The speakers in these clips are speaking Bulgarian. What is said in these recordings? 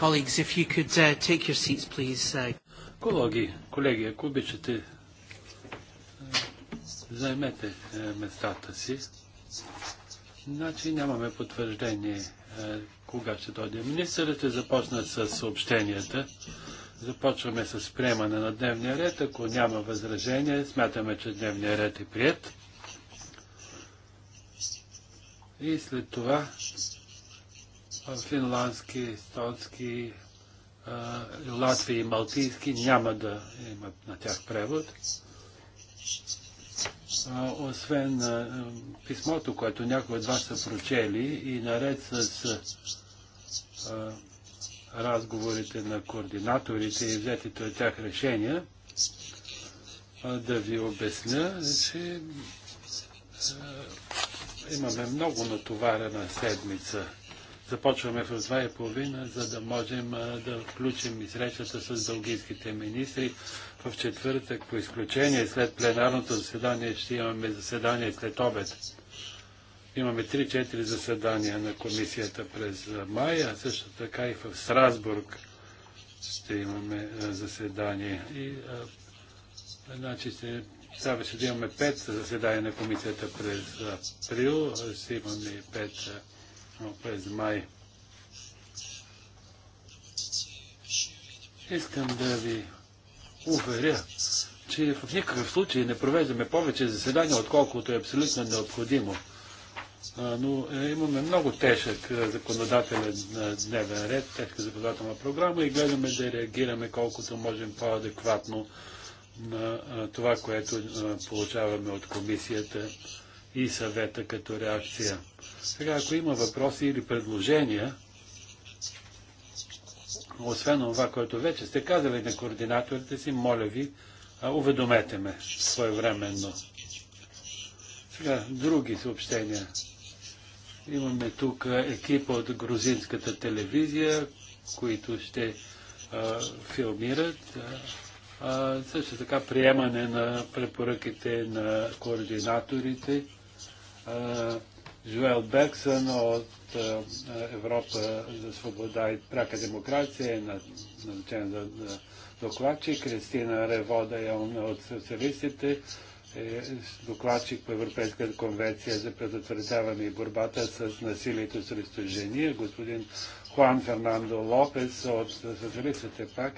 Colleagues, if you could uh, take your seats, please. Uh... Колеги, колеги, ако обичате, е, займете е, местата си. Значи нямаме потвърждение е, кога ще дойде. Министърът е започнат с съобщенията. Започваме с приемане на дневния ред. Ако няма възражение, смятаме, че дневния ред е прият. И след това финландски, естонски, латви и малтийски няма да имат на тях превод. Освен писмото, което някои от вас са прочели и наред с разговорите на координаторите и взетите от тях решения, да ви обясня, че имаме много натоварена седмица Започваме в 2.30, за да можем да включим и срещата с бългийските министри. В четвъртък, по изключение, след пленарното заседание, ще имаме заседание след обед. Имаме 3-4 заседания на комисията през май, а също така и в Страсбург ще имаме заседание. И, а, значи ще, трябваше ще имаме 5 заседания на комисията през април, ще имаме 5 през май. Искам да ви уверя, че в никакъв случай не провеждаме повече заседания, отколкото е абсолютно необходимо. Но е, имаме много тежък е, законодателен е, дневен ред, тежка законодателна програма и гледаме да реагираме колкото можем по-адекватно на това, което получаваме от комисията и съвета като реакция. Сега, ако има въпроси или предложения, освен това, което вече сте казали на координаторите си, моля ви, уведомете ме своевременно. Сега, други съобщения. Имаме тук екипа от грузинската телевизия, които ще а, филмират. А, също така приемане на препоръките на координаторите. А, Жуел Бексън от е, Европа за свобода и прака демокрация, е назначен за докладчик, Кристина Ревода е от социалистите, е докладчик по Европейската конвенция за предотвратяване и борбата с насилието срещу жени, господин Хуан Фернандо Лопес от социалистите пак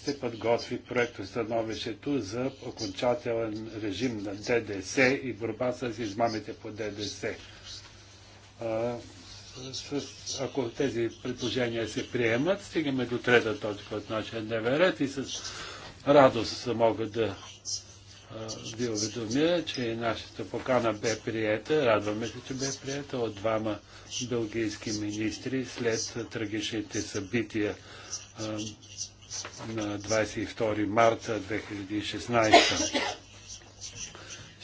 ще подготви проекто становището за окончателен режим на ДДС и борба с измамите по ДДС. ако тези предложения се приемат, стигаме до трета точка от нашия дневен и с радост мога да ви уведомя, че нашата покана бе приета, радваме се, че бе приета от двама белгийски министри след трагичните събития на 22 марта 2016.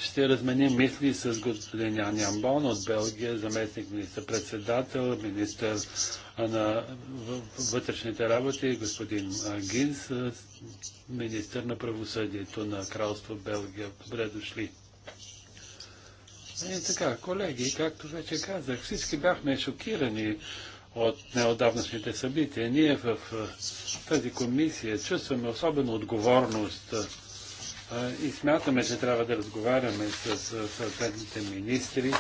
Ще разменим мисли с господин Ян Ямбон от Белгия, заместник министър-председател, министър на вътрешните работи, господин Гинс, министър на правосъдието на Кралство Белгия. Добре дошли. И така, колеги, както вече казах, всички бяхме шокирани от неодавнашните събития. Ние в тази комисия чувстваме особена отговорност и смятаме, че трябва да разговаряме с съответните министри,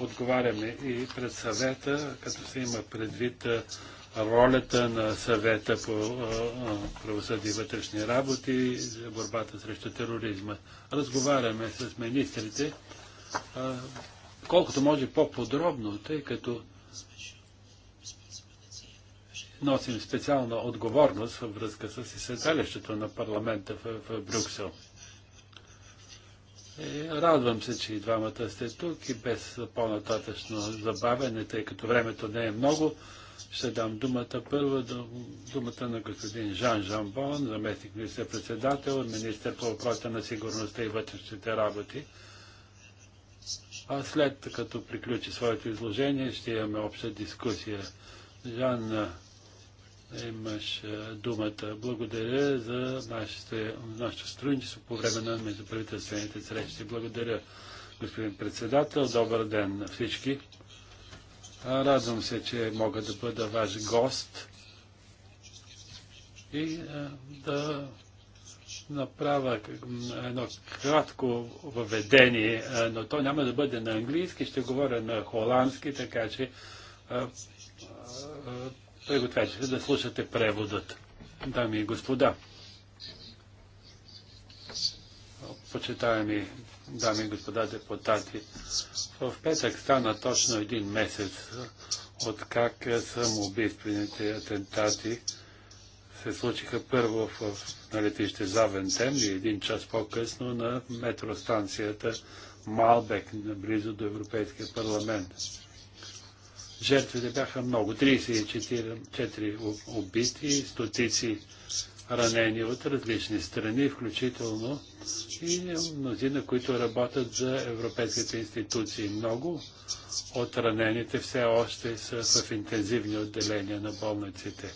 отговаряме и пред съвета, като се има предвид ролята на съвета по правосъди и вътрешни работи за борбата срещу тероризма. Разговаряме с министрите колкото може по-подробно, тъй като носим специална отговорност във връзка с изседалището на парламента в, в Брюксел. И е, радвам се, че и двамата сте тук и без по-нататъчно забавене, тъй като времето не е много, ще дам думата първа думата на господин Жан Жамбон, заместник министър-председател, министър по въпроса на сигурността и вътрешните работи. А след като приключи своето изложение, ще имаме обща дискусия. Жан имаш думата. Благодаря за нашите, нашето сътрудничество по време на междуправителствените срещи. Благодаря, господин председател. Добър ден на всички. Радвам се, че мога да бъда ваш гост и да направя едно кратко въведение, но то няма да бъде на английски, ще говоря на холандски, така че пригответе се да слушате преводът. Дами и господа, почитаеми дами и господа депутати, в петък стана точно един месец от как самоубийствените атентати се случиха първо в, на летище Завентем и един час по-късно на метростанцията Малбек, близо до Европейския парламент. Жертвите бяха много. 34 убити, стотици ранени от различни страни, включително и мнозина, които работят за европейските институции. Много от ранените все още са в интензивни отделения на болниците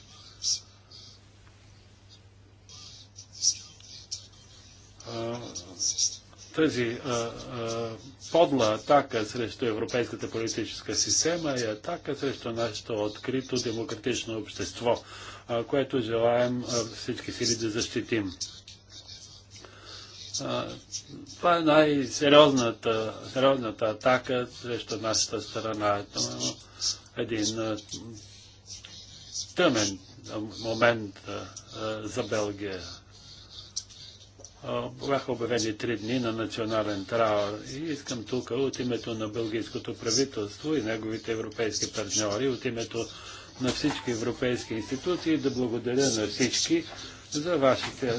тази а, а, подла атака срещу европейската политическа система и е атака срещу нашето открито демократично общество, а, което желаем а, всички сили да защитим. А, това е най-сериозната атака срещу нашата страна. Един а, тъмен момент а, за Белгия бяха обявени три дни на национален траур. И искам тук от името на бългийското правителство и неговите европейски партньори, от името на всички европейски институции да благодаря на всички за вашите,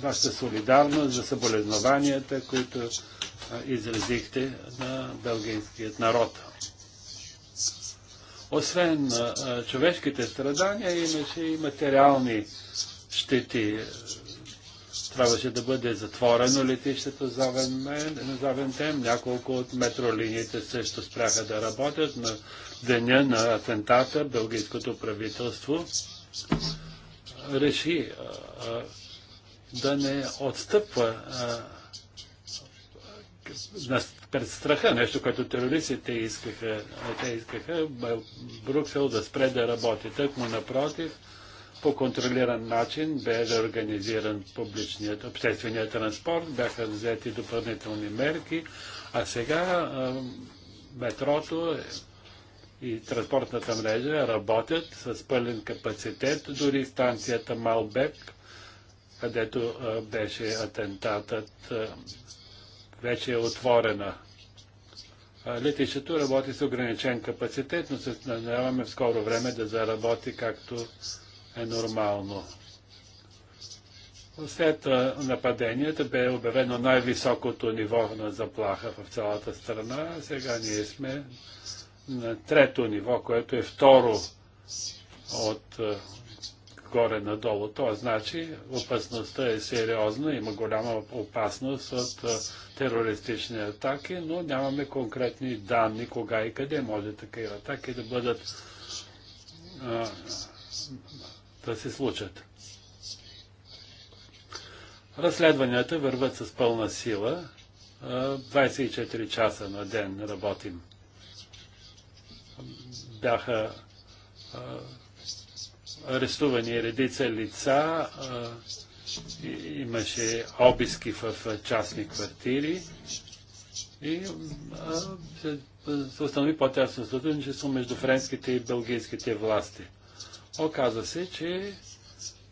вашата солидарност, за съболезнованията, които изразихте на бългийският народ. Освен човешките страдания, имаше и материални щети трябваше да бъде затворено летището Вентем. Няколко от метролиниите също спряха да работят на деня на атентата. Белгийското правителство реши а, да не отстъпва а, на, пред страха, нещо, което терористите искаха. Те искаха Бруксел да спре да работи. му напротив, по контролиран начин бе да организиран публичният, общественият транспорт, бяха взети допълнителни мерки, а сега а, метрото и транспортната мрежа работят с пълен капацитет, дори станцията Малбек, където а, беше атентатът, а, вече е отворена. Летището работи с ограничен капацитет, но се надяваме в скоро време да заработи както е нормално. След нападенията бе обявено най-високото ниво на заплаха в цялата страна. Сега ние сме на трето ниво, което е второ от горе надолу. Това значи опасността е сериозна, има голяма опасност от терористични атаки, но нямаме конкретни данни кога и къде може такива атаки да бъдат да се случат. Разследванията върват с пълна сила. 24 часа на ден работим. Бяха арестувани редица лица, имаше обиски в частни квартири и се установи по-тясно сътрудничество между френските и белгийските власти. Оказва се, че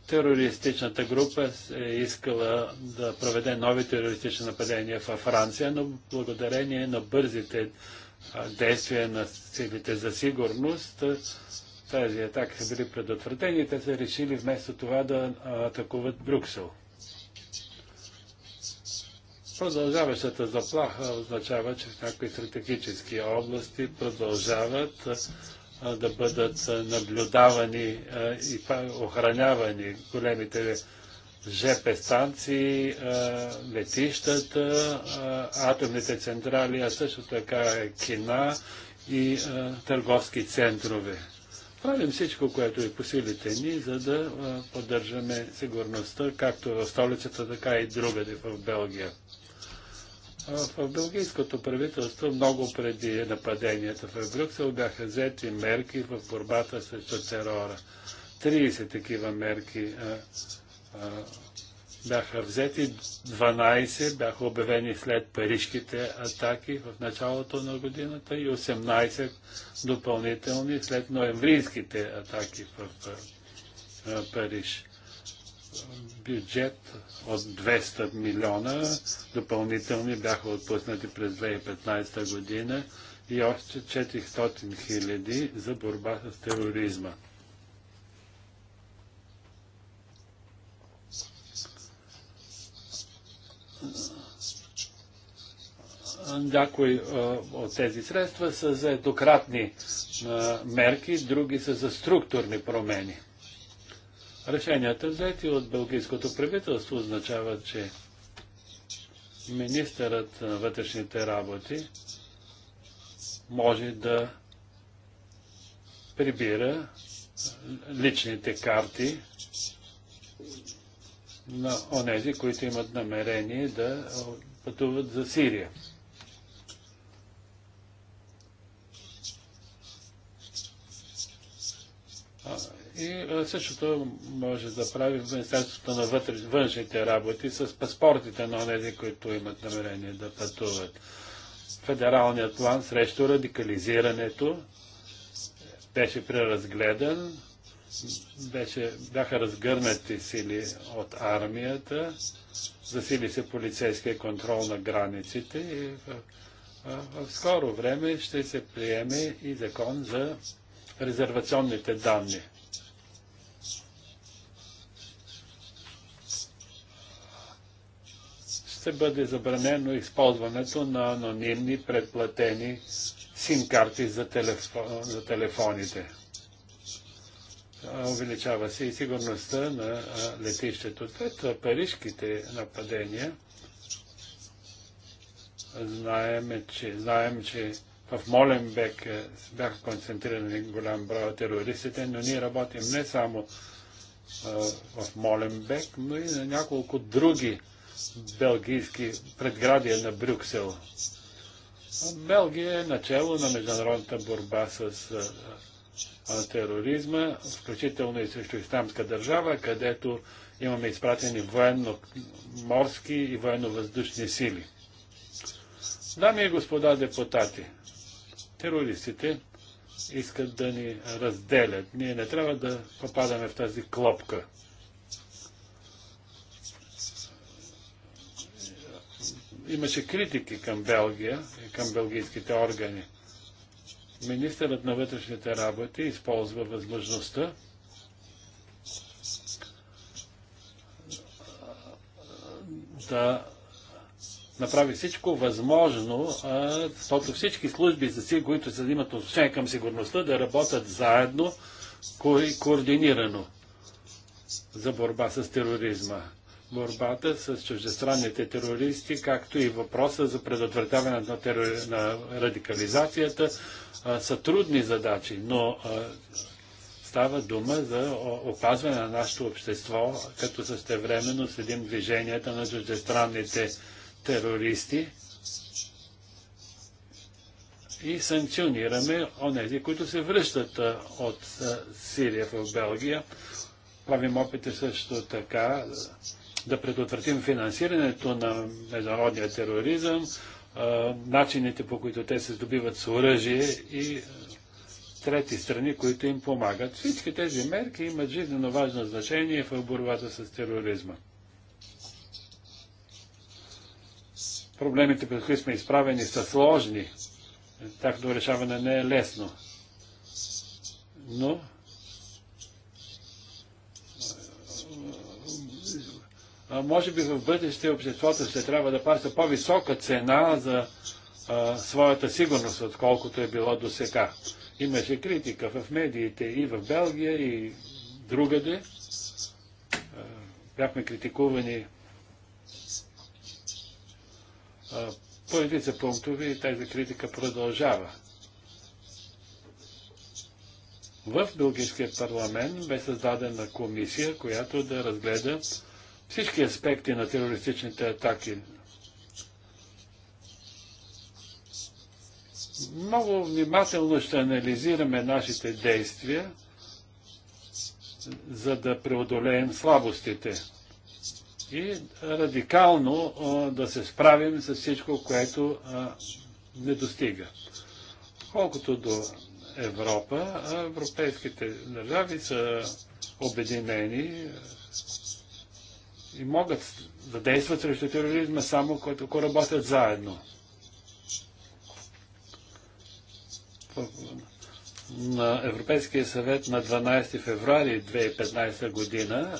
терористичната група е искала да проведе нови терористични нападения във Франция, но благодарение на бързите действия на силите за сигурност, тези атаки са били предотвратени и те са решили вместо това да атакуват Брюксел. Продължаващата заплаха означава, че в някои стратегически области продължават да бъдат наблюдавани и охранявани големите ЖП станции, летищата, атомните централи, а също така е кина и търговски центрове. Правим всичко, което е по силите ни, за да поддържаме сигурността, както в столицата, така и другаде в Белгия в бългийското правителство много преди нападенията в Брюксел бяха взети мерки в борбата срещу терора. 30 такива мерки а, а, бяха взети, 12 бяха обявени след парижките атаки в началото на годината и 18 допълнителни след ноемврийските атаки в а, Париж бюджет от 200 милиона, допълнителни бяха отпуснати през 2015 година и още 400 хиляди за борба с тероризма. Някои от тези средства са за еднократни мерки, други са за структурни промени. Решенията, взети от бългийското правителство, означават, че министърът на вътрешните работи може да прибира личните карти на онези, които имат намерение да пътуват за Сирия. И същото може да прави в Министерството на външните работи с паспортите на тези, които имат намерение да пътуват. Федералният план срещу радикализирането беше преразгледан, беше, бяха разгърнати сили от армията, засили се полицейския контрол на границите и в, в, в скоро време ще се приеме и закон за резервационните данни. ще бъде забранено използването на анонимни предплатени sim карти за, телефо... за телефоните. Увеличава се и сигурността на летището. След парижките нападения знаем, че, знаем, че в Моленбек бяха концентрирани голям брой терористите, но ние работим не само в Моленбек, но и на няколко други белгийски предградия на Брюксел. Белгия е начало на международната борба с тероризма, включително и срещу исламска държава, където имаме изпратени военно-морски и военно-въздушни сили. Дами и господа депутати, терористите искат да ни разделят. Ние не трябва да попадаме в тази клопка. имаше критики към Белгия и към белгийските органи. Министърът на вътрешните работи използва възможността да направи всичко възможно, защото всички служби, за си, които се имат отношение към сигурността, да работят заедно, и координирано за борба с тероризма борбата с чуждестранните терористи, както и въпроса за предотвратяване на, терор... на радикализацията, а, са трудни задачи, но а, става дума за опазване на нашето общество, като същевременно следим движенията на чуждестранните терористи и санкционираме онези, които се връщат а, от Сирия в Белгия. Правим опити също така да предотвратим финансирането на международния тероризъм, начините по които те се здобиват с оръжие и трети страни, които им помагат. Всички тези мерки имат жизненно важно значение в борбата с тероризма. Проблемите, пред които сме изправени, са сложни. Тяхното решаване не е лесно. Но А, може би в бъдеще обществото ще трябва да плаща по-висока цена за а, своята сигурност, отколкото е било до сега. Имаше критика в медиите и в Белгия, и другаде. Бяхме критикувани по редица пунктове и тази критика продължава. В Белгийския парламент бе създадена комисия, която да разгледа всички аспекти на терористичните атаки. Много внимателно ще анализираме нашите действия, за да преодолеем слабостите и радикално да се справим с всичко, което не достига. Колкото до Европа, европейските държави са обединени и могат да действат срещу тероризма само ако работят заедно. на Европейския съвет на 12 февруари 2015 година,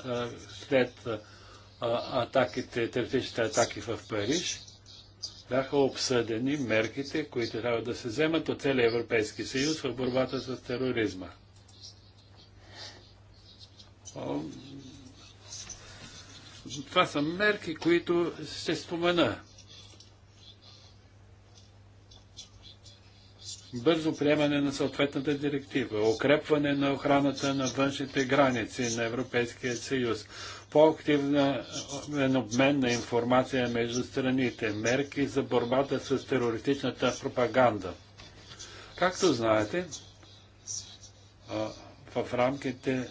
след атаките, терористичните атаки в Париж, бяха обсъдени мерките, които трябва да се вземат от целия Европейски съюз в борбата с тероризма. Това са мерки, които ще спомена. Бързо приемане на съответната директива, укрепване на охраната на външните граници на Европейския съюз, по-активна е, е, обмен на информация между страните, мерки за борбата с терористичната пропаганда. Както знаете, в рамките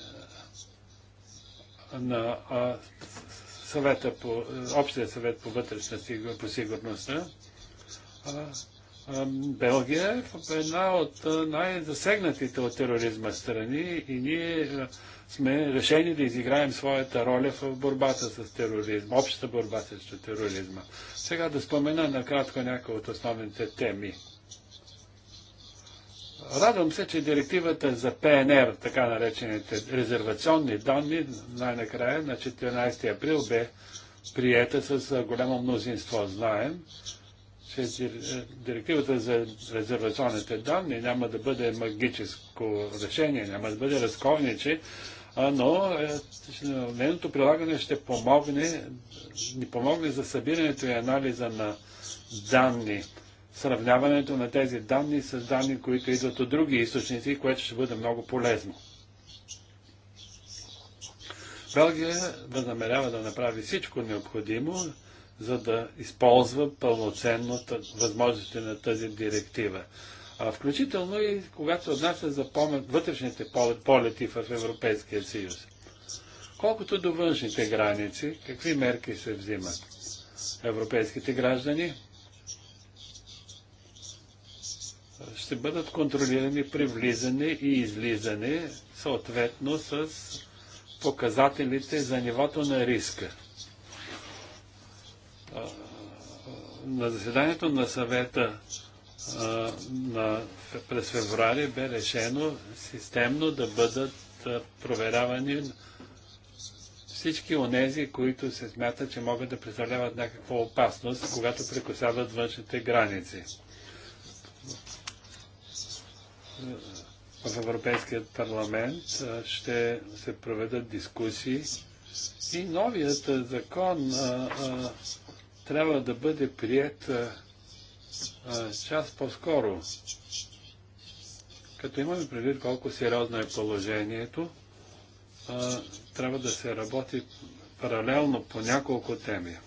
на съвета по, е, Общия съвет по вътрешна сигурност, по сигурността, Белгия е една от най-засегнатите от тероризма страни и ние сме решени да изиграем своята роля в борбата с тероризма, общата борба срещу тероризма. Сега да спомена накратко някои от основните теми. Радвам се, че директивата за ПНР, така наречените резервационни данни, най-накрая на 14 април бе приета с голямо мнозинство. Знаем, че директивата за резервационните данни няма да бъде магическо решение, няма да бъде разковниче, но е, нейното прилагане ще помогне, ни помогне за събирането и анализа на данни сравняването на тези данни с данни, които идват от други източници, което ще бъде много полезно. Белгия възнамерява да направи всичко необходимо, за да използва пълноценно възможности на тази директива. А включително и когато отнася за вътрешните полети в Европейския съюз. Колкото до външните граници, какви мерки се взимат? Европейските граждани ще бъдат контролирани при влизане и излизане, съответно с показателите за нивото на риска. На заседанието на съвета на, през феврари бе решено системно да бъдат проверявани всички онези, които се смятат, че могат да представляват някаква опасност, когато прекосяват външните граници в Европейският парламент ще се проведат дискусии и новият закон а, а, трябва да бъде прият а, час по-скоро. Като имаме предвид колко сериозно е положението, а, трябва да се работи паралелно по няколко теми.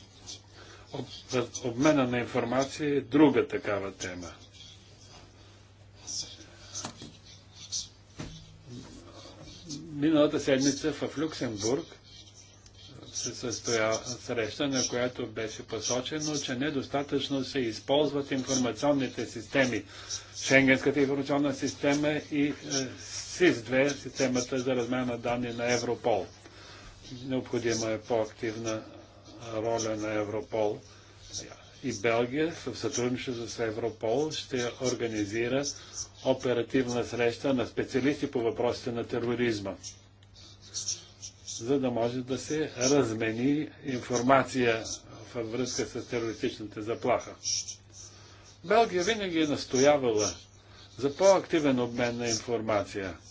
Об, обмена на информация е друга такава тема. Миналата седмица в Люксембург се състоя среща, на която беше посочено, че недостатъчно се използват информационните системи. Шенгенската информационна система и е, СИС-2, системата за размяна на данни на Европол. Необходима е по-активна роля на Европол и Белгия в сътрудничество с Европол ще организира оперативна среща на специалисти по въпросите на тероризма, за да може да се размени информация във връзка с терористичната заплаха. Белгия винаги е настоявала за по-активен обмен на информация –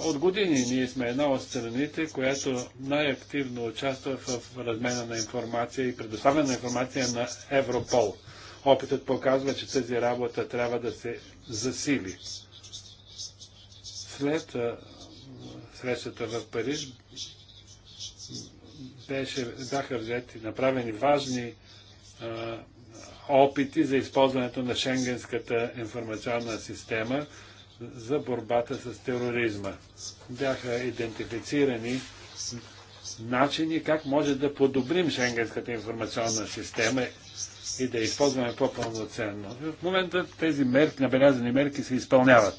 от години ние сме една от страните, която най-активно участва в размена на информация и предоставяне на информация на Европол. Опитът показва, че тази работа трябва да се засили. След срещата в Париж беше, бяха взети, направени важни а, опити за използването на Шенгенската информационна система за борбата с тероризма. Бяха идентифицирани начини как може да подобрим Шенгенската информационна система и да използваме по-пълноценно. В момента тези мерки, набелязани мерки се изпълняват.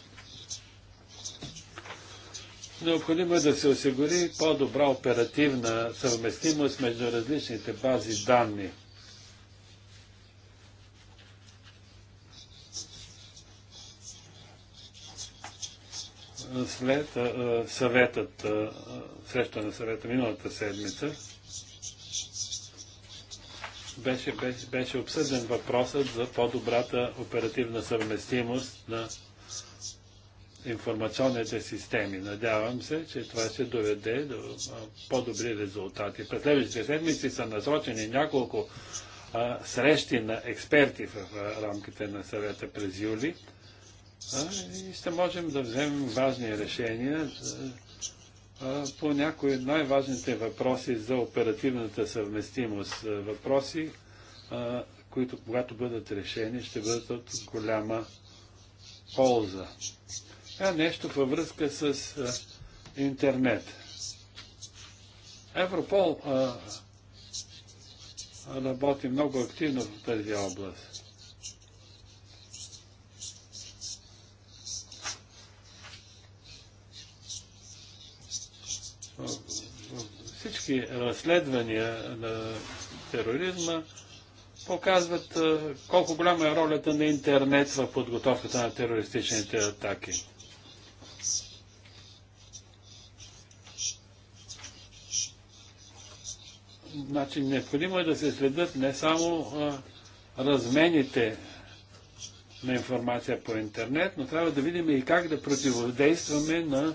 Необходимо е да се осигури по-добра оперативна съвместимост между различните бази данни – след съветът, среща на съвета миналата седмица, беше, беше, беше обсъден въпросът за по-добрата оперативна съвместимост на информационните системи. Надявам се, че това ще доведе до по-добри резултати. През следващите седмици са насочени няколко а, срещи на експерти в а, рамките на съвета през юли и ще можем да вземем важни решения по някои от най-важните въпроси за оперативната съвместимост. Въпроси, които когато бъдат решени, ще бъдат от голяма полза. Това е нещо във връзка с интернет. Европол а, работи много активно в тази област. всички разследвания на тероризма показват колко голяма е ролята на интернет в подготовката на терористичните атаки. Значи необходимо е да се следят не само размените на информация по интернет, но трябва да видим и как да противодействаме на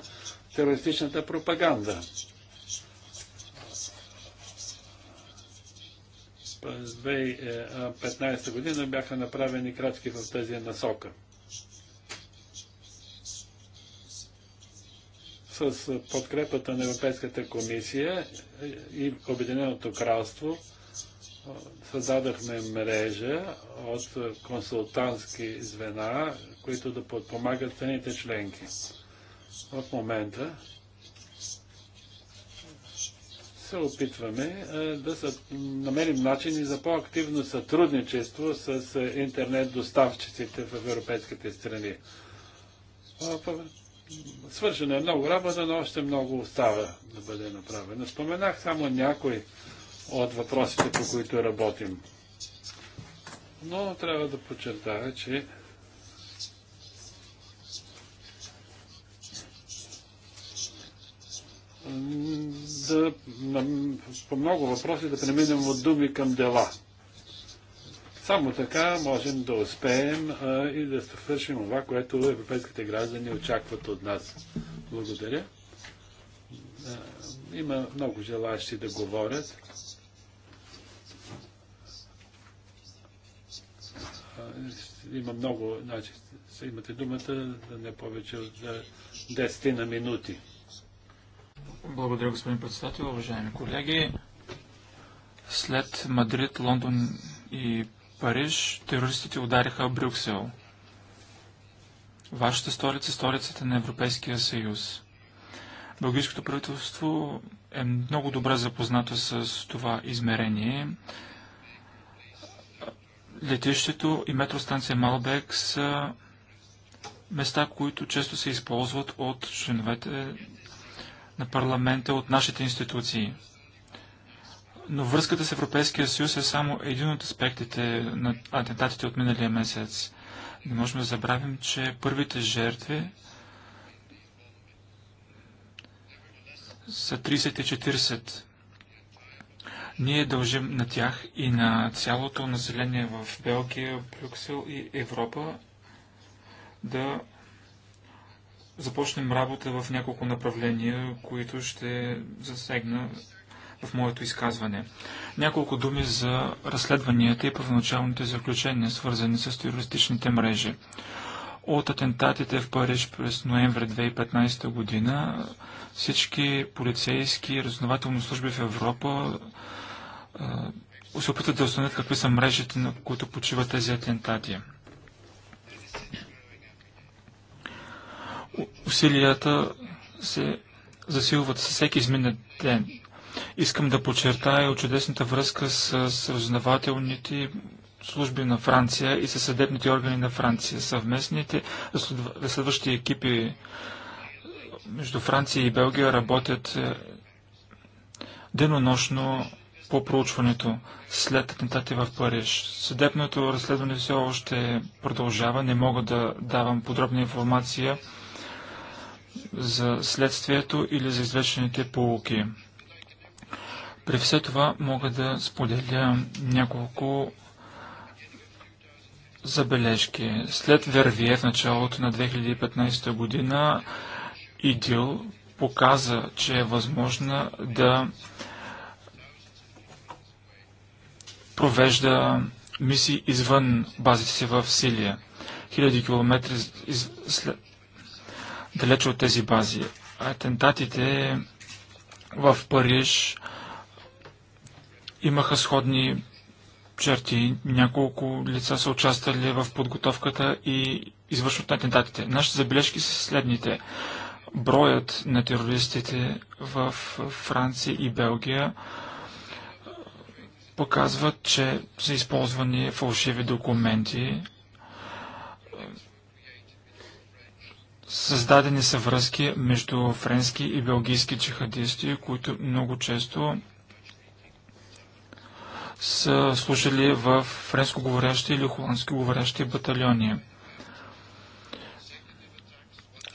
терористичната пропаганда. през 2015 година бяха направени крачки в тази насока. С подкрепата на Европейската комисия и Обединеното кралство създадахме мрежа от консултантски звена, които да подпомагат страните членки. В момента се опитваме е, да са, намерим начини за по-активно сътрудничество с е, интернет доставчиците в европейските страни. Свършено е много работа, но още много остава да бъде направено. Споменах само някои от въпросите, по които работим. Но трябва да подчертая, че да, по много въпроси да преминем от думи към дела. Само така можем да успеем а, и да свършим това, което европейските граждани очакват от нас. Благодаря. А, има много желащи да говорят. има много, значи, имате думата да не повече от 10 на минути. Благодаря, господин председател, уважаеми колеги. След Мадрид, Лондон и Париж, терористите удариха Брюксел. Вашата столица, столицата на Европейския съюз. Българското правителство е много добре запознато с това измерение. Летището и метростанция Малбек са места, които често се използват от членовете на парламента от нашите институции. Но връзката с Европейския съюз е само един от аспектите на атентатите от миналия месец. Не можем да забравим, че първите жертви са 30 40. Ние дължим на тях и на цялото население в Белгия, Брюксел и Европа да започнем работа в няколко направления, които ще засегна в моето изказване. Няколко думи за разследванията и първоначалните заключения, свързани с терористичните мрежи. От атентатите в Париж през ноември 2015 година всички полицейски и разнователни служби в Европа се опитват да установят какви са мрежите, на които почиват тези атентати. Усилията се засилват със всеки изминат ден. Искам да подчертая от чудесната връзка с, с разузнавателните служби на Франция и със съдебните органи на Франция. Съвместните разследващи екипи между Франция и Белгия работят е, денонощно по проучването след атентати в Париж. Съдебното разследване все още продължава. Не мога да давам подробна информация за следствието или за извлечените полуки. При все това мога да споделя няколко забележки. След Вервие в началото на 2015 година ИДИЛ показа, че е възможно да провежда мисии извън базите си в Силия. Хиляди километри след далече от тези бази. Атентатите в Париж имаха сходни черти. Няколко лица са участвали в подготовката и извършват на атентатите. Нашите забележки са следните. Броят на терористите в Франция и Белгия показват, че са използвани фалшиви документи, Създадени са връзки между френски и белгийски джихадисти, които много често са служили в френско говорящи или холандски говорящи батальони.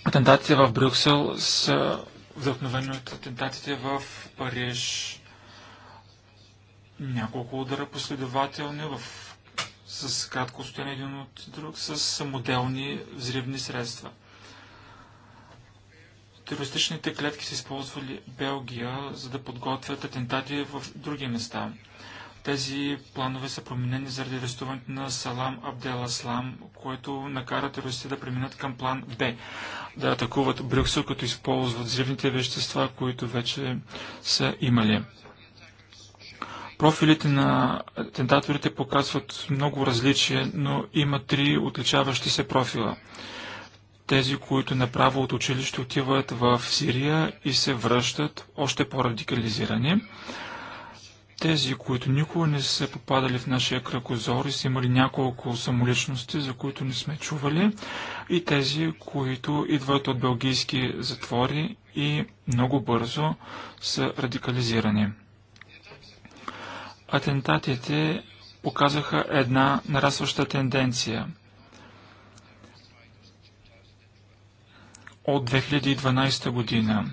Атентатите в Брюксел са вдъхновени от атентатите в Париж. Няколко удара последователни в с кратко стояние един от друг, с самоделни взривни средства. Терористичните клетки са използвали Белгия, за да подготвят атентати в други места. Тези планове са променени заради арестуването на Салам Абдел Аслам, което накара терористите да преминат към план Б, да атакуват Брюксел, като използват взривните вещества, които вече са имали. Профилите на атентаторите показват много различия, но има три отличаващи се профила – тези, които направо от училище отиват в Сирия и се връщат още по-радикализирани. Тези, които никога не са попадали в нашия кръкозор и са имали няколко самоличности, за които не сме чували, и тези, които идват от белгийски затвори и много бързо са радикализирани. Атентатите показаха една нарастваща тенденция – от 2012 година.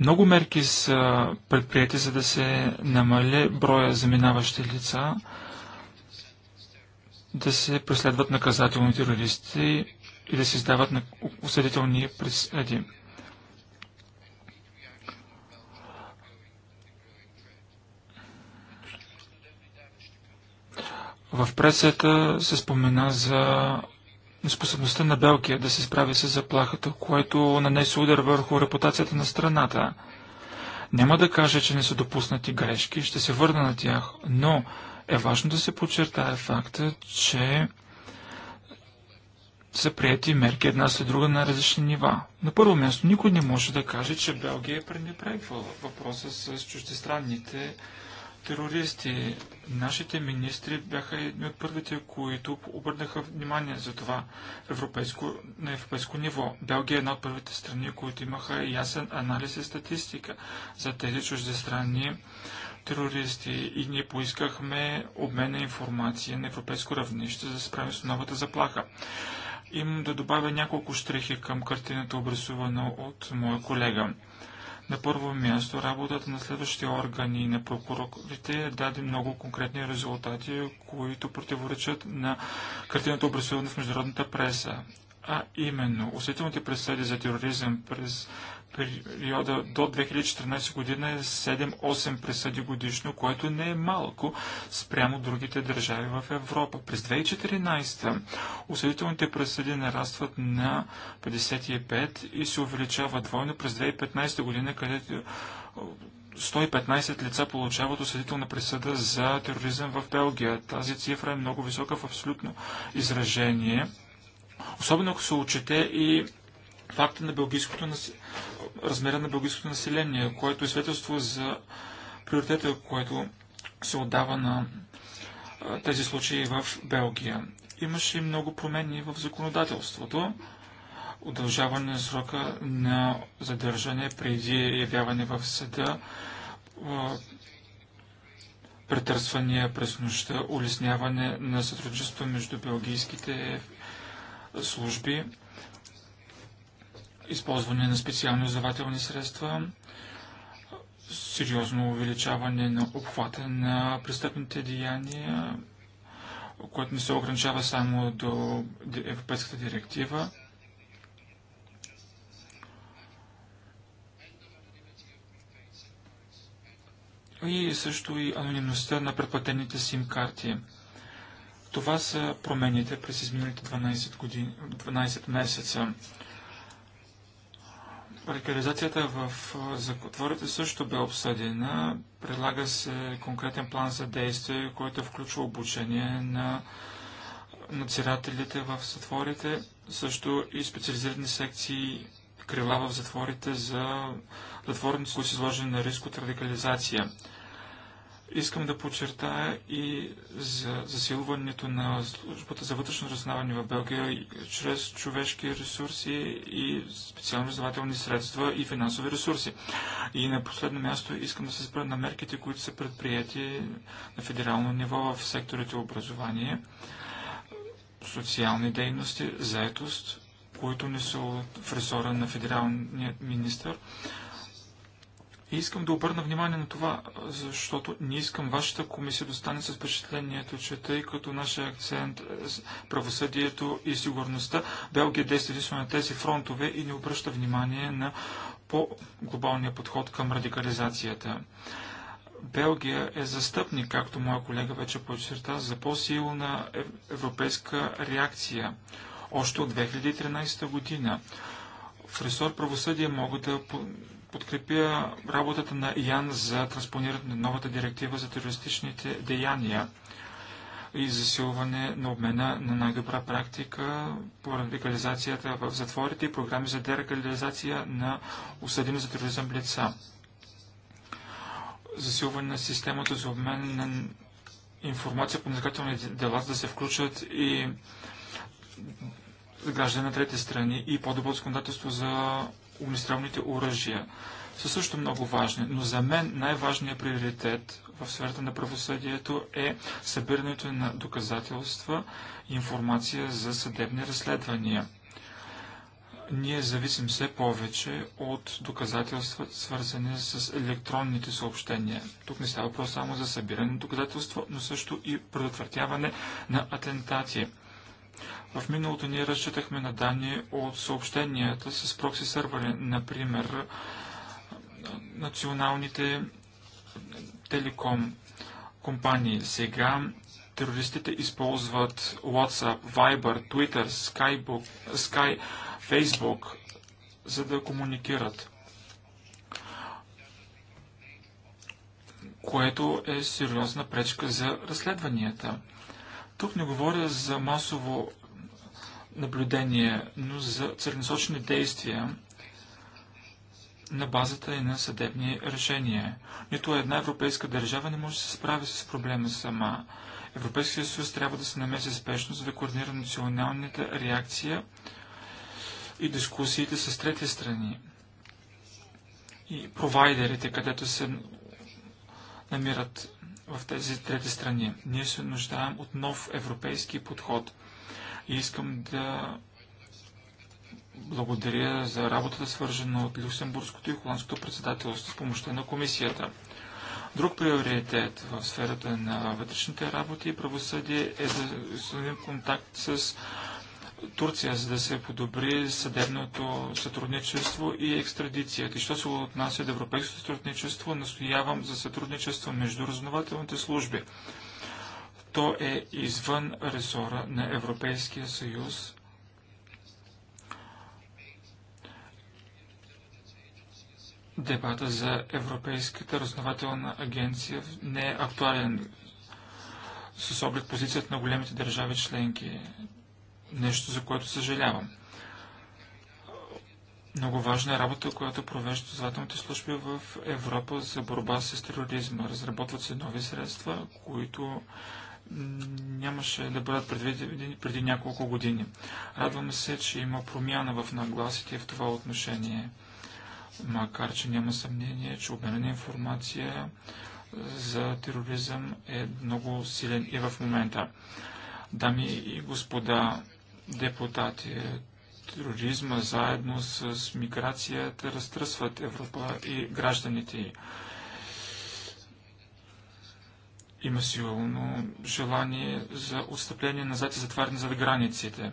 Много мерки са предприяти, за да се намали броя заминаващи лица, да се преследват наказателни терористи и да се издават осъдителни присъди. В пресата се спомена за неспособността на Белгия да се справи с заплахата, което нанесе удар върху репутацията на страната. Няма да кажа, че не са допуснати грешки, ще се върна на тях, но е важно да се подчертае факта, че са прияти мерки една след друга на различни нива. На първо място, никой не може да каже, че Белгия е пренебрегвала въпроса с чуждестранните терористи. Нашите министри бяха едни от първите, които обърнаха внимание за това европейско, на европейско ниво. Белгия е една от първите страни, които имаха ясен анализ и статистика за тези чужди страни терористи и ние поискахме обмен на информация на европейско равнище за да справим с новата заплаха. Имам да добавя няколко штрихи към картината, обрисувана от моя колега. На първо място, работата на следващите органи на прокурорите даде много конкретни резултати, които противоречат на картината образувана в международната преса. А именно, усетилните присъди за тероризъм през периода до 2014 година е 7-8 присъди годишно, което не е малко спрямо другите държави в Европа. През 2014 осъдителните присъди нарастват на 55 и се увеличава двойно през 2015 година, където 115 лица получават осъдителна присъда за тероризъм в Белгия. Тази цифра е много висока в абсолютно изражение. Особено ако се учете и факта на белгийското размера на българското население, което е свидетелство за приоритета, което се отдава на тези случаи в Белгия. Имаше и много промени в законодателството. Удължаване на срока на задържане преди явяване в съда, претърсвания през нощта, улесняване на сътрудничество между белгийските служби, използване на специални озователни средства, сериозно увеличаване на обхвата на престъпните деяния, което не се ограничава само до Европейската директива. И също и анонимността на предплатените сим карти. Това са промените през изминалите 12, години, 12 месеца. Радикализацията в закотворите също бе обсъдена. Предлага се конкретен план за действие, който включва обучение на надзирателите в затворите, също и специализирани секции крила в затворите за затворници, които са изложени на риск от радикализация. Искам да подчертая и за засилването на службата за вътрешно разузнаване в Белгия чрез човешки ресурси и специално разузнавателни средства и финансови ресурси. И на последно място искам да се спра на мерките, които са предприяти на федерално ниво в секторите образование, социални дейности, заетост, които не са в ресора на федералния министр. И искам да обърна внимание на това, защото не искам вашата комисия да стане с впечатлението, че тъй като нашия акцент е правосъдието и сигурността, Белгия действа единствено на тези фронтове и не обръща внимание на по-глобалния подход към радикализацията. Белгия е застъпник, както моя колега вече подчерта, за по-силна европейска реакция още от 2013 година. В ресор правосъдие мога да подкрепя работата на Ян за транспониране на новата директива за терористичните деяния и засилване на обмена на най-добра практика по радикализацията в затворите и програми за дерадикализация на осъдени за тероризъм лица. Засилване на системата за обмен на информация по наказателни дела, да се включат и граждани на трети страни и по-добро законодателство за огнестрелните оръжия са също много важни, но за мен най-важният приоритет в сферата на правосъдието е събирането на доказателства и информация за съдебни разследвания. Ние зависим все повече от доказателства, свързани с електронните съобщения. Тук не става въпрос само за събиране на доказателства, но също и предотвратяване на атентати. В миналото ние разчитахме на данни от съобщенията с прокси сървъри, например националните телеком компании. Сега терористите използват WhatsApp, Viber, Twitter, Skybook, Sky, Facebook, за да комуникират. Което е сериозна пречка за разследванията. Тук не говоря за масово наблюдения, но за целенасочени действия на базата и на съдебни решения. Нито една европейска държава не може да се справи с проблема сама. Европейския съюз трябва да се намеси спешно, за да координира националната реакция и дискусиите с трети страни и провайдерите, където се намират в тези трети страни. Ние се нуждаем от нов европейски подход – и искам да благодаря за работата, свържена от Люксембургското и Холандското председателство с помощта на комисията. Друг приоритет в сферата на вътрешните работи и правосъдие е да установим контакт с Турция, за да се подобри съдебното сътрудничество и екстрадицията. И що се отнася до европейското сътрудничество, настоявам за сътрудничество между разнователните служби. То е извън ресора на Европейския съюз. Дебата за Европейската разнователна агенция не е актуален с оглед позицията на големите държави членки. Нещо, за което съжалявам. Много важна е работа, която провеждат звателните служби в Европа за борба с тероризма. Разработват се нови средства, които нямаше да бъдат предвидени преди няколко години. Радваме се, че има промяна в нагласите в това отношение. Макар, че няма съмнение, че обменена информация за тероризъм е много силен и в момента. Дами и господа депутати, тероризма заедно с миграцията разтръсват Европа и гражданите й. Има силно желание за отстъпление назад и затваряне за границите,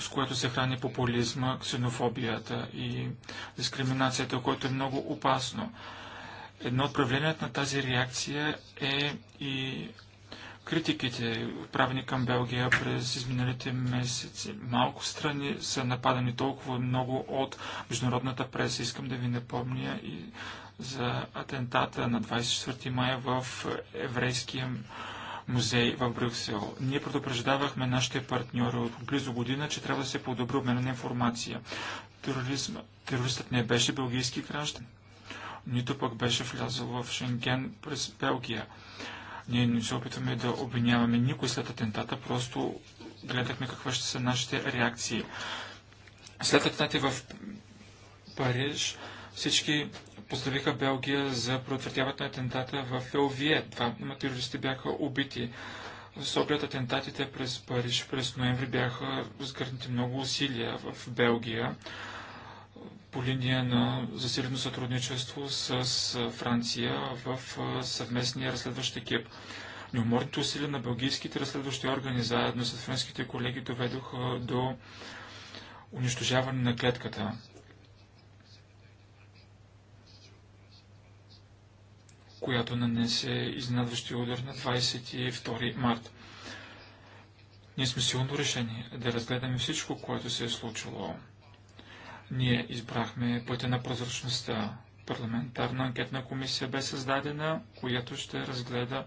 с което се храни популизма, ксенофобията и дискриминацията, което е много опасно. Едно от проявленията на тази реакция е и критиките, правени към Белгия през изминалите месеци. Малко страни са нападани толкова много от международната преса. Искам да ви напомня и за атентата на 24 мая в еврейския музей в Брюксел. Ние предупреждавахме нашите партньори от близо година, че трябва да се подобри обмена на информация. Тероризм, терористът не беше белгийски граждан, нито пък беше влязъл в Шенген през Белгия. Ние не се опитваме да обвиняваме никой след атентата, просто гледахме каква ще са нашите реакции. След атентата в Париж всички поздравиха Белгия за предотвратяването на атентата в Елвие. Двама терористи бяха убити. С оглед атентатите през Париж през ноември бяха сгърнати много усилия в Белгия по линия на засилено сътрудничество с Франция в съвместния разследващ екип. Неуморните усилия на белгийските разследващи органи заедно с френските колеги доведоха до унищожаване на клетката. която нанесе изненадващи удар на 22 март. Ние сме силно решени да разгледаме всичко, което се е случило. Ние избрахме пътя на прозрачността. Парламентарна анкетна комисия бе създадена, която ще разгледа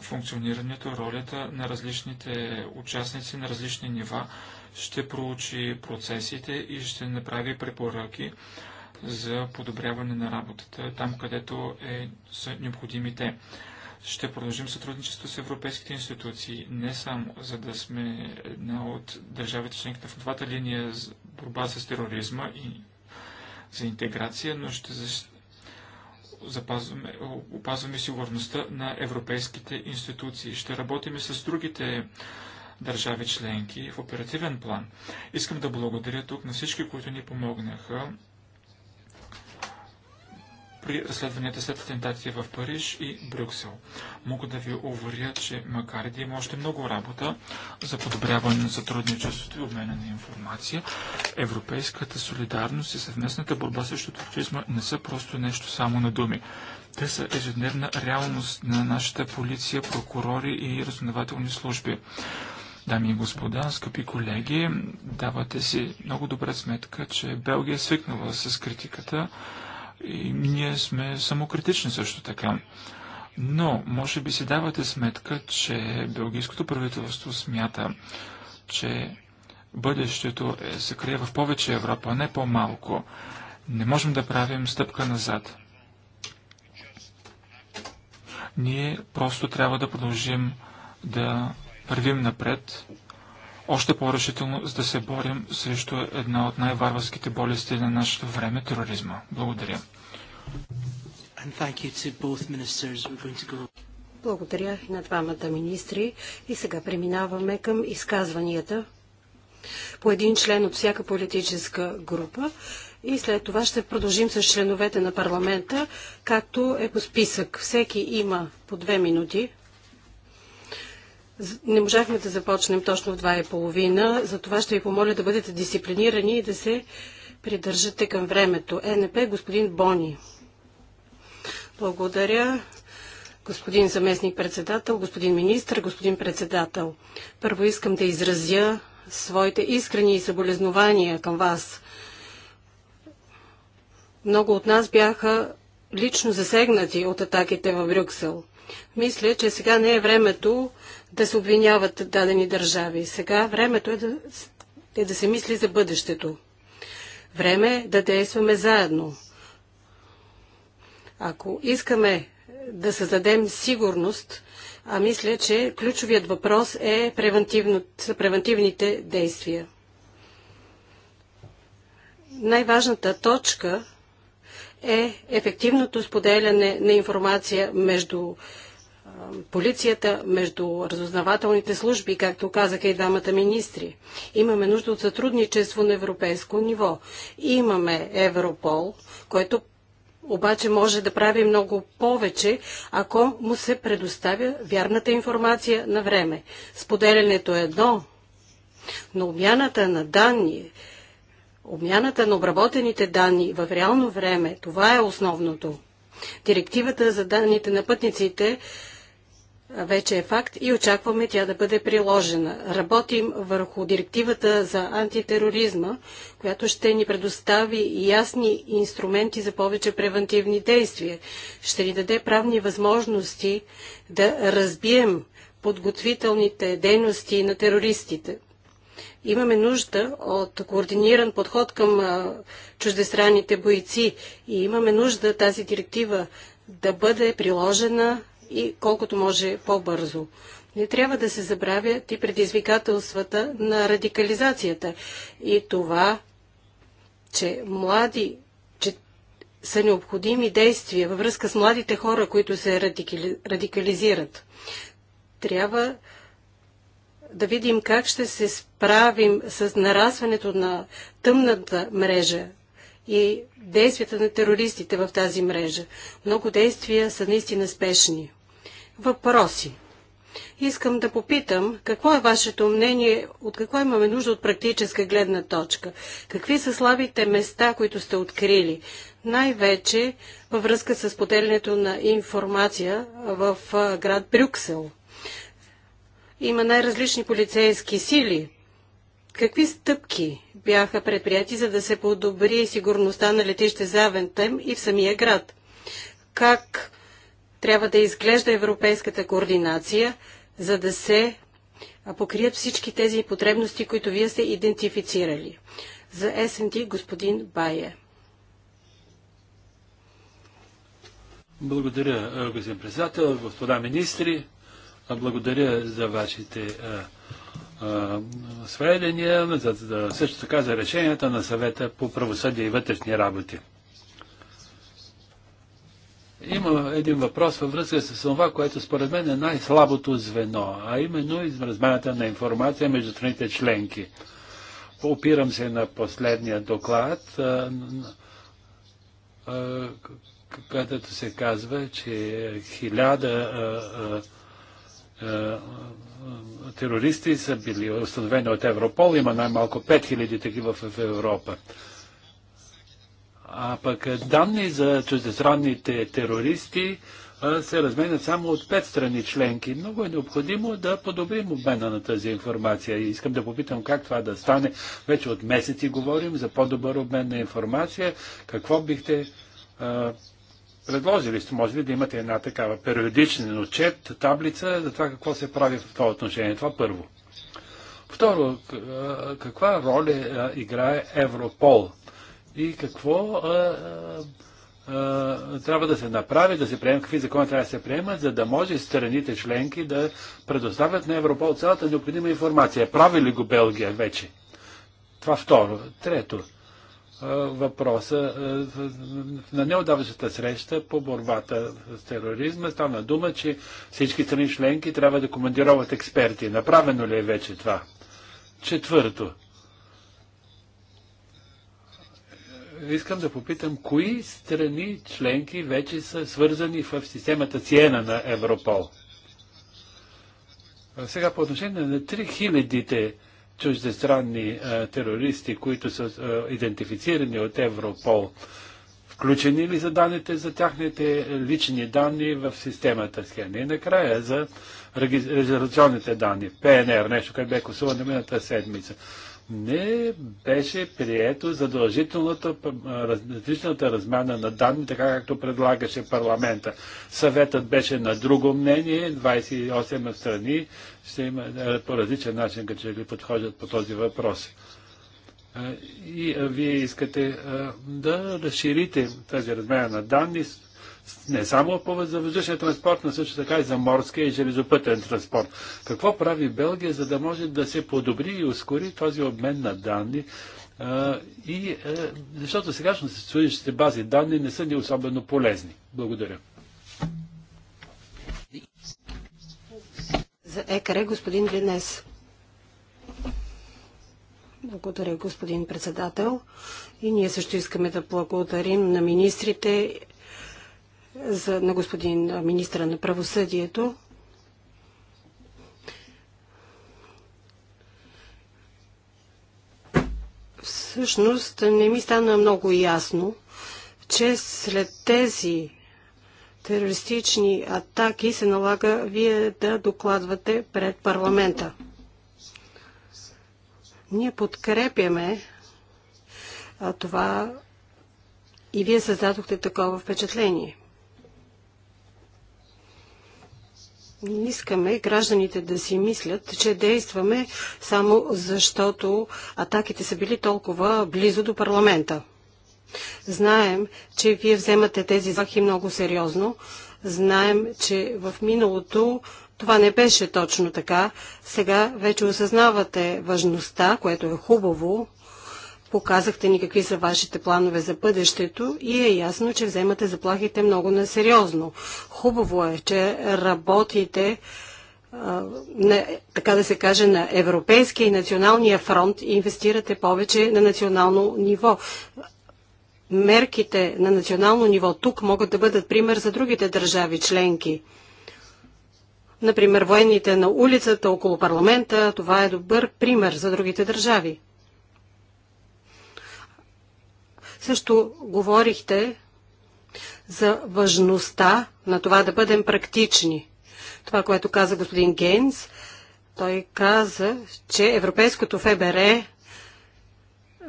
функционирането, ролята на различните участници на различни нива, ще проучи процесите и ще направи препоръки за подобряване на работата там, където е, са необходими те. Ще продължим сътрудничество с европейските институции, не само за да сме една от държавите членки в двата линия за борба с тероризма и за интеграция, но ще запазваме, опазваме сигурността на европейските институции. Ще работим и с другите държави членки в оперативен план. Искам да благодаря тук на всички, които ни помогнаха при разследванията след атентатите в Париж и Брюксел. Мога да ви уверя, че макар и да има още много работа за подобряване на сътрудничеството и обмена на информация, европейската солидарност и съвместната борба срещу туризма не са просто нещо само на думи. Те са ежедневна реалност на нашата полиция, прокурори и разнователни служби. Дами и господа, скъпи колеги, давате си много добре сметка, че Белгия е свикнала с критиката и ние сме самокритични също така. Но, може би си давате сметка, че белгийското правителство смята, че бъдещето е, се крие в повече Европа, не по-малко. Не можем да правим стъпка назад. Ние просто трябва да продължим да вървим напред още по-решително, за да се борим срещу една от най-варварските болести на нашето време – тероризма. Благодаря. Благодаря и на двамата министри. И сега преминаваме към изказванията по един член от всяка политическа група. И след това ще продължим с членовете на парламента, както е по списък. Всеки има по две минути не можахме да започнем точно в половина, за това ще ви помоля да бъдете дисциплинирани и да се придържате към времето. Е, ЕНП, господин Бони. Благодаря, господин заместник-председател, господин министр, господин председател. Първо искам да изразя своите искрени съболезнования към вас. Много от нас бяха лично засегнати от атаките в Брюксел. Мисля, че сега не е времето да се обвиняват дадени държави. Сега времето е да, е да се мисли за бъдещето. Време е да действаме заедно. Ако искаме да създадем сигурност, а мисля, че ключовият въпрос е превентивните действия. Най-важната точка е ефективното споделяне на информация между полицията, между разузнавателните служби, както казаха и дамата министри. Имаме нужда от сътрудничество на европейско ниво. Имаме Европол, който обаче може да прави много повече, ако му се предоставя вярната информация на време. Споделянето е едно, но обмяната на данни, обмяната на обработените данни в реално време, това е основното. Директивата за данните на пътниците вече е факт и очакваме тя да бъде приложена. Работим върху директивата за антитероризма, която ще ни предостави ясни инструменти за повече превентивни действия. Ще ни даде правни възможности да разбием подготвителните дейности на терористите. Имаме нужда от координиран подход към чуждестранните бойци и имаме нужда тази директива да бъде приложена и колкото може по-бързо. Не трябва да се забравят и предизвикателствата на радикализацията и това, че млади, че са необходими действия във връзка с младите хора, които се радикали, радикализират. Трябва да видим как ще се справим с нарастването на тъмната мрежа и действията на терористите в тази мрежа. Много действия са наистина спешни въпроси. Искам да попитам, какво е вашето мнение, от какво имаме нужда от практическа гледна точка? Какви са слабите места, които сте открили? Най-вече във връзка с поделянето на информация в град Брюксел. Има най-различни полицейски сили. Какви стъпки бяха предприяти, за да се подобри сигурността на летище Завентем и в самия град? Как трябва да изглежда европейската координация, за да се покрият всички тези потребности, които вие сте идентифицирали. За СНТ, господин Бае. Благодаря, господин председател, господа министри. Благодаря за вашите сведения, за, за, също така за решенията на съвета по правосъдие и вътрешни работи. Има един въпрос във връзка с това, което според мен е най-слабото звено, а именно размяната на информация между страните членки. Опирам се на последния доклад, където се казва, че хиляда терористи са били установени от Европол, има най-малко 5000 такива в Европа. А пък данни за чуждестранните терористи се разменят само от пет страни членки. Много е необходимо да подобрим обмена на тази информация. И искам да попитам как това да стане. Вече от месеци говорим за по-добър обмен на информация. Какво бихте а, предложили? Може ли да имате една такава периодичен отчет, таблица за това какво се прави в това отношение? Това първо. Второ, каква роля играе Европол и какво а, а, трябва да се направи, да се приемат, какви закони трябва да се приемат, за да може страните членки да предоставят на Европол цялата необходима информация. Прави ли го Белгия вече? Това второ. Трето въпроса на неодаващата среща по борбата с тероризма. Стана дума, че всички страни членки трябва да командироват експерти. Направено ли е вече това? Четвърто. искам да попитам, кои страни членки вече са свързани в системата Сиена на Европол? Сега по отношение на 3000-те чуждестранни а, терористи, които са а, идентифицирани от Европол, включени ли са данните за тяхните лични данни в системата Сиена? И накрая за резервационните данни, ПНР, нещо, което бе косувано миналата седмица не беше прието задължителната, различната размяна на данни, така както предлагаше парламента. Съветът беше на друго мнение, 28 страни ще има е, по различен начин, като ли подхождат по този въпрос. Е, и вие искате да разширите тази размяна на данни не само за въздушния транспорт, но също така и за морския и железопътен транспорт. Какво прави Белгия, за да може да се подобри и ускори този обмен на данни? и, е, защото сегашно съществуващите бази данни не са ни особено полезни. Благодаря. За ЕКР господин Венес. Благодаря, господин председател. И ние също искаме да благодарим на министрите за, на господин министра на правосъдието. Всъщност не ми стана много ясно, че след тези терористични атаки се налага вие да докладвате пред парламента. Ние подкрепяме а това и вие създадохте такова впечатление. Не искаме гражданите да си мислят, че действаме само защото атаките са били толкова близо до парламента. Знаем, че вие вземате тези захи много сериозно. Знаем, че в миналото това не беше точно така. Сега вече осъзнавате важността, което е хубаво, Показахте ни какви са вашите планове за бъдещето и е ясно, че вземате заплахите много насериозно. Хубаво е, че работите а, на, така да се каже, на европейския и националния фронт и инвестирате повече на национално ниво. Мерките на национално ниво тук могат да бъдат пример за другите държави членки. Например, военните на улицата около парламента, това е добър пример за другите държави. Също говорихте за важността на това да бъдем практични. Това, което каза господин Гейнс, той каза, че Европейското ФБР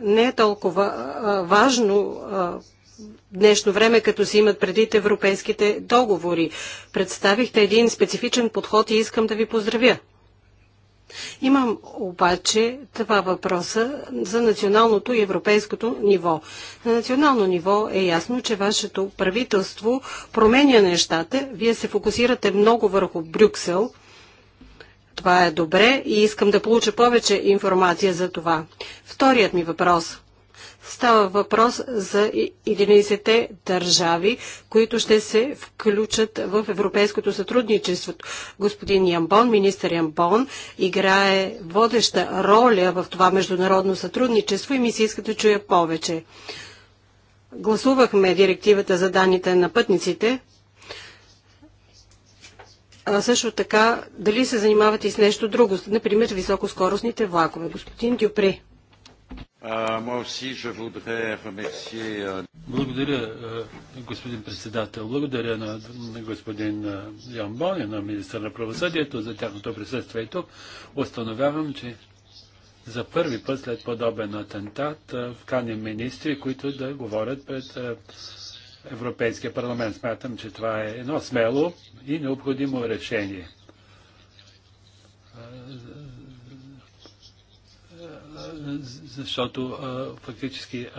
не е толкова а, важно а, днешно време, като си имат предвид европейските договори. Представихте един специфичен подход и искам да ви поздравя. Имам обаче това въпроса за националното и европейското ниво. На национално ниво е ясно, че вашето правителство променя нещата. Вие се фокусирате много върху Брюксел. Това е добре и искам да получа повече информация за това. Вторият ми въпрос – Става въпрос за 11-те държави, които ще се включат в европейското сътрудничество. Господин Ямбон, министър Ямбон, играе водеща роля в това международно сътрудничество и ми се иска да чуя повече. Гласувахме директивата за данните на пътниците. А също така, дали се занимавате и с нещо друго, например високоскоростните влакове. Господин Дюпре. Euh, euh, Благодаря, э, господин председател. Благодаря на, господин господин э, Бон и на министър на правосъдието за тяхното присъствие и тук. Установявам, че за първи път след подобен атентат э, вканим министри, които да говорят пред Европейския парламент. Смятам, че това е едно смело и необходимо решение. защото фактически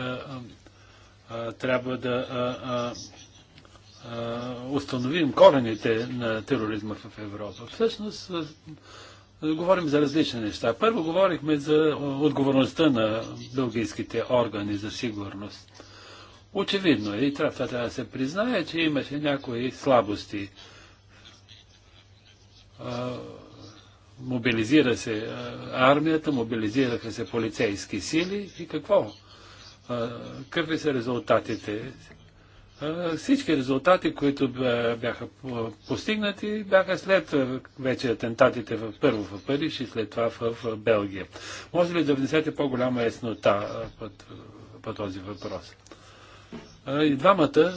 трябва да установим корените на тероризма в Европа. Всъщност, говорим за различни неща. Първо говорихме за отговорността на белгийските органи за сигурност. Очевидно е, и трябва да се признае, че имаше някои слабости Мобилизира се армията, мобилизираха се полицейски сили и какво? Какви са резултатите? Всички резултати, които бяха постигнати, бяха след вече атентатите в, първо в Париж и след това в Белгия. Може ли да внесете по-голяма яснота по, този въпрос? И двамата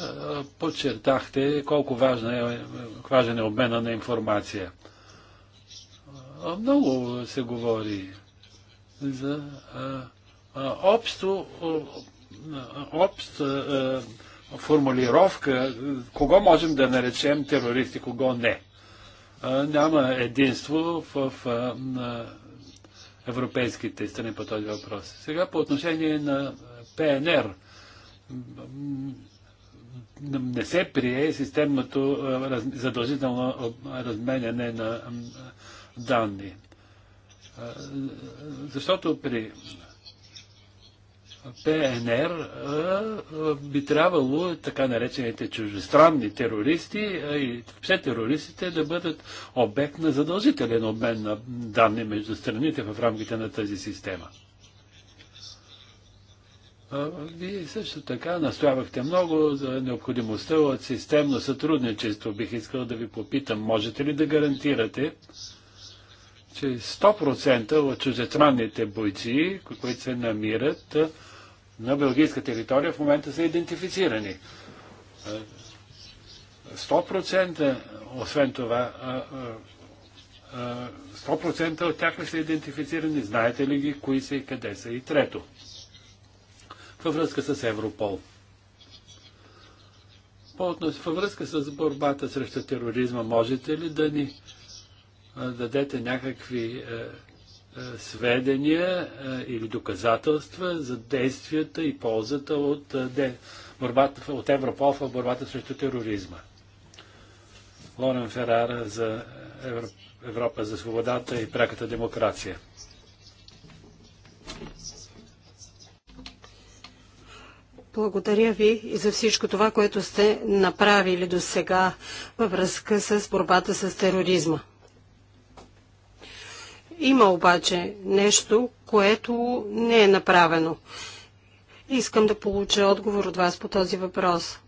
подчертахте колко важна е, важен е обмена на информация много се говори за общо, обща формулировка, кого можем да наречем терористи, кого не. Няма единство в европейските страни по този въпрос. Сега по отношение на ПНР не се прие системното задължително разменяне на данни. Защото при ПНР би трябвало така наречените чужестранни терористи и все терористите да бъдат обект на задължителен обмен на данни между страните в рамките на тази система. Вие също така настоявахте много за необходимостта от системно сътрудничество. Бих искал да ви попитам, можете ли да гарантирате, че 100% от чужестранните бойци, които се намират на белгийска територия, в момента са идентифицирани. 100%, освен това, 100% от тях ли са идентифицирани? Знаете ли ги, кои са и къде са? И трето, във връзка с Европол. По във връзка с борбата срещу тероризма, можете ли да ни дадете някакви е, е, сведения е, или доказателства за действията и ползата от, борбата, от Европол в борбата срещу тероризма. Лорен Ферара за Европа за свободата и пряката демокрация. Благодаря ви и за всичко това, което сте направили до сега във връзка с борбата с тероризма. Има обаче нещо, което не е направено. Искам да получа отговор от вас по този въпрос.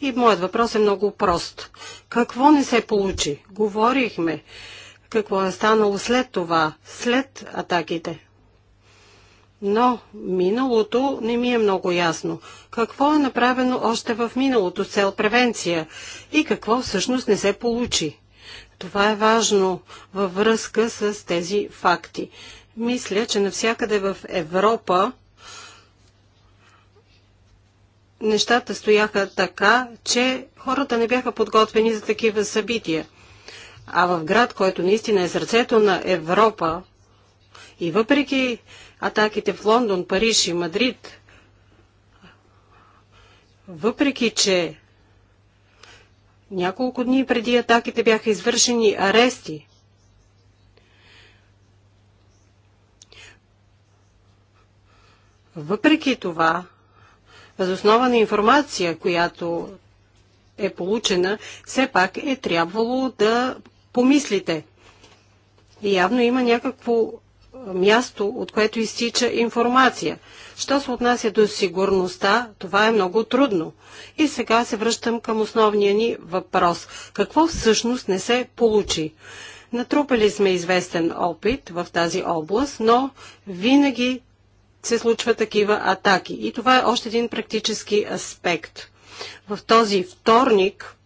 И моят въпрос е много прост. Какво не се получи? Говорихме. Какво е станало след това, след атаките? Но миналото не ми е много ясно. Какво е направено още в миналото с цел превенция и какво всъщност не се получи? Това е важно във връзка с тези факти. Мисля, че навсякъде в Европа нещата стояха така, че хората не бяха подготвени за такива събития. А в град, който наистина е сърцето на Европа, и въпреки атаките в Лондон, Париж и Мадрид, въпреки че няколко дни преди атаките бяха извършени арести. Въпреки това, възоснова на информация, която е получена, все пак е трябвало да помислите. И явно има някакво място, от което изтича информация. Що се отнася до сигурността, това е много трудно. И сега се връщам към основния ни въпрос. Какво всъщност не се получи? Натрупали сме известен опит в тази област, но винаги се случват такива атаки. И това е още един практически аспект. В този вторник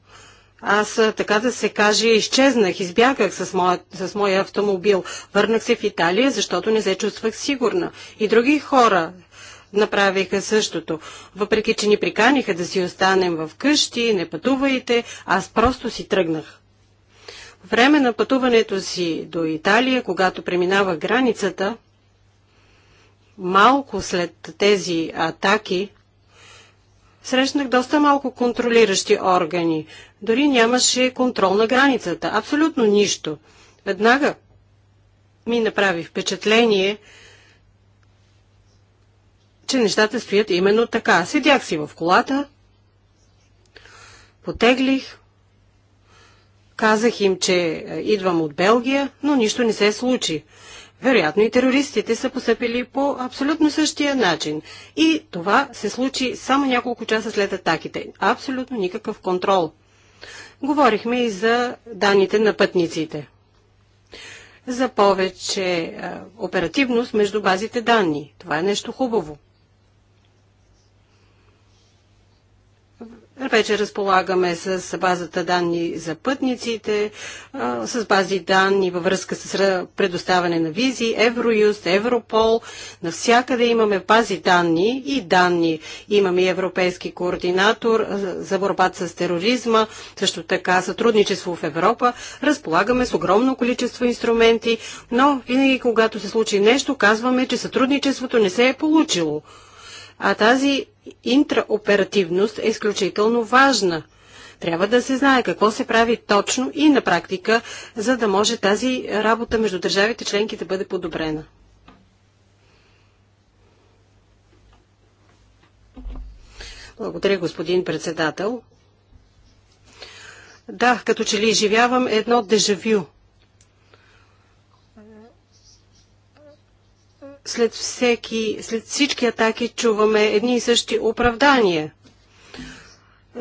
аз, така да се каже, изчезнах, избягах с моя, с моя автомобил. Върнах се в Италия, защото не се чувствах сигурна. И други хора направиха същото. Въпреки, че ни приканиха да си останем в къщи, не пътувайте, аз просто си тръгнах. Време на пътуването си до Италия, когато преминава границата, малко след тези атаки, срещнах доста малко контролиращи органи. Дори нямаше контрол на границата. Абсолютно нищо. Веднага ми направи впечатление, че нещата стоят именно така. Седях си в колата, потеглих, казах им, че е, идвам от Белгия, но нищо не се случи. Вероятно и терористите са посъпили по абсолютно същия начин. И това се случи само няколко часа след атаките. Абсолютно никакъв контрол. Говорихме и за данните на пътниците. За повече оперативност между базите данни. Това е нещо хубаво. Вече разполагаме с базата данни за пътниците, с бази данни във връзка с предоставяне на визи, Евроюст, Европол. Навсякъде имаме бази данни и данни. Имаме и европейски координатор за борба с тероризма, също така сътрудничество в Европа. Разполагаме с огромно количество инструменти, но винаги когато се случи нещо, казваме, че сътрудничеството не се е получило. А тази интраоперативност е изключително важна. Трябва да се знае какво се прави точно и на практика, за да може тази работа между държавите членки да бъде подобрена. Благодаря, господин председател. Да, като че ли изживявам едно дежавю. след, всеки, след всички атаки чуваме едни и същи оправдания.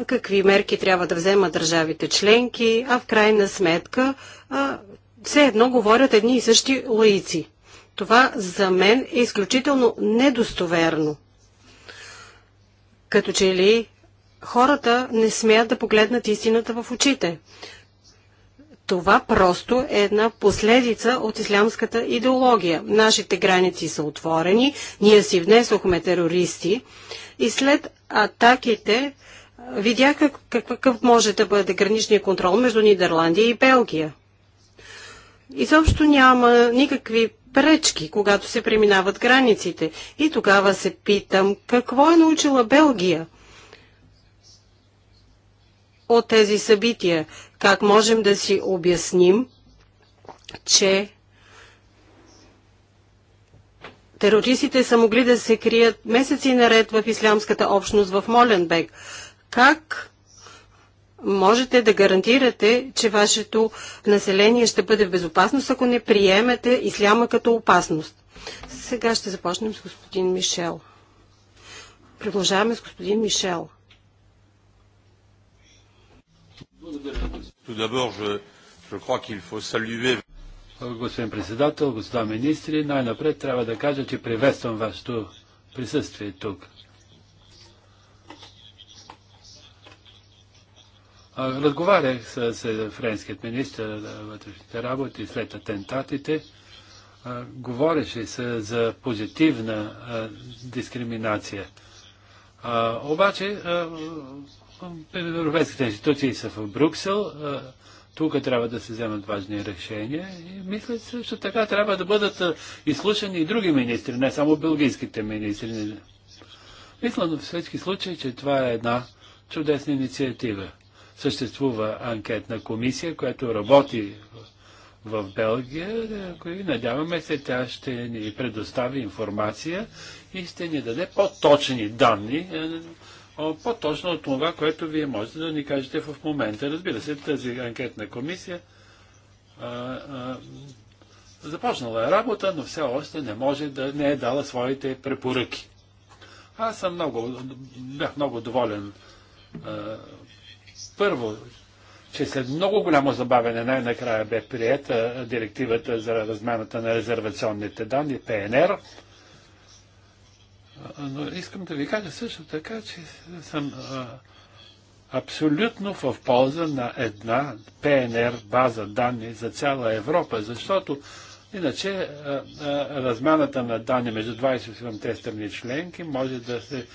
Какви мерки трябва да вземат държавите членки, а в крайна сметка а, все едно говорят едни и същи лаици. Това за мен е изключително недостоверно. Като че ли хората не смеят да погледнат истината в очите. Това просто е една последица от ислямската идеология. Нашите граници са отворени, ние си внесохме терористи и след атаките видях какъв може да бъде граничния контрол между Нидерландия и Белгия. Изобщо няма никакви пречки, когато се преминават границите. И тогава се питам, какво е научила Белгия? от тези събития? Как можем да си обясним, че терористите са могли да се крият месеци наред в ислямската общност в Моленбек? Как можете да гарантирате, че вашето население ще бъде в безопасност, ако не приемете исляма като опасност? Сега ще започнем с господин Мишел. Продължаваме с господин Мишел. Господин председател, господа министри, най-напред трябва да кажа, че приветствам вашето присъствие тук. Разговарях с, френският министр на вътрешните работи след атентатите. Говореше се за позитивна дискриминация. обаче европейските институции са в Брюксел, тук трябва да се вземат важни решения и мисля също така трябва да бъдат изслушани и други министри, не само белгийските министри. Мисля но в всички случаи, че това е една чудесна инициатива. Съществува анкетна комисия, която работи в Белгия, и надяваме се тя ще ни предостави информация и ще ни даде по-точни данни по-точно от това, което вие можете да ни кажете в момента. Разбира се, тази анкетна комисия а, а, започнала е работа, но все още не може да не е дала своите препоръки. Аз съм много, бях много доволен. А, първо, че след много голямо забавене най-накрая бе приета директивата за размяната на резервационните данни, ПНР, но искам да ви кажа също така, че съм а, абсолютно в полза на една ПНР база данни за цяла Европа, защото иначе а, а, размяната на данни между 27-те страни членки може да се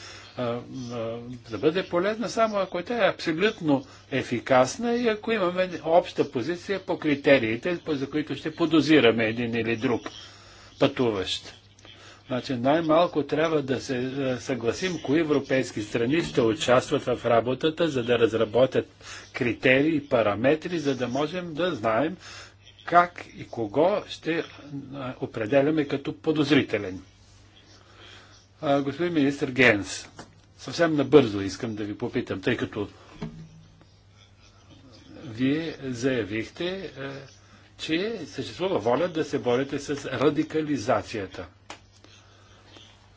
да бъде полезна само ако тя е абсолютно ефикасна и ако имаме обща позиция по критериите, за които ще подозираме един или друг пътуващ. Значи най-малко трябва да се е, съгласим кои европейски страни ще участват в работата, за да разработят критерии и параметри, за да можем да знаем как и кого ще е, определяме като подозрителен. Господин министр Генс, съвсем набързо искам да ви попитам, тъй като вие заявихте, е, че съществува воля да се борите с радикализацията.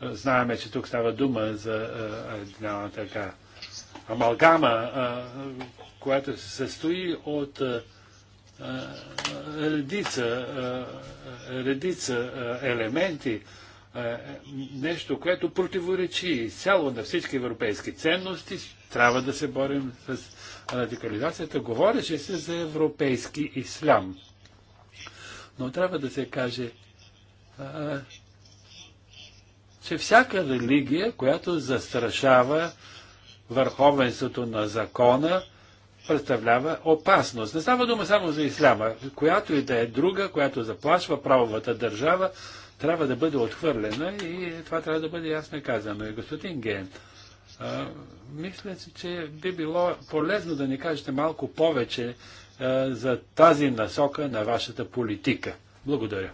Знаеме, че тук става дума за една така амалгама, която се състои от редица, редица елементи, нещо, което противоречи цяло на всички европейски ценности. Трябва да се борим с радикализацията. Говореше се за европейски ислям. Но трябва да се каже, че всяка религия, която застрашава върховенството на закона, представлява опасност. Не става дума само за исляма. Която и да е друга, която заплашва правовата държава, трябва да бъде отхвърлена и това трябва да бъде ясно казано. И господин Ген, а, мисля, че би било полезно да ни кажете малко повече а, за тази насока на вашата политика. Благодаря.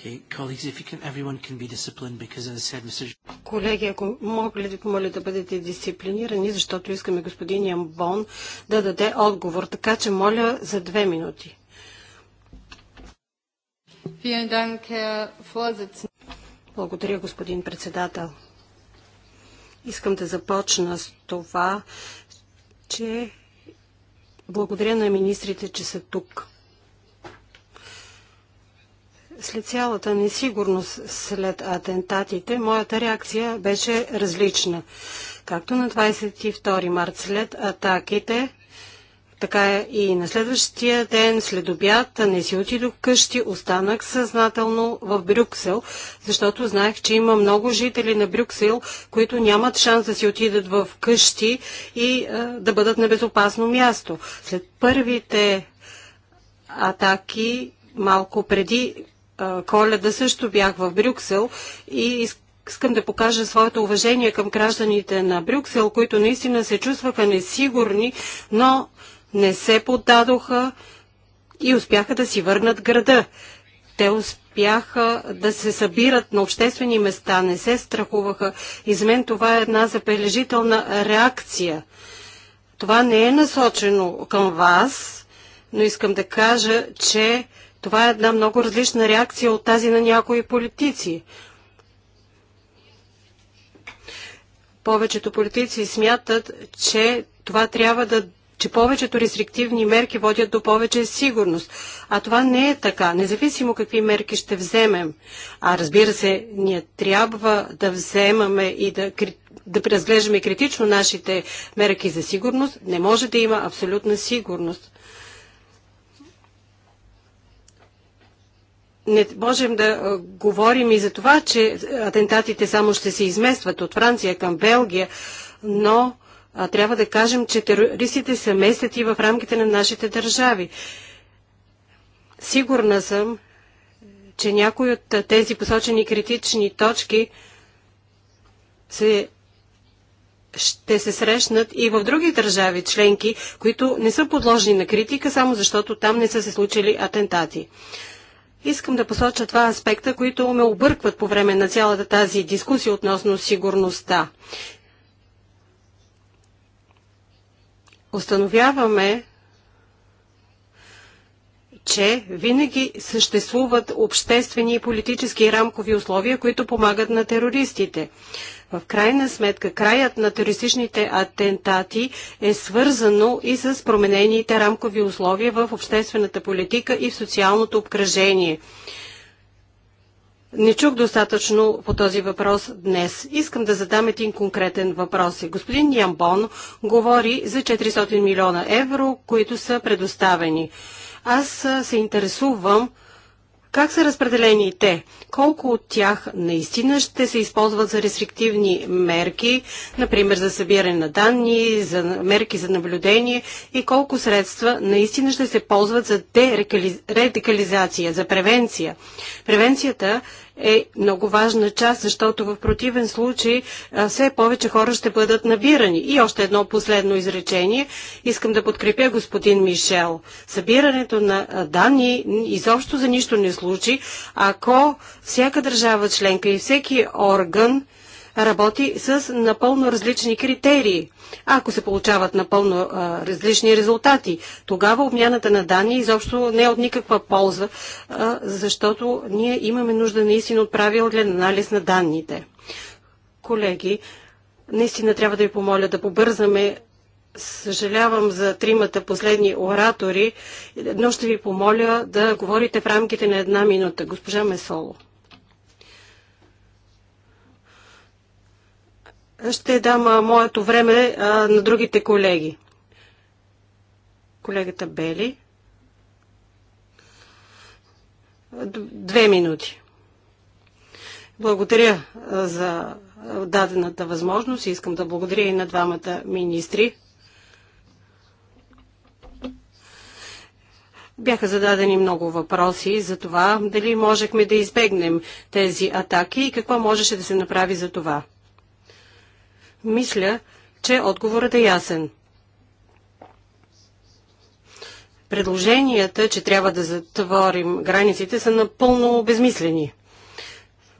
Okay, colleagues, if you can, everyone can be disciplined because as I said, Mr. Колеги, ако мога ли да помоля да бъдете дисциплинирани, защото искаме господин Ямбон да даде отговор, така че моля за две минути. Благодаря, господин председател. Искам да започна с това, че благодаря на министрите, че са тук. След цялата несигурност след атентатите, моята реакция беше различна. Както на 22 март след атаките, така и на следващия ден, след обяд, не си отидох къщи, останах съзнателно в Брюксел, защото знаех, че има много жители на Брюксел, които нямат шанс да си отидат в къщи и а, е, да бъдат на безопасно място. След първите атаки, малко преди коледа също бях в Брюксел и искам да покажа своето уважение към гражданите на Брюксел, които наистина се чувстваха несигурни, но не се поддадоха и успяха да си върнат града. Те успяха да се събират на обществени места, не се страхуваха. И за мен това е една забележителна реакция. Това не е насочено към вас, но искам да кажа, че това е една много различна реакция от тази на някои политици. Повечето политици смятат, че това трябва да че повечето рестриктивни мерки водят до повече сигурност. А това не е така, независимо какви мерки ще вземем. А разбира се, ние трябва да вземаме и да, да разглеждаме критично нашите мерки за сигурност. Не може да има абсолютна сигурност. не можем да говорим и за това, че атентатите само ще се изместват от Франция към Белгия, но а, трябва да кажем, че терористите се местят и в рамките на нашите държави. Сигурна съм, че някои от тези посочени критични точки се, ще се срещнат и в други държави членки, които не са подложени на критика, само защото там не са се случили атентати. Искам да посоча два аспекта, които ме объркват по време на цялата тази дискусия относно сигурността. Установяваме, че винаги съществуват обществени и политически рамкови условия, които помагат на терористите. В крайна сметка, краят на терористичните атентати е свързано и с променените рамкови условия в обществената политика и в социалното обкръжение. Не чух достатъчно по този въпрос днес. Искам да задам един конкретен въпрос. Господин Ямбон говори за 400 милиона евро, които са предоставени. Аз се интересувам как са разпределени те? Колко от тях наистина ще се използват за рестриктивни мерки, например за събиране на данни, за мерки за наблюдение и колко средства наистина ще се ползват за дерекализация, за превенция? Превенцията е много важна част, защото в противен случай все повече хора ще бъдат набирани. И още едно последно изречение. Искам да подкрепя господин Мишел. Събирането на данни изобщо за нищо не случи, ако всяка държава членка и всеки орган работи с напълно различни критерии. Ако се получават напълно а, различни резултати, тогава обмяната на данни изобщо не е от никаква полза, а, защото ние имаме нужда наистина от правилен анализ на данните. Колеги, наистина трябва да ви помоля да побързаме Съжалявам за тримата последни оратори, но ще ви помоля да говорите в рамките на една минута. Госпожа Месоло. ще дам моето време на другите колеги. Колегата Бели. Две минути. Благодаря за дадената възможност. Искам да благодаря и на двамата министри. Бяха зададени много въпроси за това дали можехме да избегнем тези атаки и какво можеше да се направи за това. Мисля, че отговорът е ясен. Предложенията, че трябва да затворим границите, са напълно обезмислени.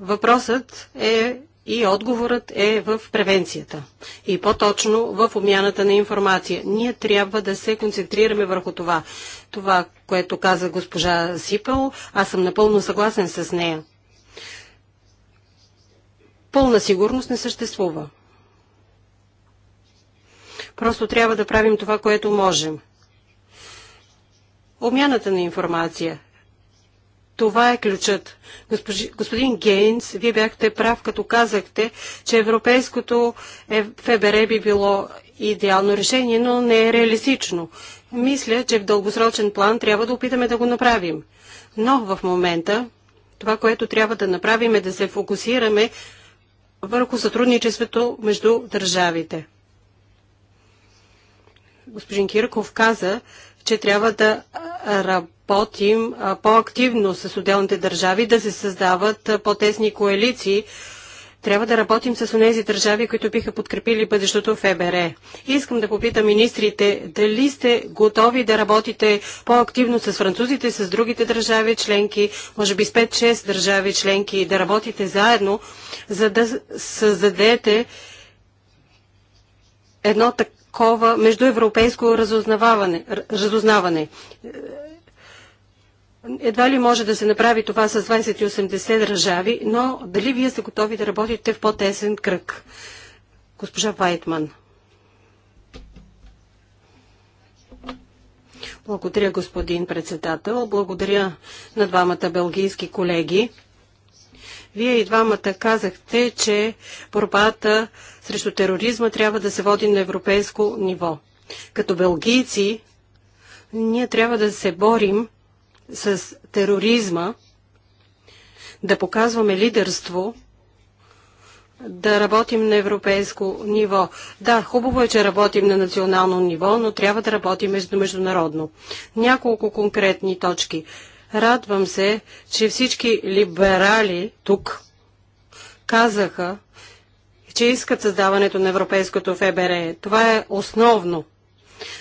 Въпросът е и отговорът е в превенцията и по-точно в обмяната на информация. Ние трябва да се концентрираме върху това. Това, което каза госпожа Сипел, аз съм напълно съгласен с нея. Пълна сигурност не съществува. Просто трябва да правим това, което можем. Обмяната на информация. Това е ключът. Госпожи, господин Гейнс, вие бяхте прав, като казахте, че европейското е- ФБР би било идеално решение, но не е реалистично. Мисля, че в дългосрочен план трябва да опитаме да го направим. Но в момента това, което трябва да направим е да се фокусираме върху сътрудничеството между държавите господин Кирков каза, че трябва да работим по-активно с отделните държави, да се създават по-тесни коалиции. Трябва да работим с тези държави, които биха подкрепили бъдещото ФБР. Искам да попитам министрите, дали сте готови да работите по-активно с французите, с другите държави членки, може би с 5-6 държави членки, да работите заедно, за да създадете едно така такова междуевропейско разузнаване, разузнаване. Едва ли може да се направи това с 20 80 държави, но дали вие сте готови да работите в по-тесен кръг? Госпожа Вайтман. Благодаря, господин председател. Благодаря на двамата белгийски колеги. Вие и двамата казахте, че борбата срещу тероризма трябва да се води на европейско ниво. Като белгийци, ние трябва да се борим с тероризма, да показваме лидерство, да работим на европейско ниво. Да, хубаво е, че работим на национално ниво, но трябва да работим между международно. Няколко конкретни точки. Радвам се, че всички либерали тук казаха, че искат създаването на Европейското ФБР. Това е основно.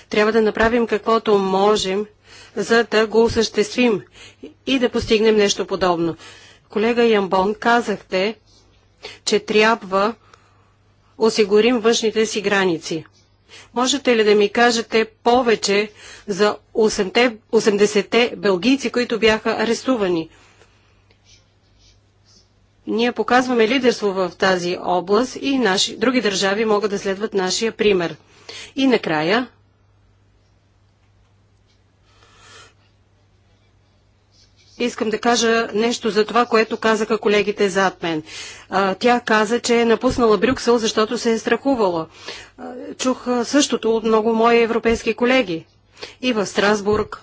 Трябва да направим каквото можем, за да го осъществим и да постигнем нещо подобно. Колега Ямбон, казахте, че трябва осигурим външните си граници. Можете ли да ми кажете повече за 80-те белгийци, които бяха арестувани? Ние показваме лидерство в тази област и наши, други държави могат да следват нашия пример. И накрая, искам да кажа нещо за това, което казаха колегите зад мен. тя каза, че е напуснала Брюксел, защото се е страхувала. чух същото от много мои европейски колеги. И в Страсбург.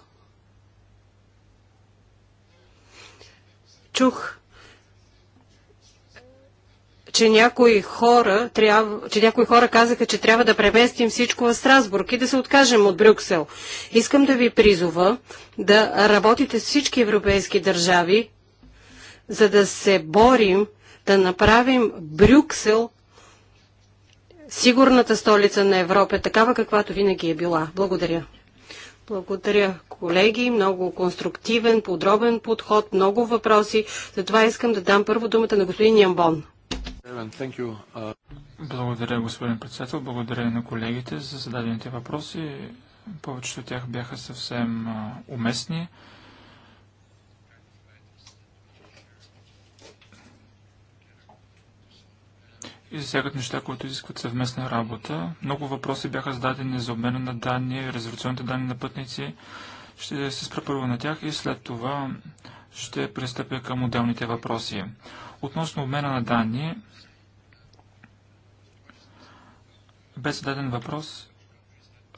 Чух че някои хора, трябва, че някои хора казаха, че трябва да преместим всичко в Страсбург и да се откажем от Брюксел. Искам да ви призова да работите с всички европейски държави, за да се борим да направим Брюксел сигурната столица на Европа, такава каквато винаги е била. Благодаря. Благодаря, колеги. Много конструктивен, подробен подход, много въпроси. Затова искам да дам първо думата на господин Ямбон. Uh, Благодаря, господин председател. Благодаря на колегите за зададените въпроси. Повечето от тях бяха съвсем уместни. и засягат неща, които изискват съвместна работа. Много въпроси бяха зададени за обмена на данни, резервационните данни на пътници. Ще се спра първо на тях и след това ще пристъпя към отделните въпроси. Относно обмена на данни, Бе зададен въпрос.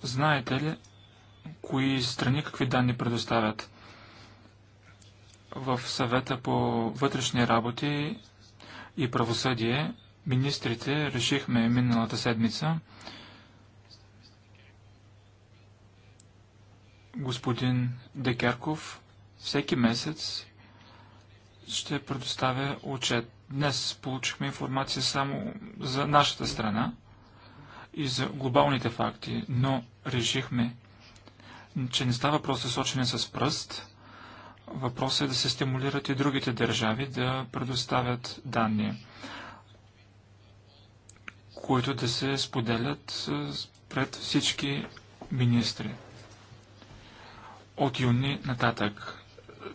Знаете ли кои страни какви данни предоставят? В съвета по вътрешни работи и правосъдие министрите решихме миналата седмица господин Декерков всеки месец ще предоставя отчет. Днес получихме информация само за нашата страна и за глобалните факти, но решихме, че не става просто сочене с пръст. Въпросът е да се стимулират и другите държави да предоставят данни, които да се споделят пред всички министри. От юни нататък.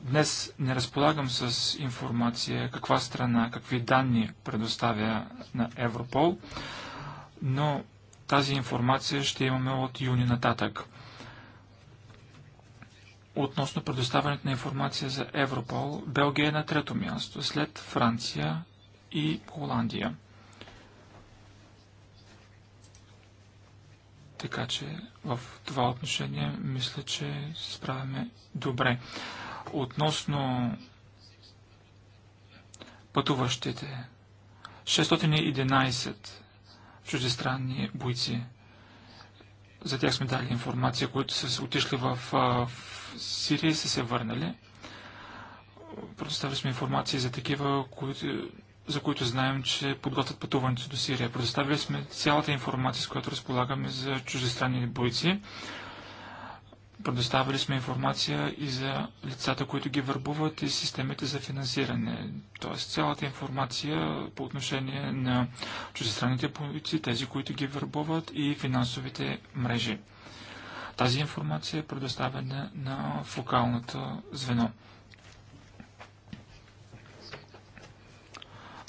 Днес не разполагам с информация каква страна, какви данни предоставя на Европол, но тази информация ще имаме от юни нататък. Относно предоставянето на информация за Европол, Белгия е на трето място, след Франция и Холандия. Така че в това отношение мисля, че се справяме добре. Относно пътуващите, 611 чуждестранни бойци. За тях сме дали информация, които са се отишли в, в Сирия и са се върнали. Предоставили сме информация за такива, които, за които знаем, че подготвят пътуването до Сирия. Предоставили сме цялата информация, с която разполагаме за чуждестранни бойци. Предоставили сме информация и за лицата, които ги върбуват и системите за финансиране. Т.е. цялата информация по отношение на чужестранните полици, тези, които ги върбуват и финансовите мрежи. Тази информация е предоставена на фокалното звено.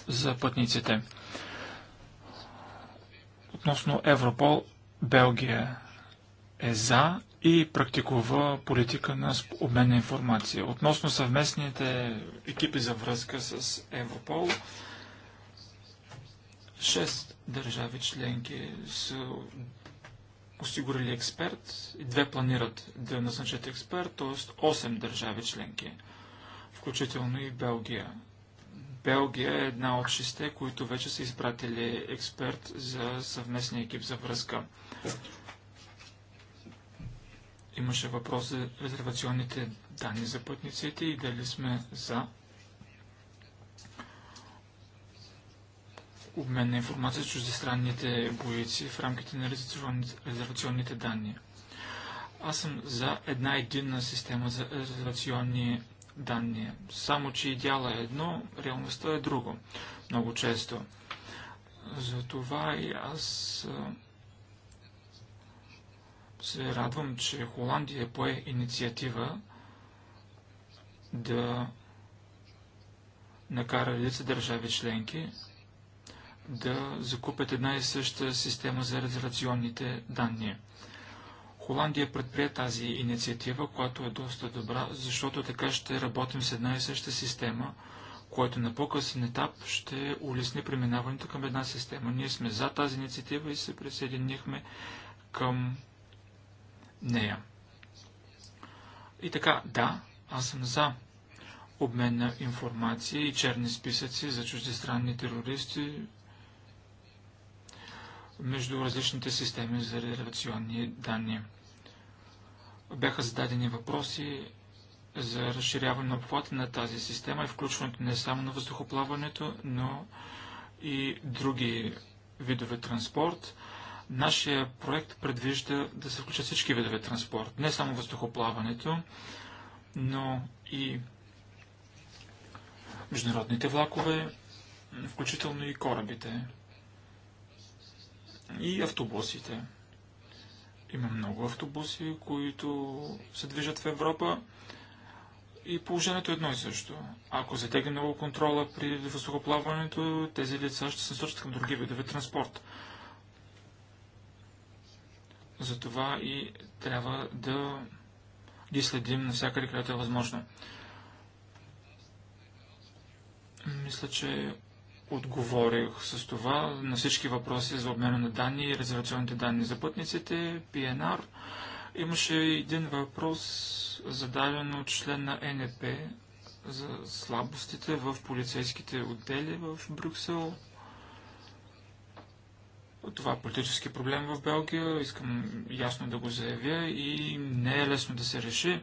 За пътниците. Относно Европол, Белгия е за и практикува политика на обмен на информация. Относно съвместните екипи за връзка с Европол, шест държави членки са осигурили експерт и две планират да назначат експерт, т.е. 8 държави членки, включително и Белгия. Белгия е една от шесте, които вече са изпратили експерт за съвместния екип за връзка. Имаше въпрос за резервационните данни за пътниците и дали сме за обмен на информация с чуждестранните бойци в рамките на резервационните данни. Аз съм за една единна система за резервационни данни. Само, че идеала е едно, реалността е друго. Много често. Затова и аз се радвам, че Холандия пое инициатива да накара лица държави членки да закупят една и съща система за резервационните данни. Холандия предприе тази инициатива, която е доста добра, защото така ще работим с една и съща система, която на по-късен етап ще улесни преминаването към една система. Ние сме за тази инициатива и се присъединихме към нея. И така, да, аз съм за обмен на информация и черни списъци за чуждестранни терористи между различните системи за релевационни данни. Бяха зададени въпроси за разширяване на обхвата на тази система и включването не само на въздухоплаването, но и други видове транспорт. Нашия проект предвижда да се включат всички видове транспорт, не само въздухоплаването, но и международните влакове, включително и корабите и автобусите. Има много автобуси, които се движат в Европа и положението е едно и също. Ако затегне много контрола при въздухоплаването, тези лица ще се насочат към други видове транспорт. Затова и трябва да ги следим навсякъде, където е възможно. Мисля, че отговорих с това на всички въпроси за обмена на данни и резервационните данни за пътниците, PNR. Имаше един въпрос, зададен от член на НП за слабостите в полицейските отдели в Брюксел. Това е политически проблем в Белгия, искам ясно да го заявя и не е лесно да се реши.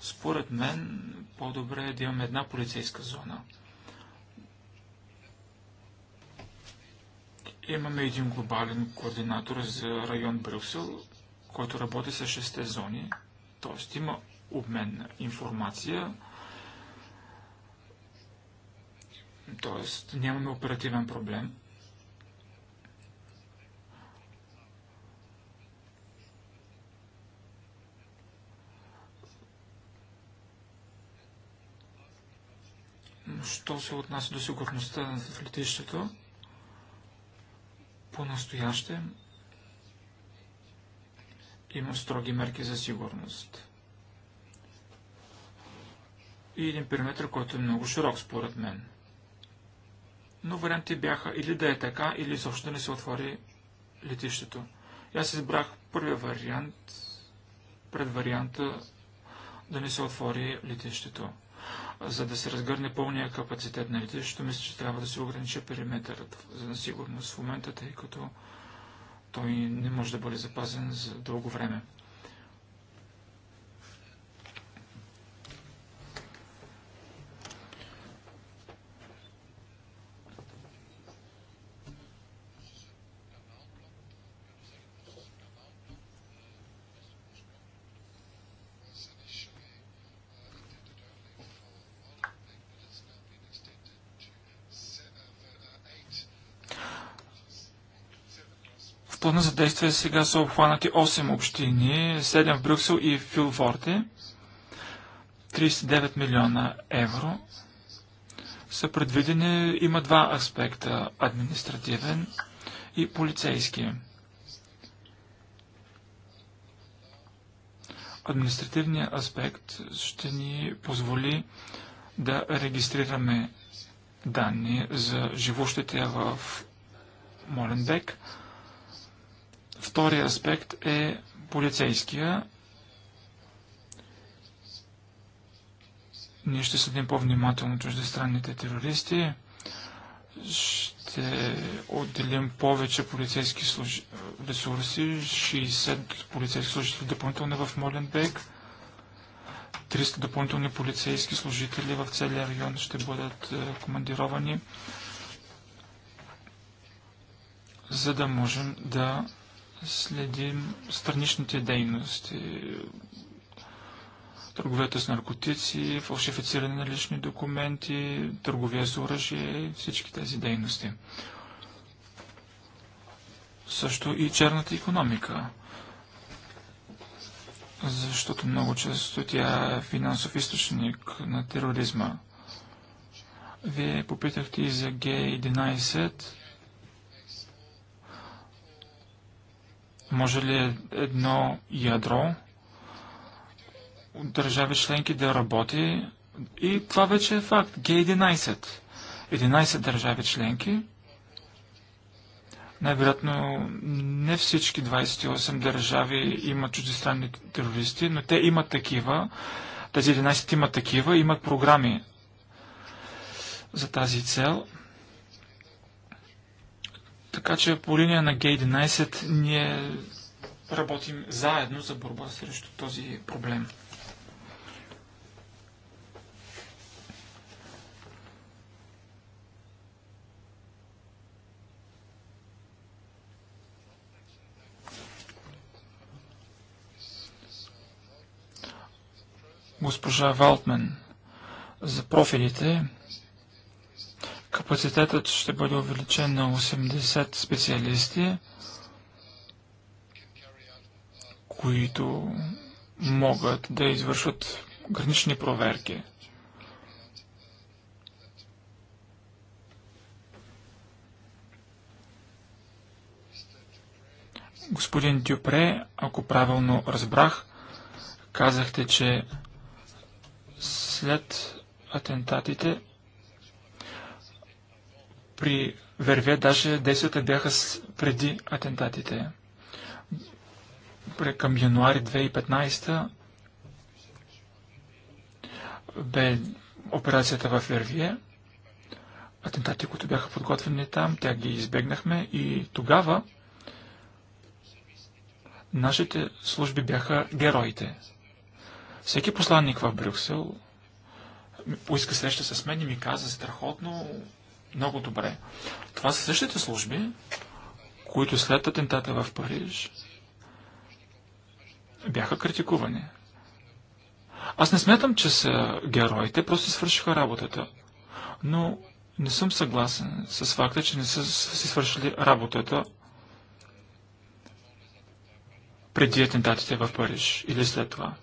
Според мен по-добре е да имаме една полицейска зона. Имаме един глобален координатор за район Брюксел, който работи с 6 зони, т.е. има обмен на информация, т.е. нямаме оперативен проблем. Що се отнася до сигурността в летището, по-настояще има строги мерки за сигурност. И един периметр, който е много широк, според мен. Но варианти бяха или да е така, или изобщо не се отвори летището. И аз избрах първия вариант, пред варианта да не се отвори летището за да се разгърне пълния капацитет на нали? летището, мисля, че трябва да се ограничи периметърът за сигурност в момента, тъй като той не може да бъде запазен за дълго време. действие сега са обхванати 8 общини, 7 в Брюксел и в Филфорте. 39 милиона евро са предвидени. Има два аспекта – административен и полицейски. Административният аспект ще ни позволи да регистрираме данни за живущите в Моленбек – Втория аспект е полицейския. Ние ще следим по-внимателно чуждестранните терористи. Ще отделим повече полицейски служ... ресурси, 60 полицейски служители допълнително в Моленбек, 300 допълнителни полицейски служители в целия район ще бъдат е, командировани, за да можем да следим страничните дейности, търговията с наркотици, фалшифициране на лични документи, търговия с оръжие и всички тези дейности. Също и черната економика, защото много често тя е финансов източник на тероризма. Вие попитахте и за Г-11. Може ли едно ядро от държави членки да работи? И това вече е факт. Г11. 11 държави членки. Най-вероятно не всички 28 държави имат чуждестранни терористи, но те имат такива. Тези 11 имат такива, имат програми за тази цел – така че по линия на Г11 ние работим заедно за борба срещу този проблем. госпожа Валтмен за профилите. Капацитетът ще бъде увеличен на 80 специалисти, които могат да извършват гранични проверки. Господин Дюпре, ако правилно разбрах, казахте, че след атентатите при Верве даже действията бяха преди атентатите. Към януари 2015 бе операцията в Вервие. Атентати, които бяха подготвени там, тя ги избегнахме и тогава нашите служби бяха героите. Всеки посланник в Брюксел поиска среща с мен и ми каза страхотно, много добре. Това са същите служби, които след атентата в Париж бяха критикувани. Аз не смятам, че са героите, просто свършиха работата. Но не съм съгласен с факта, че не са си свършили работата преди атентатите в Париж или след това.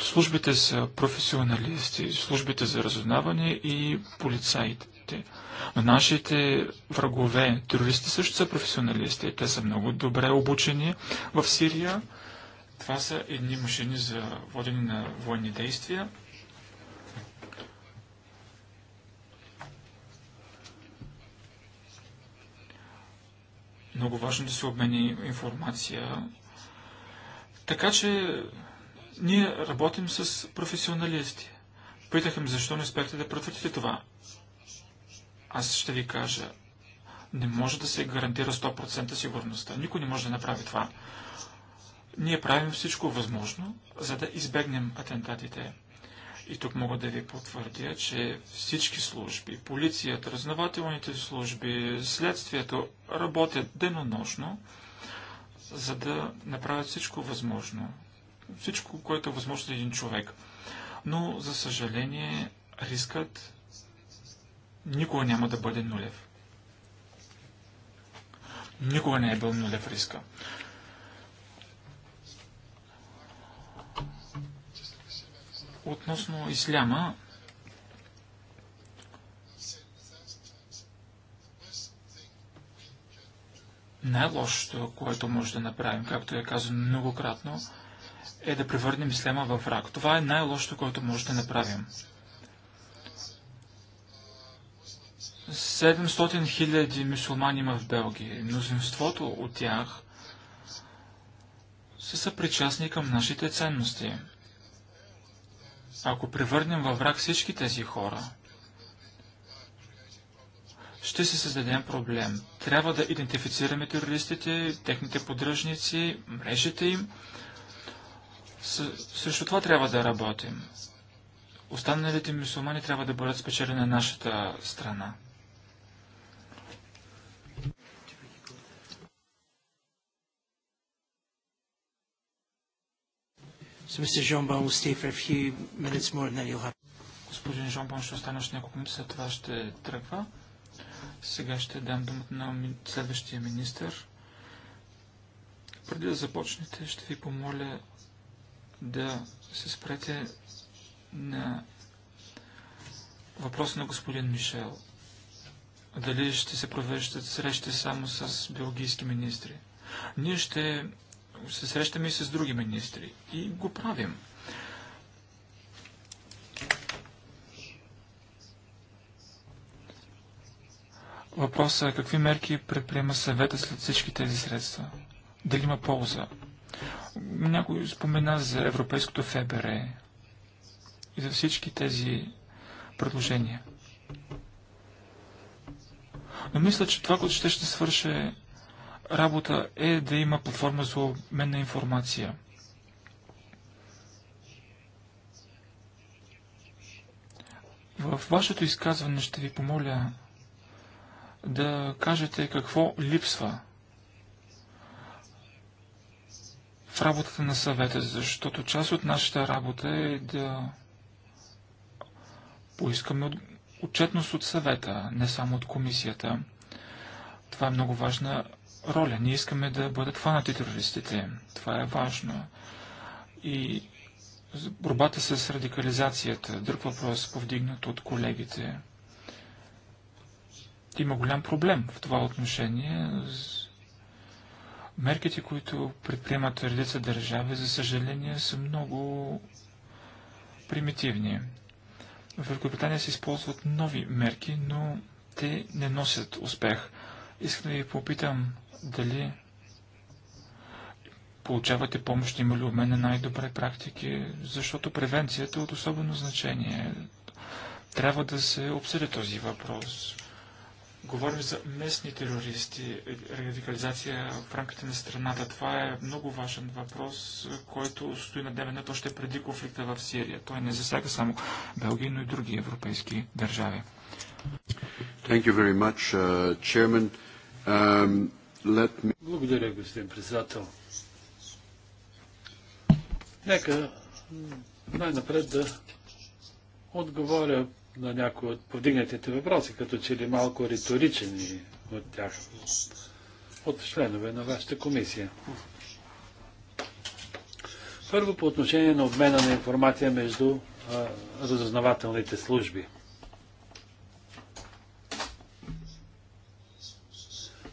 Службите са професионалисти, службите за разузнаване и полицаите. Но нашите врагове, терористи също са професионалисти. Те са много добре обучени в Сирия. Това са едни машини за водене на военни действия. Много важно е да се обмени информация. Така че ние работим с професионалисти. Питах им, защо не успяхте да предотвратите това. Аз ще ви кажа, не може да се гарантира 100% сигурността. Никой не може да направи това. Ние правим всичко възможно, за да избегнем атентатите. И тук мога да ви потвърдя, че всички служби, полицията, разнователните служби, следствието работят денонощно, за да направят всичко възможно всичко, което е възможно за един човек. Но, за съжаление, рискът никога няма да бъде нулев. Никога не е бил нулев риска. Относно исляма, най-лошото, което може да направим, както е казано многократно, е да превърнем ислама в враг. Това е най-лошото, което може да направим. 700 хиляди мусулмани има в Белгия. Мнозинството от тях са съпричастни към нашите ценности. Ако превърнем във враг всички тези хора, ще се създадем проблем. Трябва да идентифицираме терористите, техните поддръжници, мрежите им също срещу това трябва да работим. Останалите мусулмани трябва да бъдат спечели на нашата страна. Господин Жонбон ще останеш няколко минути, след това ще тръгва. Сега ще дам думата на следващия министр. Преди да започнете, ще ви помоля да се спрете на въпроса на господин Мишел. Дали ще се провеждат срещи само с белгийски министри? Ние ще се срещаме и с други министри. И го правим. Въпросът е какви мерки предприема съвета след всички тези средства? Дали има полза? Някой спомена за Европейското ФБР и за всички тези предложения. Но мисля, че това, което ще ще свърши работа е да има платформа за обмен на информация. В вашето изказване ще ви помоля да кажете какво липсва в работата на съвета, защото част от нашата работа е да поискаме отчетност от съвета, не само от комисията. Това е много важна роля. Ние искаме да бъдат хванати терористите. Това е важно. И борбата с радикализацията, друг въпрос, повдигнат от колегите. Има голям проблем в това отношение Мерките, които предприемат редица държави, за съжаление, са много примитивни. В Великобритания се използват нови мерки, но те не носят успех. Искам да ви попитам дали получавате помощ, има ли у мен най-добре практики, защото превенцията е от особено значение. Трябва да се обсъди този въпрос. Говорим за местни терористи, радикализация в рамките на страната. Това е много важен въпрос, който стои на дневен ред още преди конфликта в Сирия. Той не засяга само Белгия, но и други европейски държави. Thank you very much, uh, chairman. Um, let me... Благодаря, господин председател. Нека най-напред да отговоря на някои от повдигнатите въпроси, като че ли малко риторичени от тях, от членове на вашата комисия. Първо по отношение на обмена на информация между а, разузнавателните служби.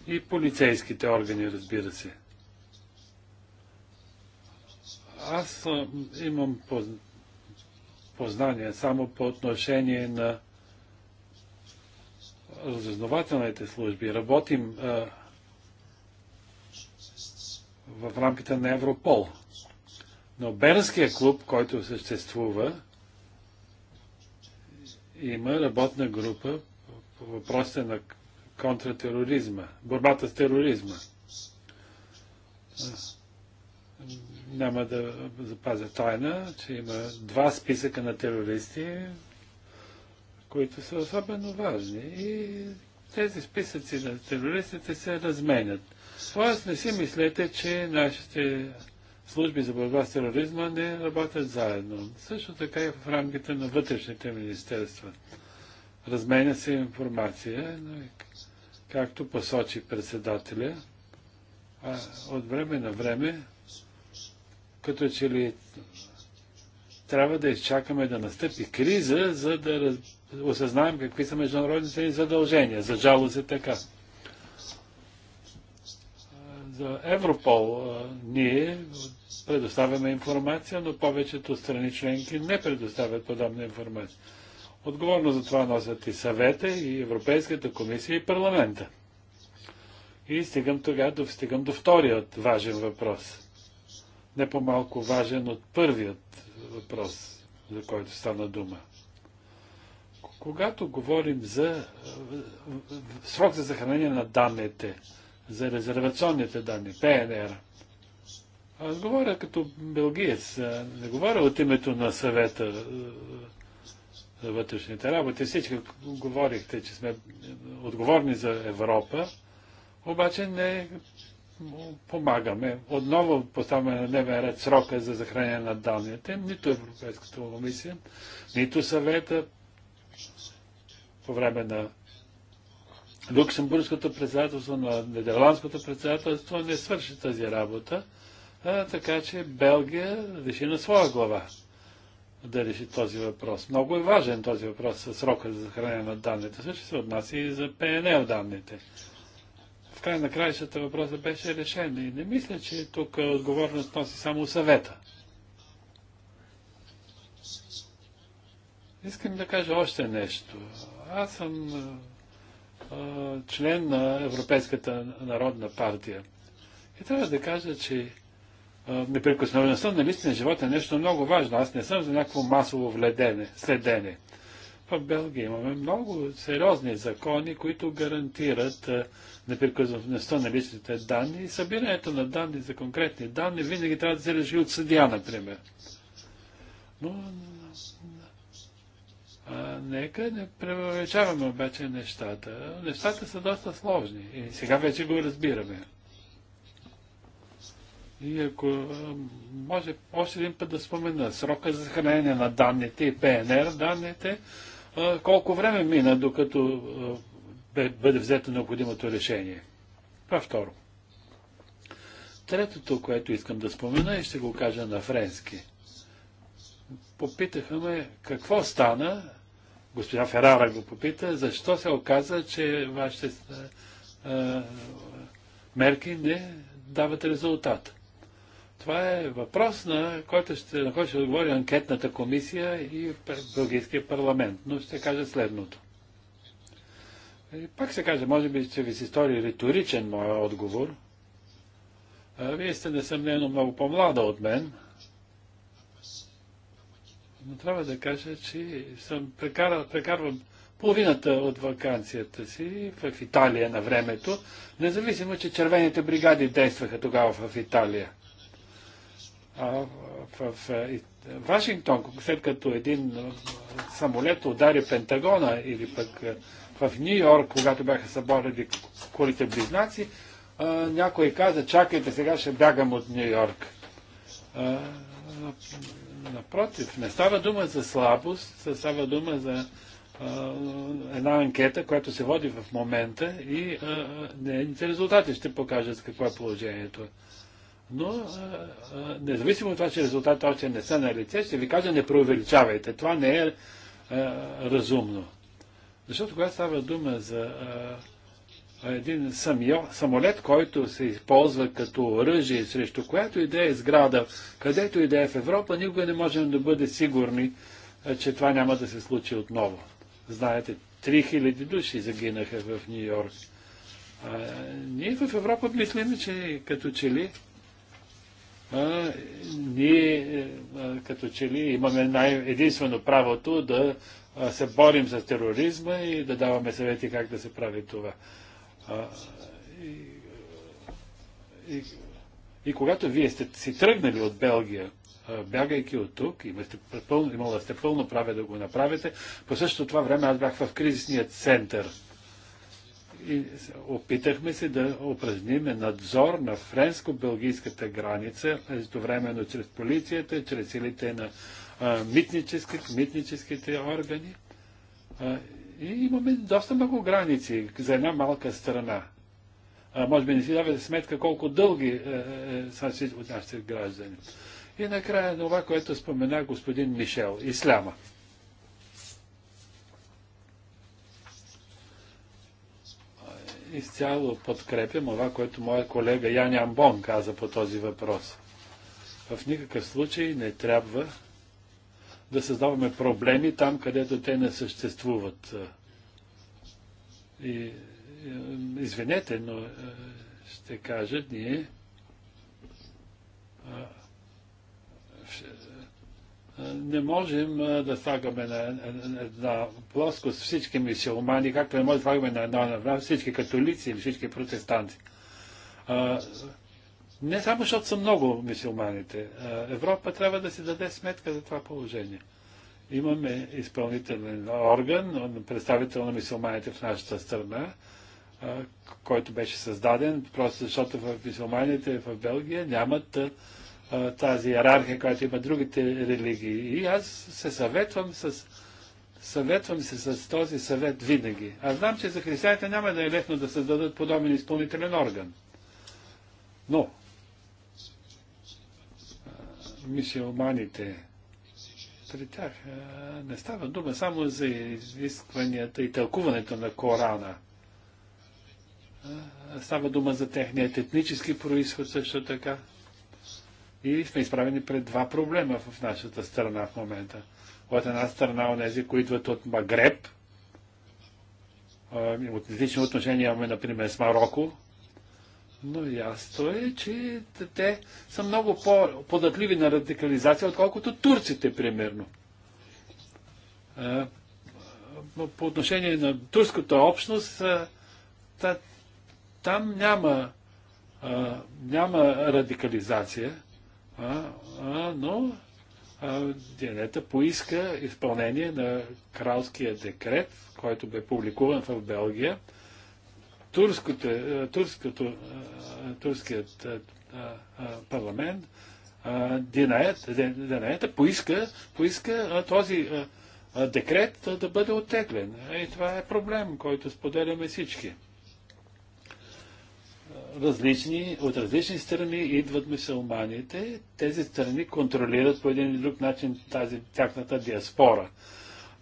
И полицейските органи, разбира се. Аз а, имам познания само по отношение на разузнавателните служби. Работим а, в рамките на Европол. Но Бернския клуб, който съществува, има работна група по въпросите на контратероризма, борбата с тероризма. А, няма да запазя тайна, че има два списъка на терористи, които са особено важни. И тези списъци на терористите се разменят. Тоест не си мислете, че нашите служби за борба с тероризма не работят заедно. Също така и в рамките на вътрешните министерства. Разменя се информация, но както посочи председателя, а от време на време като че ли трябва да изчакаме да настъпи криза, за да раз... осъзнаем какви са международните ни задължения. За жалост е така. За Европол ние предоставяме информация, но повечето страни членки не предоставят подобна информация. Отговорно за това носят и съвета, и Европейската комисия, и парламента. И стигам тогава, стигам до вторият важен въпрос – не по-малко важен от първият въпрос, за който стана дума. Когато говорим за е, срок за съхранение на данните, за резервационните данни, ПНР, аз говоря като белгиец, не говоря от името на съвета е, за вътрешните работи. Всички говорихте, че сме отговорни за Европа, обаче не помагаме. Отново поставяме на дневен ред срока за захранение на данните. Нито Европейската комисия, нито съвета по време на Люксембургското председателство, на Нидерландското председателство не свърши тази работа, а, така че Белгия реши на своя глава да реши този въпрос. Много е важен този въпрос с срока за захранение на данните. Също се отнася и за ПНЛ данните край на краищата въпросът беше решен и не мисля, че тук отговорност носи само съвета. Искам да кажа още нещо. Аз съм член на Европейската народна партия. И трябва да кажа, че неприкосновеността на личния живот е нещо много важно. Аз не съм за някакво масово вледене, следене. В Белгия имаме много сериозни закони, които гарантират е, непрекъснатостта на личните данни и събирането на данни за конкретни данни винаги трябва да се реши от съдия, например. Но а, нека не превеличаваме обаче нещата. Нещата са доста сложни и сега вече го разбираме. И ако може още един път да спомена срока за хранение на данните и ПНР данните, колко време мина, докато бъде взето необходимото решение. Това е второ. Третото, което искам да спомена и ще го кажа на френски. Попитаха ме какво стана, госпожа Ферара го попита, защо се оказа, че вашите а, мерки не дават резултат. Това е въпрос, на който ще, на който ще отговори анкетната комисия и Белгийския парламент. Но ще кажа следното. И пак се каже, може би че ви се стори риторичен моя отговор. А, вие сте несъмнено много по-млада от мен. Но трябва да кажа, че съм прекарал, прекарвам половината от вакансията си в Италия на времето, независимо, че червените бригади действаха тогава в Италия в Вашингтон, след като един самолет удари Пентагона или пък в Нью Йорк, когато бяха съборили колите близнаци, някой каза, чакайте, сега ще бягам от Нью Йорк. Напротив, не става дума за слабост, става дума за една анкета, която се води в момента и нейните резултати ще покажат какво е положението. Но а, а, независимо от това, че резултатите още не са на лице, ще ви кажа, не преувеличавайте. Това не е а, разумно. Защото когато става дума за а, един самио, самолет, който се използва като оръжие срещу която и да е сграда, където и да е в Европа, никога не можем да бъде сигурни, а, че това няма да се случи отново. Знаете, 3000 души загинаха в Нью-Йорк. Ние в Европа мислим, че като че ли а, ние е, а, като че ли имаме най- единствено правото да а, се борим за тероризма и да даваме съвети как да се прави това. А, и, и, и когато вие сте си тръгнали от Белгия, бягайки от тук, имала сте пълно праве да го направите, по същото това време аз бях в кризисният център и опитахме се да упражним надзор на френско-белгийската граница, едновременно чрез полицията, чрез силите на а, митнически, митническите органи. А, и имаме доста много граници за една малка страна. А, може би не си давате сметка колко дълги е, е, е са от нашите граждани. И накрая това, което спомена господин Мишел, исляма. изцяло подкрепям това, което моя колега Ян Ямбон каза по този въпрос. В никакъв случай не трябва да създаваме проблеми там, където те не съществуват. И, е, извинете, но е, ще кажа, ние не можем да слагаме на една плоскост всички мисиомани, както не можем да слагаме на една, на всички католици или всички протестанти. не само защото са много мисиоманите. Европа трябва да си даде сметка за това положение. Имаме изпълнителен орган, представител на мисиоманите в нашата страна, който беше създаден, просто защото в мисиоманите в Белгия нямат тази иерархия, която има другите религии. И аз се съветвам с съветвам се с този съвет винаги. Аз знам, че за християните няма да е лесно да създадат подобен изпълнителен орган. Но мисиоманите, при тях не става дума само за изискванията и тълкуването на Корана. Става дума за техният етнически происход също така. И сме изправени пред два проблема в нашата страна в момента. От една страна, онези, които идват от Магреб, от различни отношения имаме, например, с Марокко, но ясно е, че те са много по-податливи на радикализация, отколкото турците, примерно. По отношение на турската общност, там няма, няма радикализация. А, а, но а, Дианета поиска изпълнение на кралския декрет, който бе публикуван в Белгия. Турското, е, турското, е, турският е, парламент Дианета поиска, поиска този декрет да бъде оттеглен. И това е проблем, който споделяме всички различни, от различни страни идват мусулманите. Тези страни контролират по един или друг начин тази, тяхната диаспора.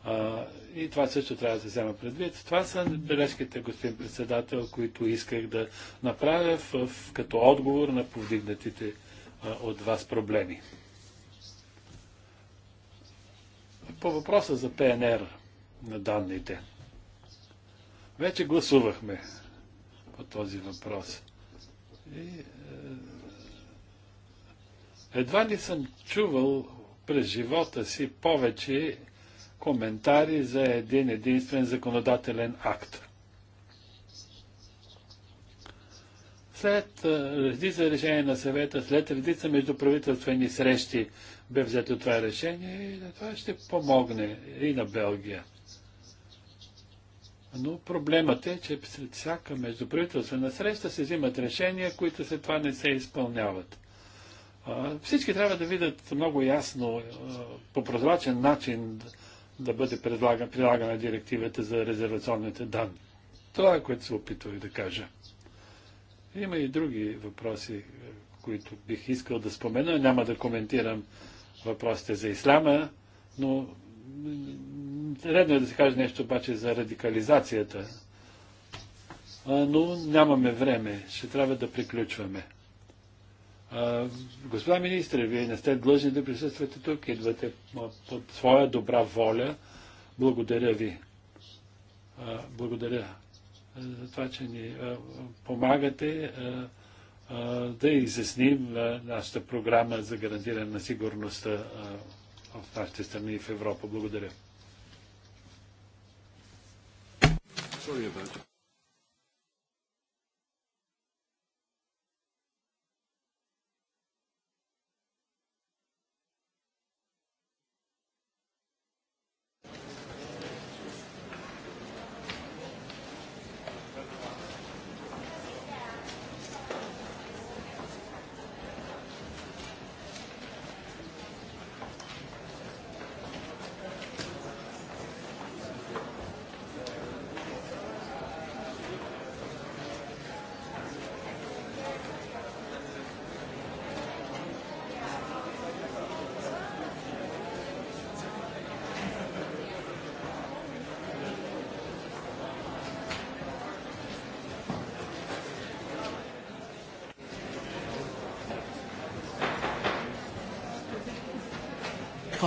А, и това също трябва да се взема предвид. Това са бележките, господин председател, които исках да направя в, в, като отговор на повдигнатите а, от вас проблеми. По въпроса за ПНР на данните. Вече гласувахме по този въпрос. И, е, едва ли съм чувал през живота си повече коментари за един единствен законодателен акт. След е, редица решение на съвета, след редица междуправителствени срещи бе взето това решение и това ще помогне и на Белгия. Но проблемът е, че след всяка междуправителствена среща се взимат решения, които след това не се изпълняват. всички трябва да видят много ясно, по прозрачен начин да бъде предлаган, прилагана директивата за резервационните данни. Това е което се опитвах да кажа. Има и други въпроси, които бих искал да спомена. Няма да коментирам въпросите за исляма, но Редно е да се каже нещо обаче за радикализацията. Но нямаме време. Ще трябва да приключваме. Господа министре, вие не сте длъжни да присъствате тук. Идвате под своя добра воля. Благодаря ви. Благодаря за това, че ни помагате да изясним нашата програма за гарантиране на сигурността в нашите страни и в Европа. Благодаря. Sorry about that.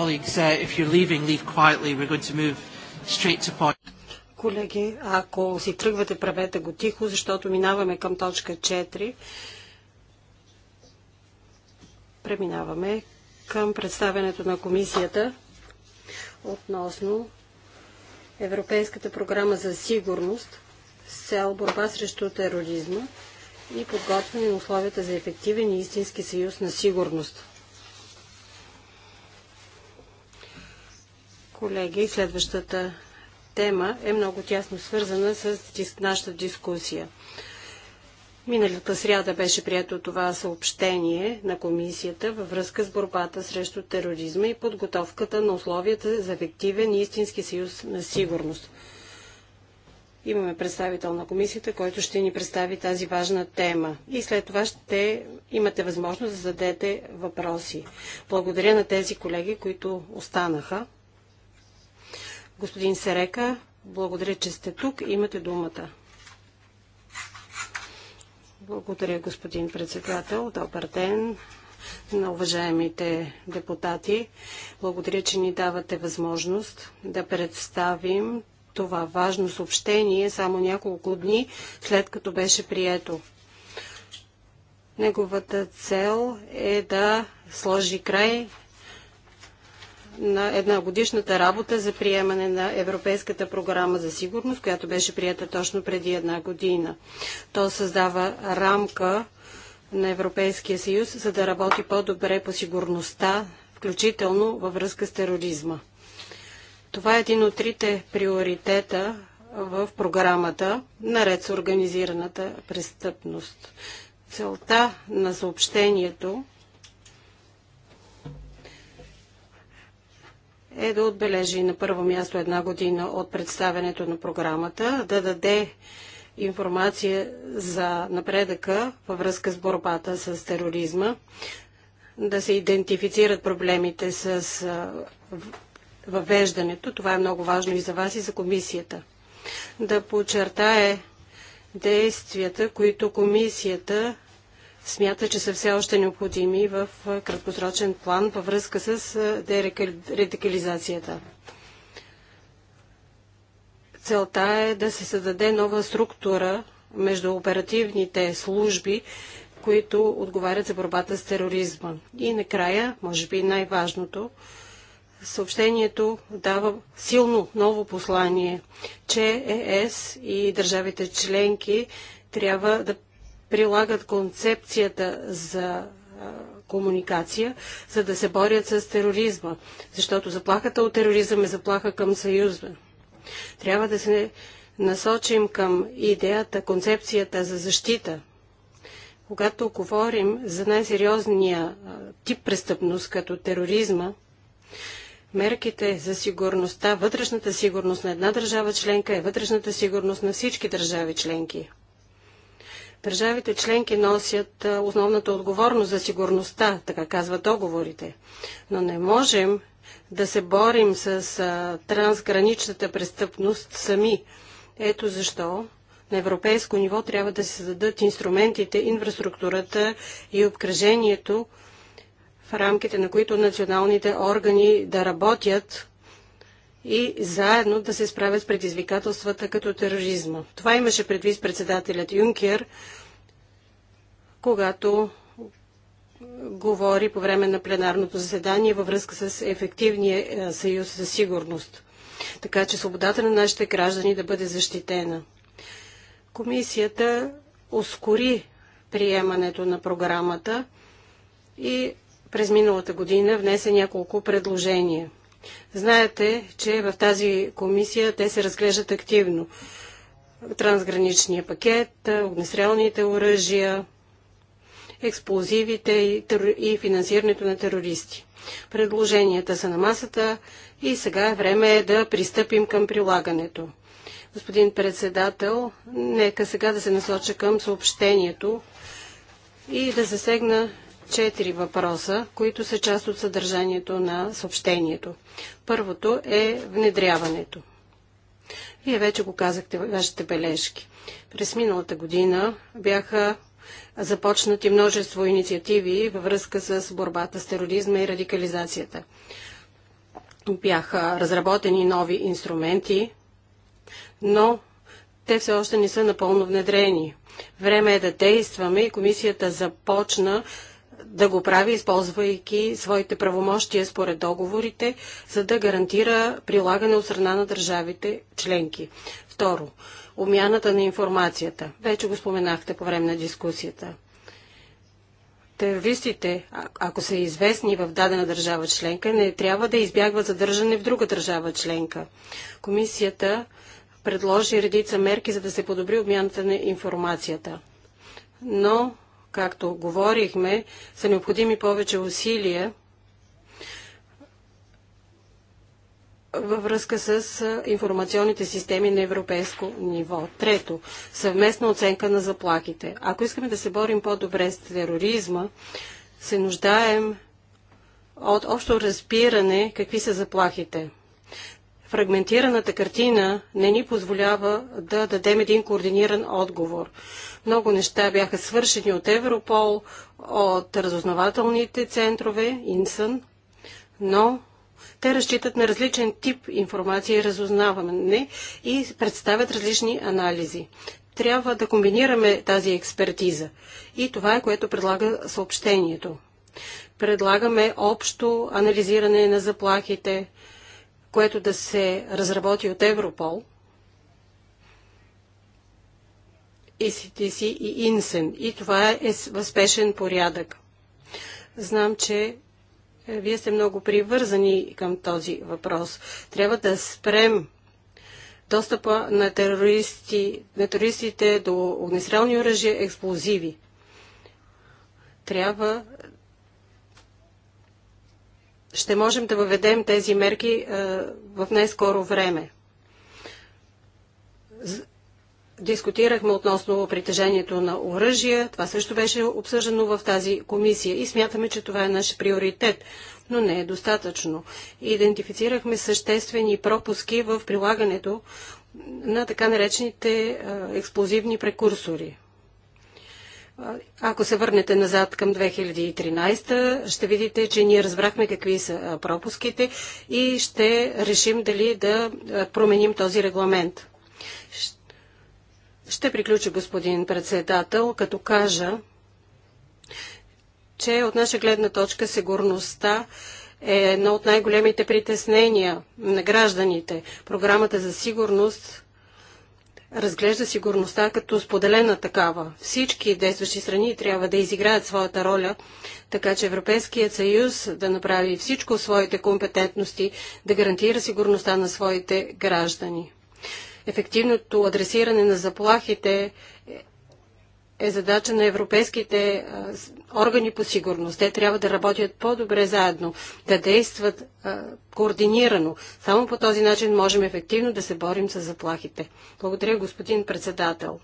colleagues, uh, if you're leaving, leave quietly. We're going to move straight to point. Колеги, ако си тръгвате, правете го тихо, защото минаваме към точка 4. Преминаваме към представянето на комисията относно Европейската програма за сигурност с цел борба срещу тероризма и подготвяне на условията за ефективен и истински съюз на сигурност. Колеги, следващата тема е много тясно свързана с нашата дискусия. Миналата сряда беше прието това съобщение на комисията във връзка с борбата срещу тероризма и подготовката на условията за ефективен и истински съюз на сигурност. Имаме представител на комисията, който ще ни представи тази важна тема. И след това ще имате възможност да зададете въпроси. Благодаря на тези колеги, които останаха. Господин Серека, благодаря, че сте тук. Имате думата. Благодаря, господин председател. Добър ден на уважаемите депутати. Благодаря, че ни давате възможност да представим това важно съобщение само няколко дни след като беше прието. Неговата цел е да сложи край на една годишната работа за приемане на Европейската програма за сигурност, която беше прията точно преди една година. То създава рамка на Европейския съюз, за да работи по-добре по сигурността, включително във връзка с тероризма. Това е един от трите приоритета в програмата, наред с организираната престъпност. Целта на съобщението е да отбележи на първо място една година от представенето на програмата, да даде информация за напредъка във връзка с борбата с тероризма, да се идентифицират проблемите с въвеждането. Това е много важно и за вас, и за комисията. Да подчертае действията, които комисията смята, че са все още необходими в краткосрочен план във връзка с дерадикализацията. Целта е да се създаде нова структура между оперативните служби, които отговарят за борбата с тероризма. И накрая, може би най-важното, съобщението дава силно ново послание, че ЕС е и държавите членки трябва да прилагат концепцията за комуникация, за да се борят с тероризма, защото заплахата от тероризъм е заплаха към съюза. Трябва да се насочим към идеята, концепцията за защита. Когато говорим за най-сериозния тип престъпност, като тероризма, мерките за сигурността, вътрешната сигурност на една държава членка е вътрешната сигурност на всички държави членки – Държавите членки носят основната отговорност за сигурността, така казват договорите. Но не можем да се борим с трансграничната престъпност сами. Ето защо на европейско ниво трябва да се създадат инструментите, инфраструктурата и обкръжението, в рамките на които националните органи да работят и заедно да се справят с предизвикателствата като тероризма. Това имаше предвид председателят Юнкер, когато говори по време на пленарното заседание във връзка с ефективния е, съюз за сигурност, така че свободата на нашите граждани да бъде защитена. Комисията ускори приемането на програмата и през миналата година внесе няколко предложения – Знаете, че в тази комисия те се разглеждат активно. Трансграничния пакет, огнестрелните оръжия, експлозивите и, тер... и финансирането на терористи. Предложенията са на масата и сега е време да пристъпим към прилагането. Господин председател, нека сега да се насоча към съобщението и да засегна четири въпроса, които са част от съдържанието на съобщението. Първото е внедряването. Вие вече го казахте в вашите бележки. През миналата година бяха започнати множество инициативи във връзка с борбата с тероризма и радикализацията. Бяха разработени нови инструменти, но те все още не са напълно внедрени. Време е да действаме и комисията започна да го прави, използвайки своите правомощия според договорите, за да гарантира прилагане от страна на държавите членки. Второ, обмяната на информацията. Вече го споменахте по време на дискусията. Терористите, ако са известни в дадена държава членка, не трябва да избягват задържане в друга държава членка. Комисията предложи редица мерки, за да се подобри обмяната на информацията. Но както говорихме, са необходими повече усилия във връзка с информационните системи на европейско ниво. Трето, съвместна оценка на заплахите. Ако искаме да се борим по-добре с тероризма, се нуждаем от общо разбиране какви са заплахите. Фрагментираната картина не ни позволява да дадем един координиран отговор. Много неща бяха свършени от Европол, от разузнавателните центрове, Инсън, но те разчитат на различен тип информация и разузнаване и представят различни анализи. Трябва да комбинираме тази експертиза. И това е което предлага съобщението. Предлагаме общо анализиране на заплахите, което да се разработи от Европол – И си и INSEN. И това е възпешен порядък. Знам, че е, вие сте много привързани към този въпрос. Трябва да спрем достъпа на, терористи, на терористите до огнестрелни оръжия, експлозиви. Трябва ще можем да въведем тези мерки а, е, в най-скоро време дискутирахме относно притежението на оръжия. Това също беше обсъждано в тази комисия и смятаме, че това е наш приоритет, но не е достатъчно. Идентифицирахме съществени пропуски в прилагането на така наречените експлозивни прекурсори. Ако се върнете назад към 2013, ще видите, че ние разбрахме какви са пропуските и ще решим дали да променим този регламент. Ще ще приключа, господин председател, като кажа, че от наша гледна точка сигурността е едно от най-големите притеснения на гражданите. Програмата за сигурност разглежда сигурността като споделена такава. Всички действащи страни трябва да изиграят своята роля, така че Европейският съюз да направи всичко своите компетентности, да гарантира сигурността на своите граждани ефективното адресиране на заплахите е задача на европейските органи по сигурност. Те трябва да работят по-добре заедно, да действат координирано. Само по този начин можем ефективно да се борим с заплахите. Благодаря, господин председател.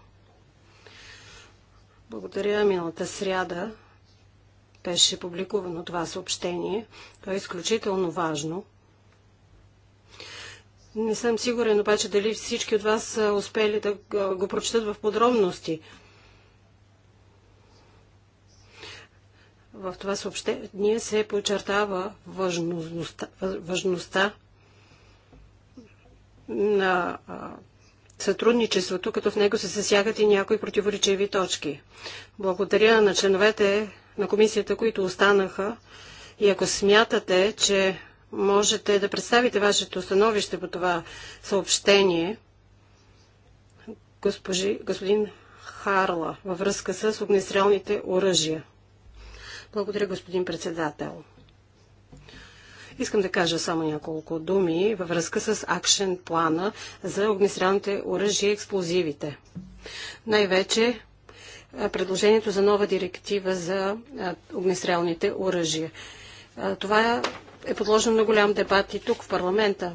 Благодаря, миналата сряда беше публикувано това съобщение. То е изключително важно. Не съм сигурен обаче дали всички от вас са успели да го прочитат в подробности. В това съобщение се подчертава важността, важността на сътрудничеството, като в него се засягат и някои противоречиви точки. Благодаря на членовете на комисията, които останаха. И ако смятате, че можете да представите вашето становище по това съобщение, госпожи, господин Харла, във връзка с огнестрелните оръжия. Благодаря, господин председател. Искам да кажа само няколко думи във връзка с акшен плана за огнестрелните оръжия и експлозивите. Най-вече предложението за нова директива за огнестрелните оръжия. Това е подложен на голям дебат и тук в парламента.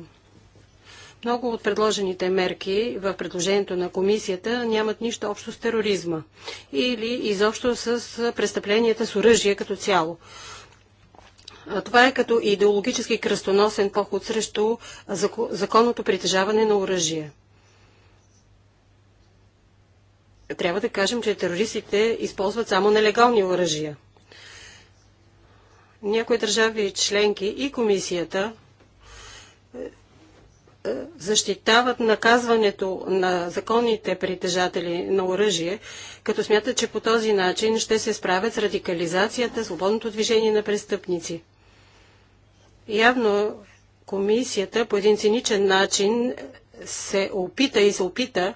Много от предложените мерки в предложението на комисията нямат нищо общо с тероризма или изобщо с престъпленията с оръжие като цяло. Това е като идеологически кръстоносен поход срещу законното притежаване на оръжие. Трябва да кажем, че терористите използват само нелегални оръжия – някои държави членки и комисията е, е, защитават наказването на законните притежатели на оръжие, като смятат, че по този начин ще се справят с радикализацията, свободното движение на престъпници. Явно комисията по един циничен начин се опита и се опита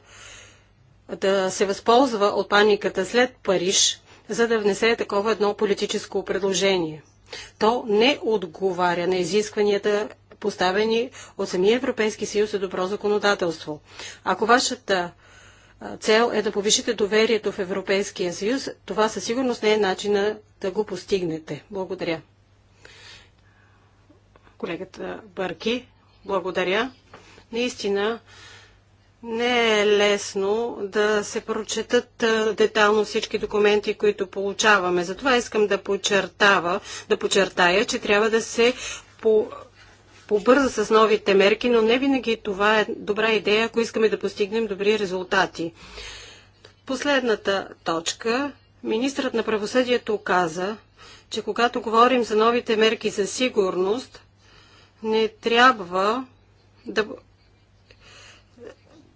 да се възползва от паниката след Париж, за да внесе такова едно политическо предложение – то не отговаря на изискванията поставени от самия Европейски съюз за добро законодателство. Ако вашата цел е да повишите доверието в Европейския съюз, това със сигурност не е начина да го постигнете. Благодаря. Колегата Бърки, благодаря. Наистина, не е лесно да се прочетат детално всички документи, които получаваме. Затова искам да подчертава, да подчертая, че трябва да се по побърза с новите мерки, но не винаги това е добра идея, ако искаме да постигнем добри резултати. Последната точка. Министрът на правосъдието каза, че когато говорим за новите мерки за сигурност, не трябва да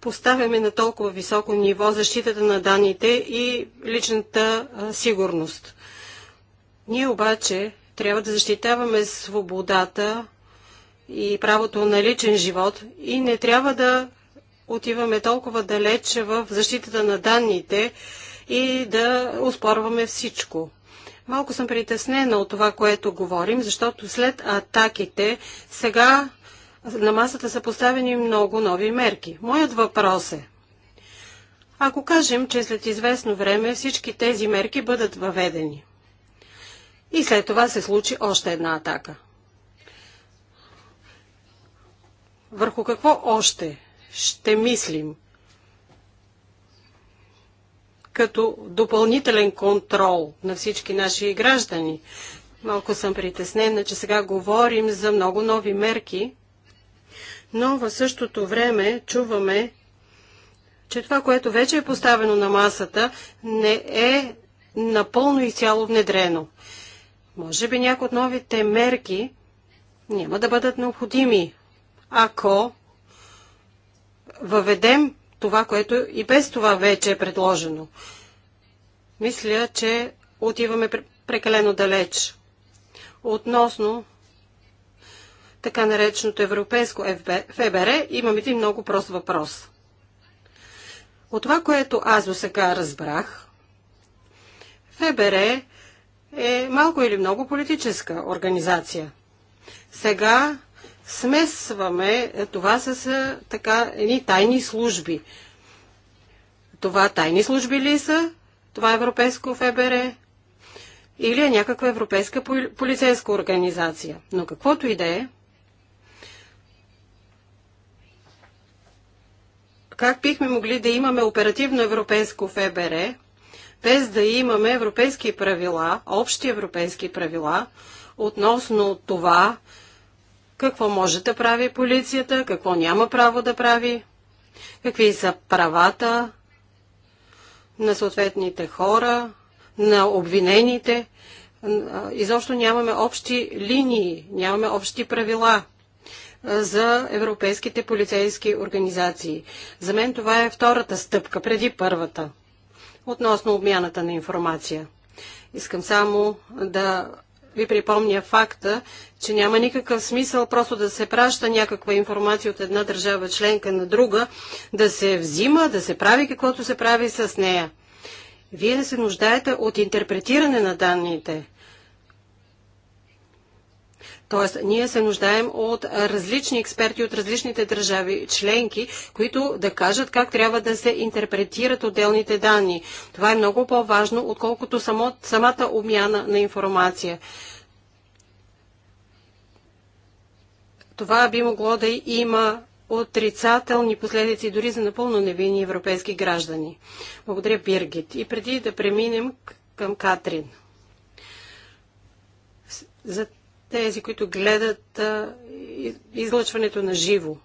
поставяме на толкова високо ниво защитата на данните и личната сигурност. Ние обаче трябва да защитаваме свободата и правото на личен живот и не трябва да отиваме толкова далеч в защитата на данните и да успорваме всичко. Малко съм притеснена от това, което говорим, защото след атаките сега на масата са поставени много нови мерки. Моят въпрос е, ако кажем, че след известно време всички тези мерки бъдат въведени, и след това се случи още една атака. Върху какво още ще мислим като допълнителен контрол на всички наши граждани? Малко съм притеснена, че сега говорим за много нови мерки, но в същото време чуваме, че това, което вече е поставено на масата, не е напълно и цяло внедрено. Може би някои от новите мерки няма да бъдат необходими, ако въведем това, което и без това вече е предложено. Мисля, че отиваме прекалено далеч. Относно така нареченото европейско ФБР, имам един много прост въпрос. От това, което аз до сега разбрах, ФБР е малко или много политическа организация. Сега смесваме това с така едни тайни служби. Това тайни служби ли са? Това европейско ФБР? Или е някаква европейска полицейска организация? Но каквото и да е, Как бихме могли да имаме оперативно европейско ФБР, без да имаме европейски правила, общи европейски правила, относно това, какво може да прави полицията, какво няма право да прави, какви са правата на съответните хора, на обвинените. Изобщо нямаме общи линии, нямаме общи правила за европейските полицейски организации. За мен това е втората стъпка, преди първата, относно обмяната на информация. Искам само да ви припомня факта, че няма никакъв смисъл просто да се праща някаква информация от една държава членка на друга, да се взима, да се прави каквото се прави с нея. Вие се нуждаете от интерпретиране на данните – Тоест, ние се нуждаем от различни експерти от различните държави членки, които да кажат как трябва да се интерпретират отделните данни. Това е много по-важно, отколкото само, самата обмяна на информация. Това би могло да има отрицателни последици дори за напълно невинни европейски граждани. Благодаря, Биргит. И преди да преминем към Катрин. За тези, които гледат излъчването на живо.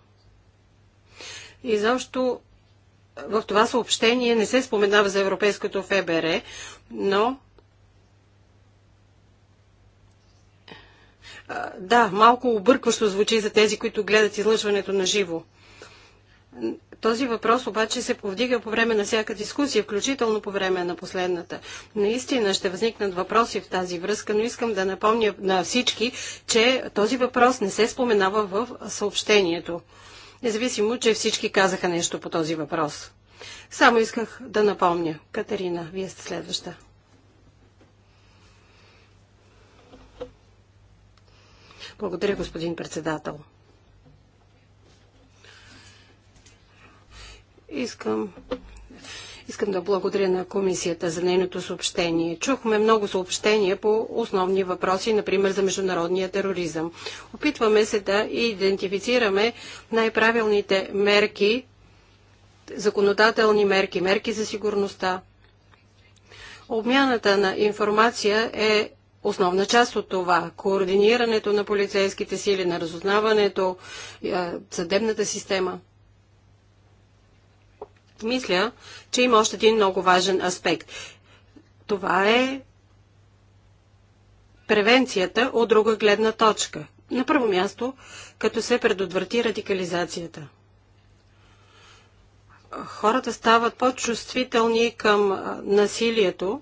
И защо в това съобщение не се споменава за Европейското ФБР, но да, малко объркващо звучи за тези, които гледат излъчването на живо. Този въпрос обаче се повдига по време на всяка дискусия, включително по време на последната. Наистина ще възникнат въпроси в тази връзка, но искам да напомня на всички, че този въпрос не се споменава в съобщението. Независимо, че всички казаха нещо по този въпрос. Само исках да напомня. Катерина, вие сте следваща. Благодаря, господин председател. Искам Искам да благодаря на комисията за нейното съобщение. Чухме много съобщения по основни въпроси, например за международния тероризъм. Опитваме се да идентифицираме най-правилните мерки, законодателни мерки, мерки за сигурността. Обмяната на информация е основна част от това. Координирането на полицейските сили, на разузнаването, е, съдебната система – мисля, че има още един много важен аспект. Това е превенцията от друга гледна точка. На първо място, като се предотврати радикализацията. Хората стават по-чувствителни към насилието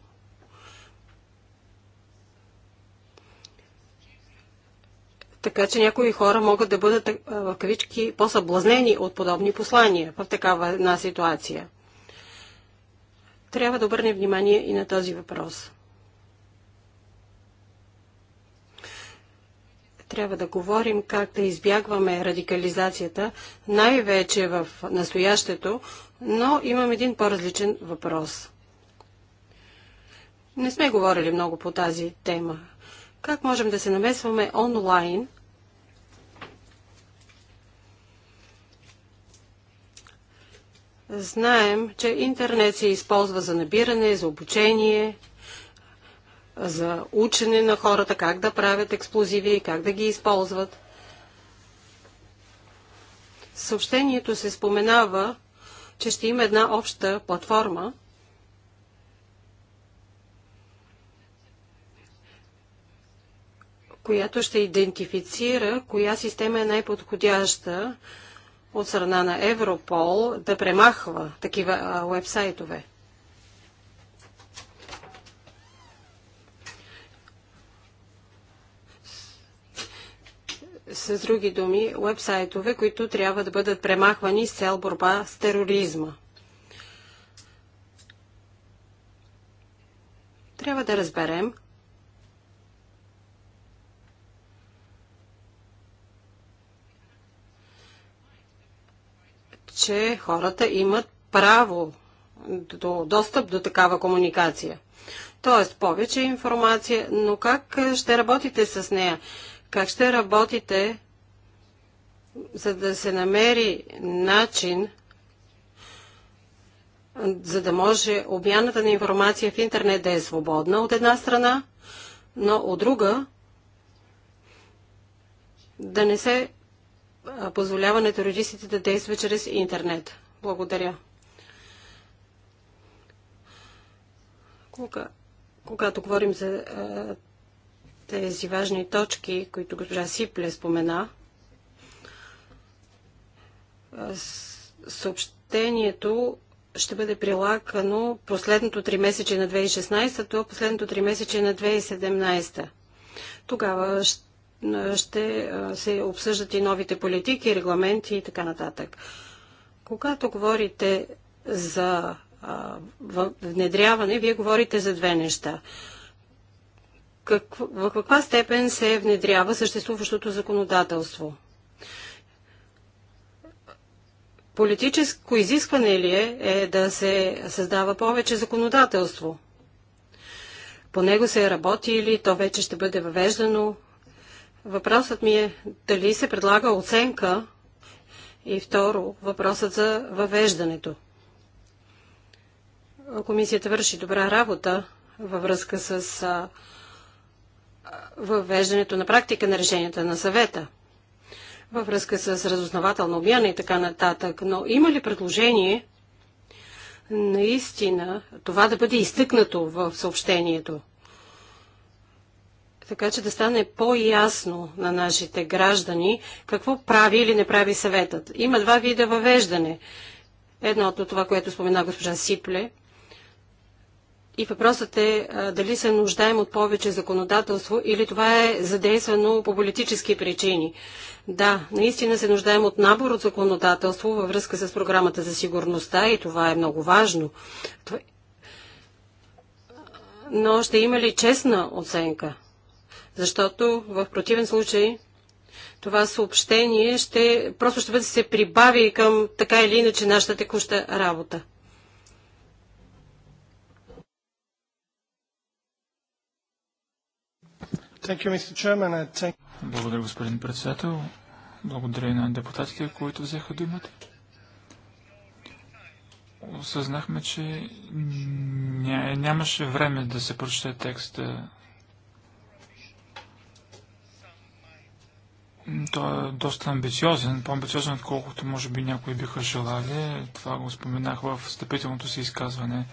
Така че някои хора могат да бъдат е, в кавички по-съблазнени от подобни послания в такава една ситуация. Трябва да обърнем внимание и на този въпрос. Трябва да говорим как да избягваме радикализацията, най-вече в настоящето, но имам един по-различен въпрос. Не сме говорили много по тази тема как можем да се намесваме онлайн? Знаем, че интернет се използва за набиране, за обучение, за учене на хората как да правят експлозиви и как да ги използват. Съобщението се споменава, че ще има една обща платформа, която ще идентифицира коя система е най-подходяща от страна на Европол да премахва такива уебсайтове. С други думи, уебсайтове, които трябва да бъдат премахвани с цел борба с тероризма. Трябва да разберем че хората имат право до достъп до такава комуникация. Тоест повече информация, но как е, ще работите с нея? Как ще работите, за да се намери начин, за да може обмяната на информация в интернет да е свободна от една страна, но от друга да не се позволява на терористите да действат чрез интернет. Благодаря. Кога, когато говорим за а, тези важни точки, които госпожа Сипле спомена, съобщението ще бъде прилагано последното три месече на 2016 до последното три месече на 2017. Тогава ще ще се обсъждат и новите политики, регламенти и така нататък. Когато говорите за внедряване, вие говорите за две неща. в каква степен се внедрява съществуващото законодателство? Политическо изискване ли е, е да се създава повече законодателство? По него се работи или то вече ще бъде въвеждано? Въпросът ми е дали се предлага оценка и второ, въпросът за въвеждането. Комисията върши добра работа във връзка с въвеждането на практика на решенията на съвета, във връзка с разузнавателна обмяна и така нататък. Но има ли предложение наистина това да бъде изтъкнато в съобщението? така че да стане по-ясно на нашите граждани какво прави или не прави съветът. Има два вида въвеждане. Едното това, което спомена госпожа Сипле. И въпросът е дали се нуждаем от повече законодателство или това е задействано по политически причини. Да, наистина се нуждаем от набор от законодателство във връзка с програмата за сигурността и това е много важно. Но ще има ли честна оценка? Защото в противен случай това съобщение ще, просто ще бъде се прибави към така или иначе нашата текуща работа. Благодаря, господин председател. Благодаря и на депутатите, които взеха думата. Осъзнахме, че нямаше време да се прочете текста Той е доста амбициозен, по-амбициозен, отколкото може би някои биха желали. Това го споменах в встъпителното си изказване.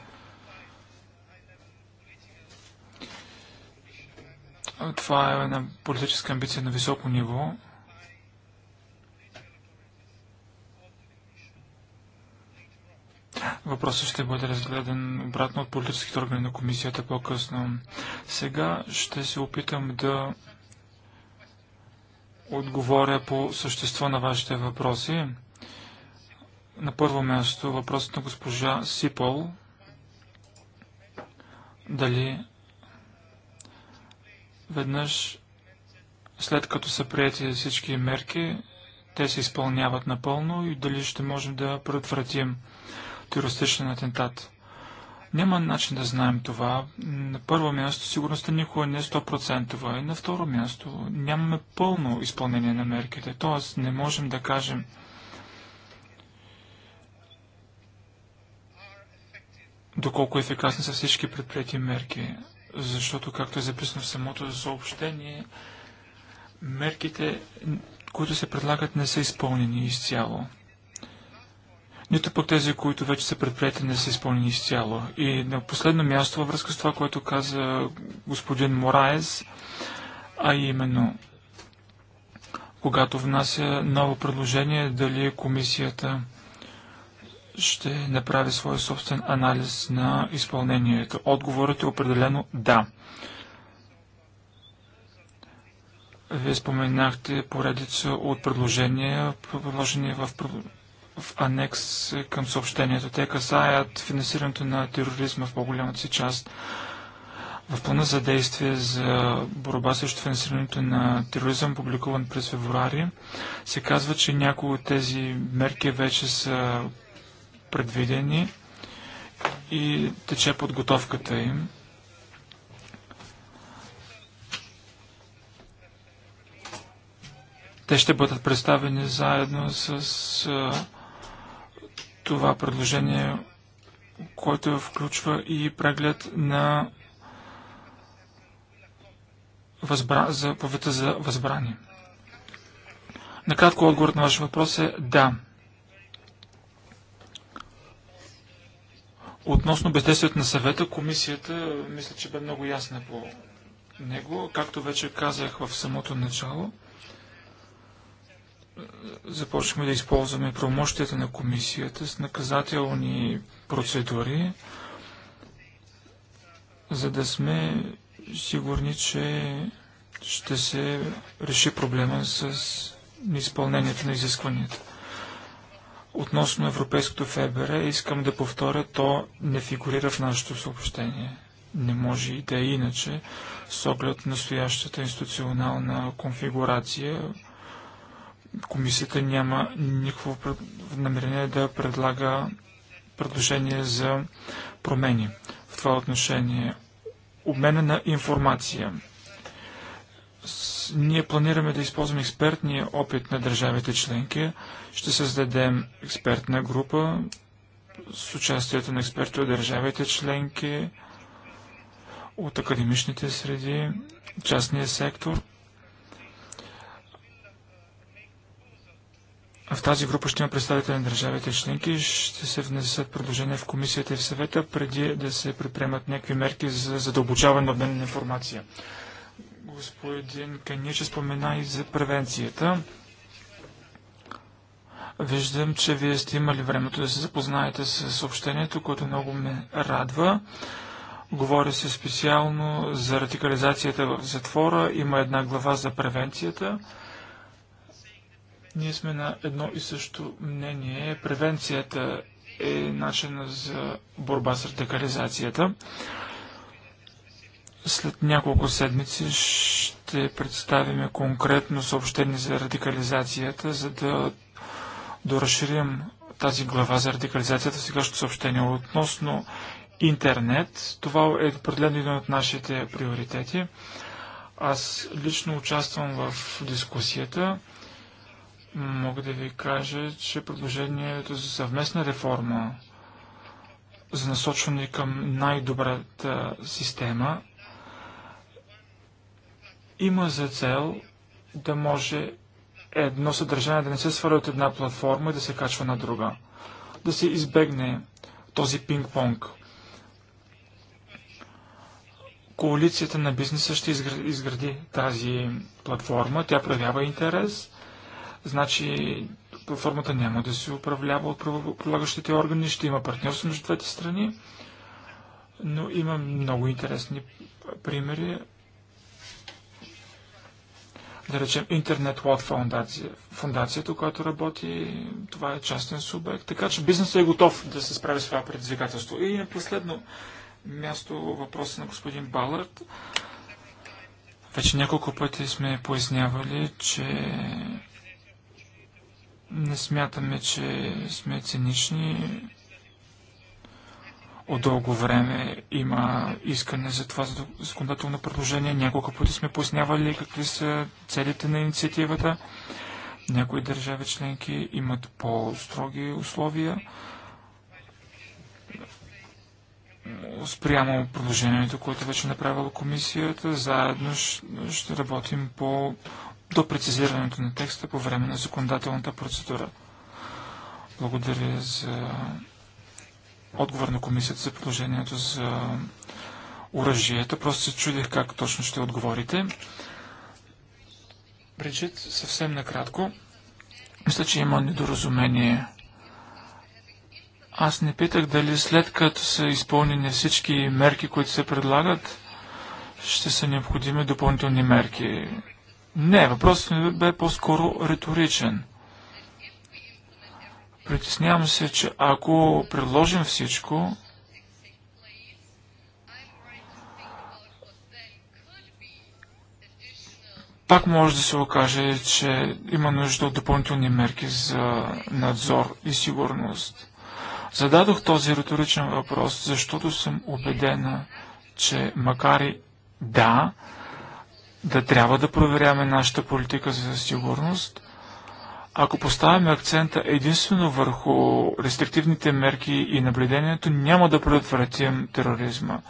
Това е една политическа амбиция на високо ниво. Въпросът ще бъде разгледан обратно от политическите органи на комисията по-късно. Сега ще се опитам да отговоря по същество на вашите въпроси. На първо място въпросът на госпожа Сипол. Дали веднъж след като са прияти всички мерки, те се изпълняват напълно и дали ще можем да предотвратим терористичен атентат. Няма начин да знаем това. На първо място сигурността никога не е 100% и на второ място нямаме пълно изпълнение на мерките, т.е. не можем да кажем доколко ефикасни са всички предприяти мерки, защото, както е записано в самото съобщение, мерките, които се предлагат, не са изпълнени изцяло нито по тези, които вече са предприяти, не са изпълнени изцяло. И на последно място във връзка с това, което каза господин Мораес, а именно когато внася ново предложение, дали комисията ще направи свой собствен анализ на изпълнението. Отговорът е определено да. Вие споменахте поредица от предложения, предложения в в анекс към съобщението. Те касаят финансирането на тероризма в по-голямата си част. В плана за действие за борба срещу финансирането на тероризъм, публикуван през февруари, се казва, че някои от тези мерки вече са предвидени и тече подготовката им. Те ще бъдат представени заедно с това предложение, което включва и преглед на възбра... за възбрани. Накратко отговорът на вашия въпрос е да. Относно бездействието на съвета, комисията мисля, че бе много ясна по него. Както вече казах в самото начало, започнахме да използваме правомощията на комисията с наказателни процедури, за да сме сигурни, че ще се реши проблема с неизпълнението на изискванията. Относно европейското ФБР, искам да повторя, то не фигурира в нашето съобщение. Не може и да е иначе, с оглед настоящата институционална конфигурация, Комисията няма никакво намерение да предлага предложение за промени в това отношение. Обмена на информация. Ние планираме да използваме експертния опит на държавите членки. Ще създадем експертна група с участието на експерти от държавите членки, от академичните среди, частния сектор. В тази група ще има представители на държавите членки. Ще се внесат предложения в комисията и в съвета, преди да се приемат някакви мерки за задълбочаване на обмен на информация. Господин Каниче спомена и за превенцията. Виждам, че вие сте имали времето да се запознаете с съобщението, което много ме радва. Говори се специално за радикализацията в затвора. Има една глава за превенцията. Ние сме на едно и също мнение. Превенцията е начина за борба с радикализацията. След няколко седмици ще представим конкретно съобщение за радикализацията, за да доразширим тази глава за радикализацията Сега ще съобщение. Относно интернет, това е определено един от нашите приоритети. Аз лично участвам в дискусията. Мога да ви кажа, че предложението за съвместна реформа за насочване към най-добрата система има за цел да може едно съдържание да не се сваля от една платформа и да се качва на друга. Да се избегне този пинг-понг. Коалицията на бизнеса ще изгради тази платформа, тя проявява интерес Значи платформата няма да се управлява от прилагащите органи, ще има партньорство между двете страни, но има много интересни примери. Да речем Интернет Лот фундация, фундацията, която работи, това е частен субект. Така че бизнесът е готов да се справи с това предизвикателство. И на последно място въпроса на господин Балърт. Вече няколко пъти сме пояснявали, че не смятаме, че сме цинични. От дълго време има искане за това законодателно предложение. Няколко пъти сме пояснявали какви са целите на инициативата. Някои държави членки имат по-строги условия спрямо предложението, което вече направила комисията. Заедно ще работим по до прецизирането на текста по време на законодателната процедура. Благодаря за отговор на комисията за предложението за оръжието. Просто се чудих как точно ще отговорите. Бриджит, съвсем накратко. Мисля, че има недоразумение. Аз не питах дали след като са изпълнени всички мерки, които се предлагат, ще са необходими допълнителни мерки. Не, въпросът ми бе по-скоро риторичен. Притеснявам се, че ако предложим всичко, пак може да се окаже, че има нужда от допълнителни мерки за надзор и сигурност. Зададох този риторичен въпрос, защото съм убедена, че макар и да, да трябва да проверяваме нашата политика за сигурност. Ако поставяме акцента единствено върху рестриктивните мерки и наблюдението, няма да предотвратим тероризма.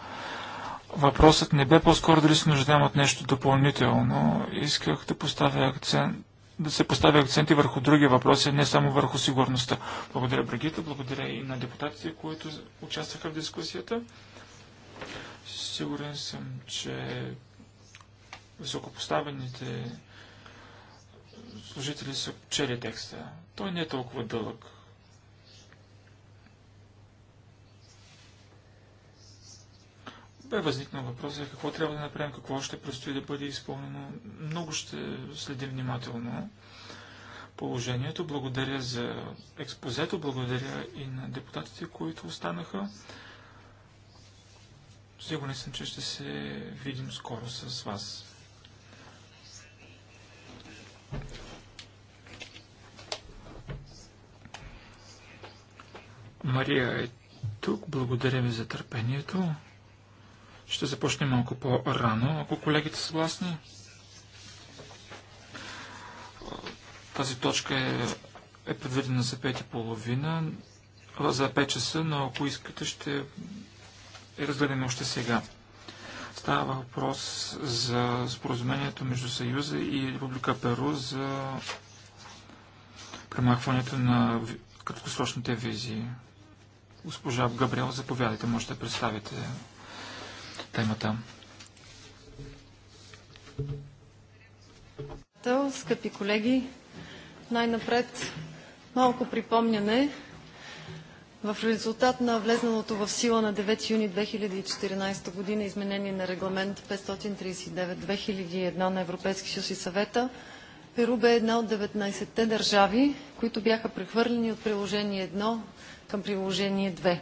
Въпросът не бе по-скоро дали се нуждаем от нещо допълнително. Исках да поставя акцент да се поставя акценти върху други въпроси, не само върху сигурността. Благодаря, Брагита, благодаря и на депутатите, които участваха в дискусията. Сигурен съм, че високопоставените служители са чели текста. Той не е толкова дълъг. Бе възникнал въпрос за какво трябва да направим, какво ще предстои да бъде изпълнено. Много ще следим внимателно положението. Благодаря за експозето, благодаря и на депутатите, които останаха. Сигурен съм, че ще се видим скоро с вас. Мария е тук. Благодаря ви за търпението. Ще започнем малко по-рано, ако колегите са властни. Тази точка е, е предвидена за 5.30, за 5 часа, но ако искате ще е разгледаме още сега. Става въпрос за споразумението между Съюза и Република Перу за премахването на краткосрочните визи. Госпожа Габриел, заповядайте, може да представите темата. Скъпи колеги, най-напред малко припомняне в резултат на влезналото в сила на 9 юни 2014 година изменение на регламент 539-2001 на Европейски съюз и съвета, Перу бе една от 19-те държави, които бяха прехвърлени от приложение 1 към приложение 2.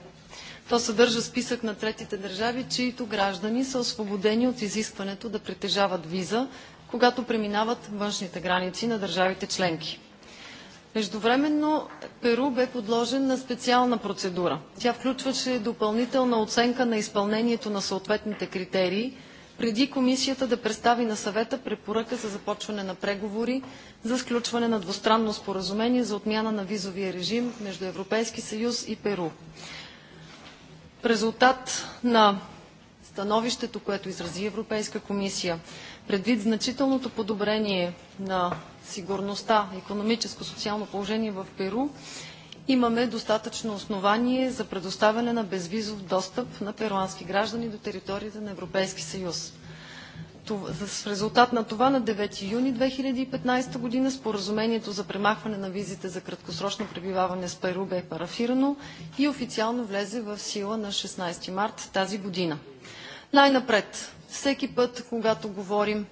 То съдържа списък на третите държави, чието граждани са освободени от изискването да притежават виза, когато преминават външните граници на държавите членки. Междувременно Перу бе подложен на специална процедура. Тя включваше допълнителна оценка на изпълнението на съответните критерии, преди комисията да представи на съвета препоръка за започване на преговори за сключване на двустранно споразумение за отмяна на визовия режим между Европейски съюз и Перу. В резултат на становището, което изрази Европейска комисия, предвид значителното подобрение на сигурността, економическо, социално положение в Перу, имаме достатъчно основание за предоставяне на безвизов достъп на перуански граждани до територията на Европейски съюз. В резултат на това на 9 юни 2015 година споразумението за премахване на визите за краткосрочно пребиваване с Перу бе парафирано и официално влезе в сила на 16 март тази година. Най-напред, всеки път, когато говорим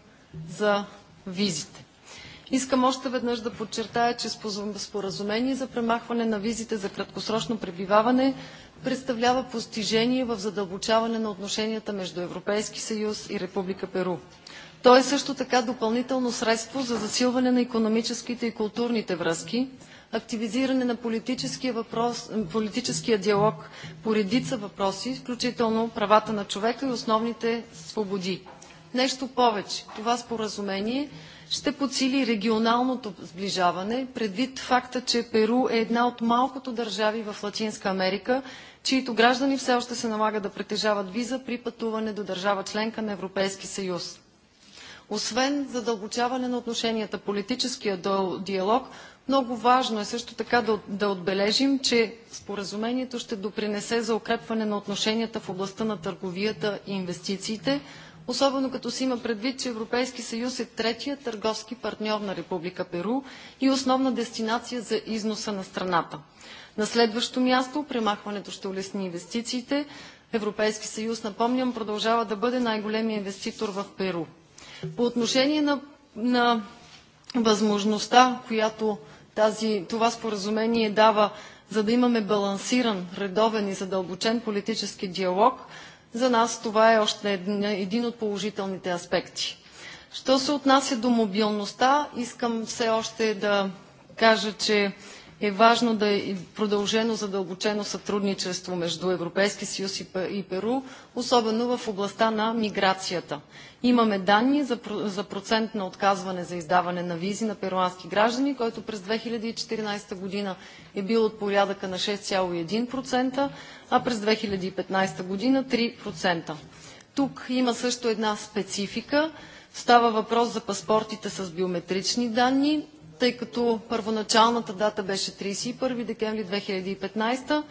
за визите, Искам още веднъж да подчертая, че споразумение за премахване на визите за краткосрочно пребиваване представлява постижение в задълбочаване на отношенията между Европейския съюз и Република Перу. То е също така допълнително средство за засилване на економическите и културните връзки, активизиране на политическия, въпрос, политическия диалог по редица въпроси, включително правата на човека и основните свободи. Нещо повече, това споразумение ще подсили регионалното сближаване, предвид факта, че Перу е една от малкото държави в Латинска Америка, чието граждани все още се налага да притежават виза при пътуване до държава членка на Европейски съюз. Освен задълбочаване на отношенията, политическия диалог, много важно е също така да, да отбележим, че споразумението ще допринесе за укрепване на отношенията в областта на търговията и инвестициите, особено като се има предвид, че Европейски съюз е третия търговски партньор на Република Перу и основна дестинация за износа на страната. На следващо място, премахването ще улесни инвестициите. Европейски съюз, напомням, продължава да бъде най-големия инвеститор в Перу. По отношение на, на възможността, която тази, това споразумение дава, за да имаме балансиран, редовен и задълбочен политически диалог – за нас това е още един от положителните аспекти. Що се отнася до мобилността, искам все още да кажа, че е важно да е продължено задълбочено сътрудничество между Европейския съюз и Перу, особено в областта на миграцията. Имаме данни за процент на отказване за издаване на визи на перуански граждани, който през 2014 година е бил от порядъка на 6,1%, а през 2015 година 3%. Тук има също една специфика. Става въпрос за паспортите с биометрични данни тъй като първоначалната дата беше 31 декември 2015.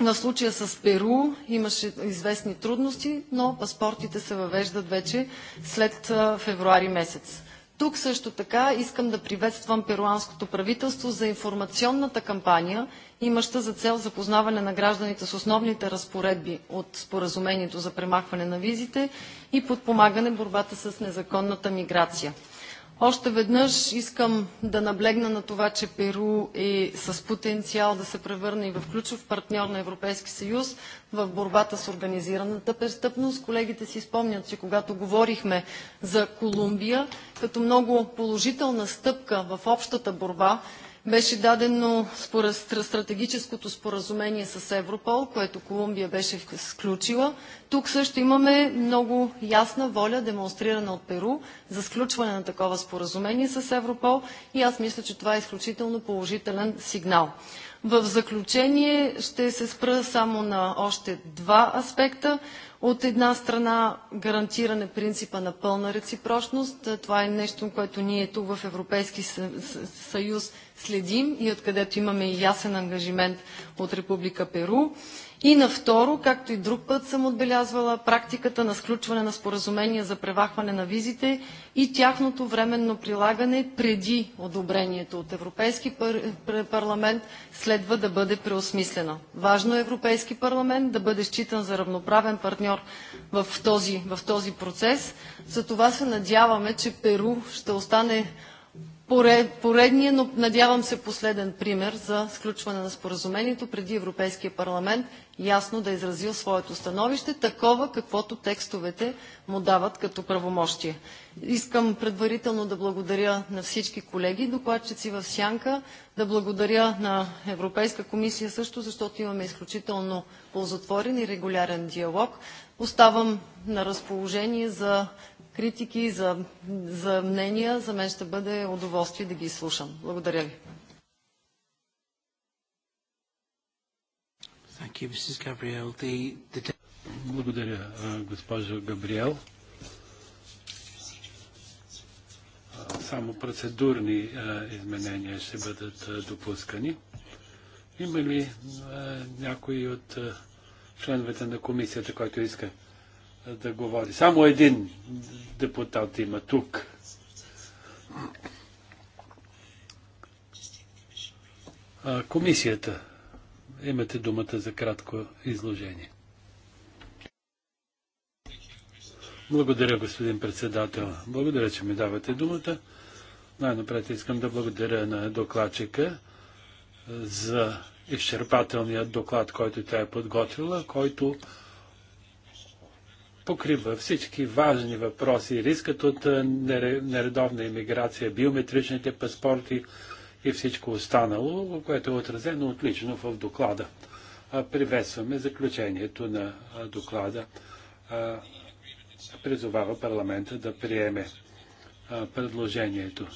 На случая с Перу имаше известни трудности, но паспортите се въвеждат вече след февруари месец. Тук също така искам да приветствам перуанското правителство за информационната кампания, имаща за цел запознаване на гражданите с основните разпоредби от споразумението за премахване на визите и подпомагане борбата с незаконната миграция. Още веднъж искам да наблегна на това, че Перу е с потенциал да се превърне и в ключов партньор на Европейски съюз в борбата с организираната престъпност. Колегите си спомнят, че когато говорихме за Колумбия, като много положителна стъпка в общата борба беше дадено стратегическото споразумение с Европол, което Колумбия беше сключила. Тук също имаме много ясна воля, демонстрирана от Перу, за сключване на такова споразумение с Европол и аз мисля, че това е изключително положителен сигнал. В заключение ще се спра само на още два аспекта. От една страна гарантиране принципа на пълна реципрочност. Това е нещо, което ние тук в Европейски съюз следим и откъдето имаме и ясен ангажимент от Република Перу. И на второ, както и друг път съм отбелязвала, практиката на сключване на споразумения за превахване на визите и тяхното временно прилагане преди одобрението от Европейски парламент следва да бъде преосмислено. Важно е Европейски парламент да бъде считан за равноправен партньор в този, в този процес. Затова се надяваме, че Перу ще остане Поредният, но надявам се последен пример за сключване на споразумението преди Европейския парламент ясно да е изразил своето становище, такова каквото текстовете му дават като правомощие. Искам предварително да благодаря на всички колеги, докладчици в Сянка, да благодаря на Европейска комисия също, защото имаме изключително ползотворен и регулярен диалог. Оставам на разположение за критики, за, за мнения, за мен ще бъде удоволствие да ги слушам. Благодаря ви. Благодаря, госпожо Габриел. Само процедурни изменения ще бъдат допускани. Има ли някой от членовете на комисията, който иска да говори. Само един депутат има тук. комисията. Имате думата за кратко изложение. Благодаря, господин председател. Благодаря, че ми давате думата. Най-напред искам да благодаря на докладчика за изчерпателният доклад, който тя е подготвила, който покрива всички важни въпроси. Рискът от е, нередовна иммиграция, биометричните паспорти и всичко останало, което е отразено отлично в доклада. Приветстваме заключението на доклада. Призовава парламента да приеме предложението.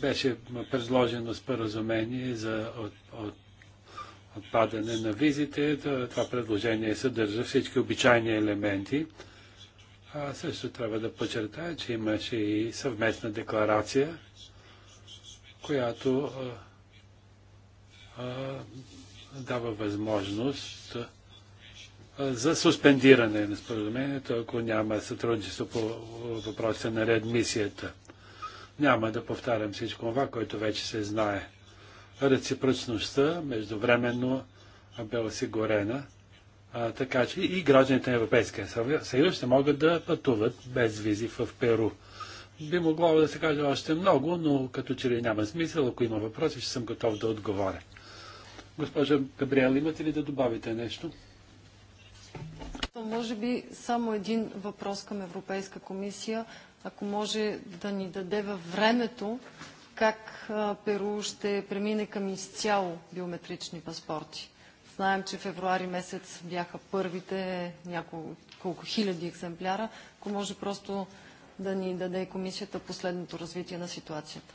Беше предложено споразумение за от, от падане на визите. Това предложение съдържа всички обичайни елементи. А също трябва да подчертая, че имаше и съвместна декларация, която а, а, дава възможност а, за суспендиране на споразумението, ако няма сътрудничество по въпроса на редмисията. Няма да повтарям всичко това, което вече се знае реципрочността междувременно бе осигурена, а, така че и гражданите на Европейския съюз ще могат да пътуват без визи в Перу. Би могло да се каже още много, но като че ли няма смисъл, ако има въпроси, ще съм готов да отговоря. Госпожа Габриел, имате ли да добавите нещо? Може би само един въпрос към Европейска комисия. Ако може да ни даде във времето как Перу ще премине към изцяло биометрични паспорти. Знаем, че февруари месец бяха първите няколко хиляди екземпляра. Ако може просто да ни даде комисията последното развитие на ситуацията.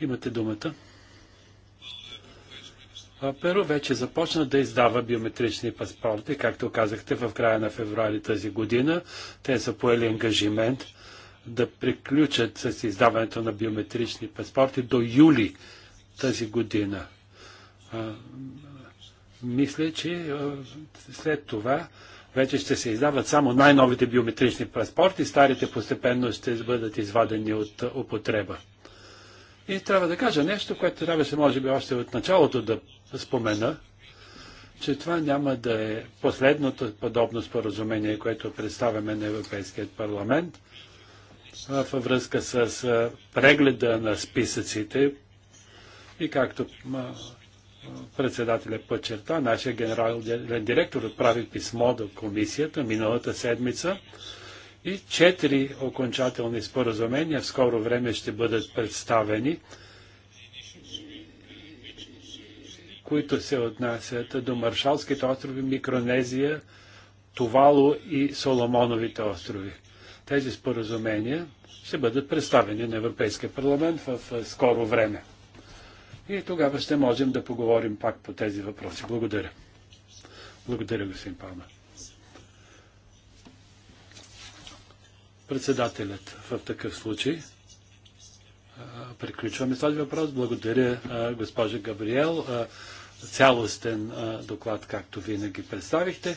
Имате думата. Перу вече започна да издава биометрични паспорти, както казахте, в края на февруари тази година. Те са поели ангажимент да приключат с издаването на биометрични паспорти до юли тази година. мисля, че след това вече ще се издават само най-новите биометрични паспорти, старите постепенно ще бъдат извадени от употреба. И трябва да кажа нещо, което трябваше може би още от началото да спомена, че това няма да е последното подобно споразумение, което представяме на Европейският парламент във връзка с прегледа на списъците и както председателя подчерта, нашия генерален директор отправи писмо до комисията миналата седмица и четири окончателни споразумения в скоро време ще бъдат представени които се отнасят до Маршалските острови, Микронезия, Тувало и Соломоновите острови. Тези споразумения ще бъдат представени на Европейския парламент в скоро време. И тогава ще можем да поговорим пак по тези въпроси. Благодаря. Благодаря, господин Палма. Председателят в такъв случай. Приключваме този въпрос. Благодаря, госпожа Габриел цялостен доклад, както винаги представихте.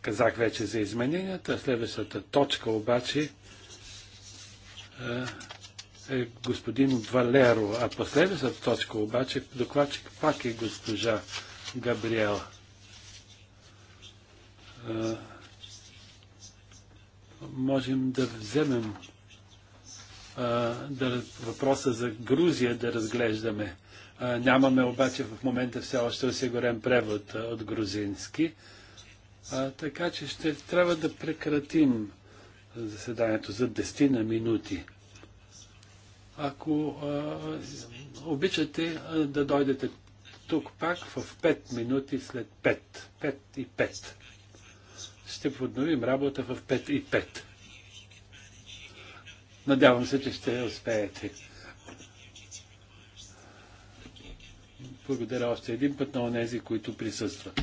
Казах вече за измененията. Следващата точка обаче е господин Валеро, а последващата точка обаче докладчик пак е госпожа Габриела. Можем да вземем да, въпроса за Грузия да разглеждаме Нямаме обаче в момента все още осигурен превод от грузински. Така че ще трябва да прекратим заседанието за 10 на минути. Ако а, обичате да дойдете тук пак в 5 минути след 5. 5 и 5. Ще подновим работа в 5 и 5. Надявам се, че ще успеете. Благодаря още един път на онези, които присъстват.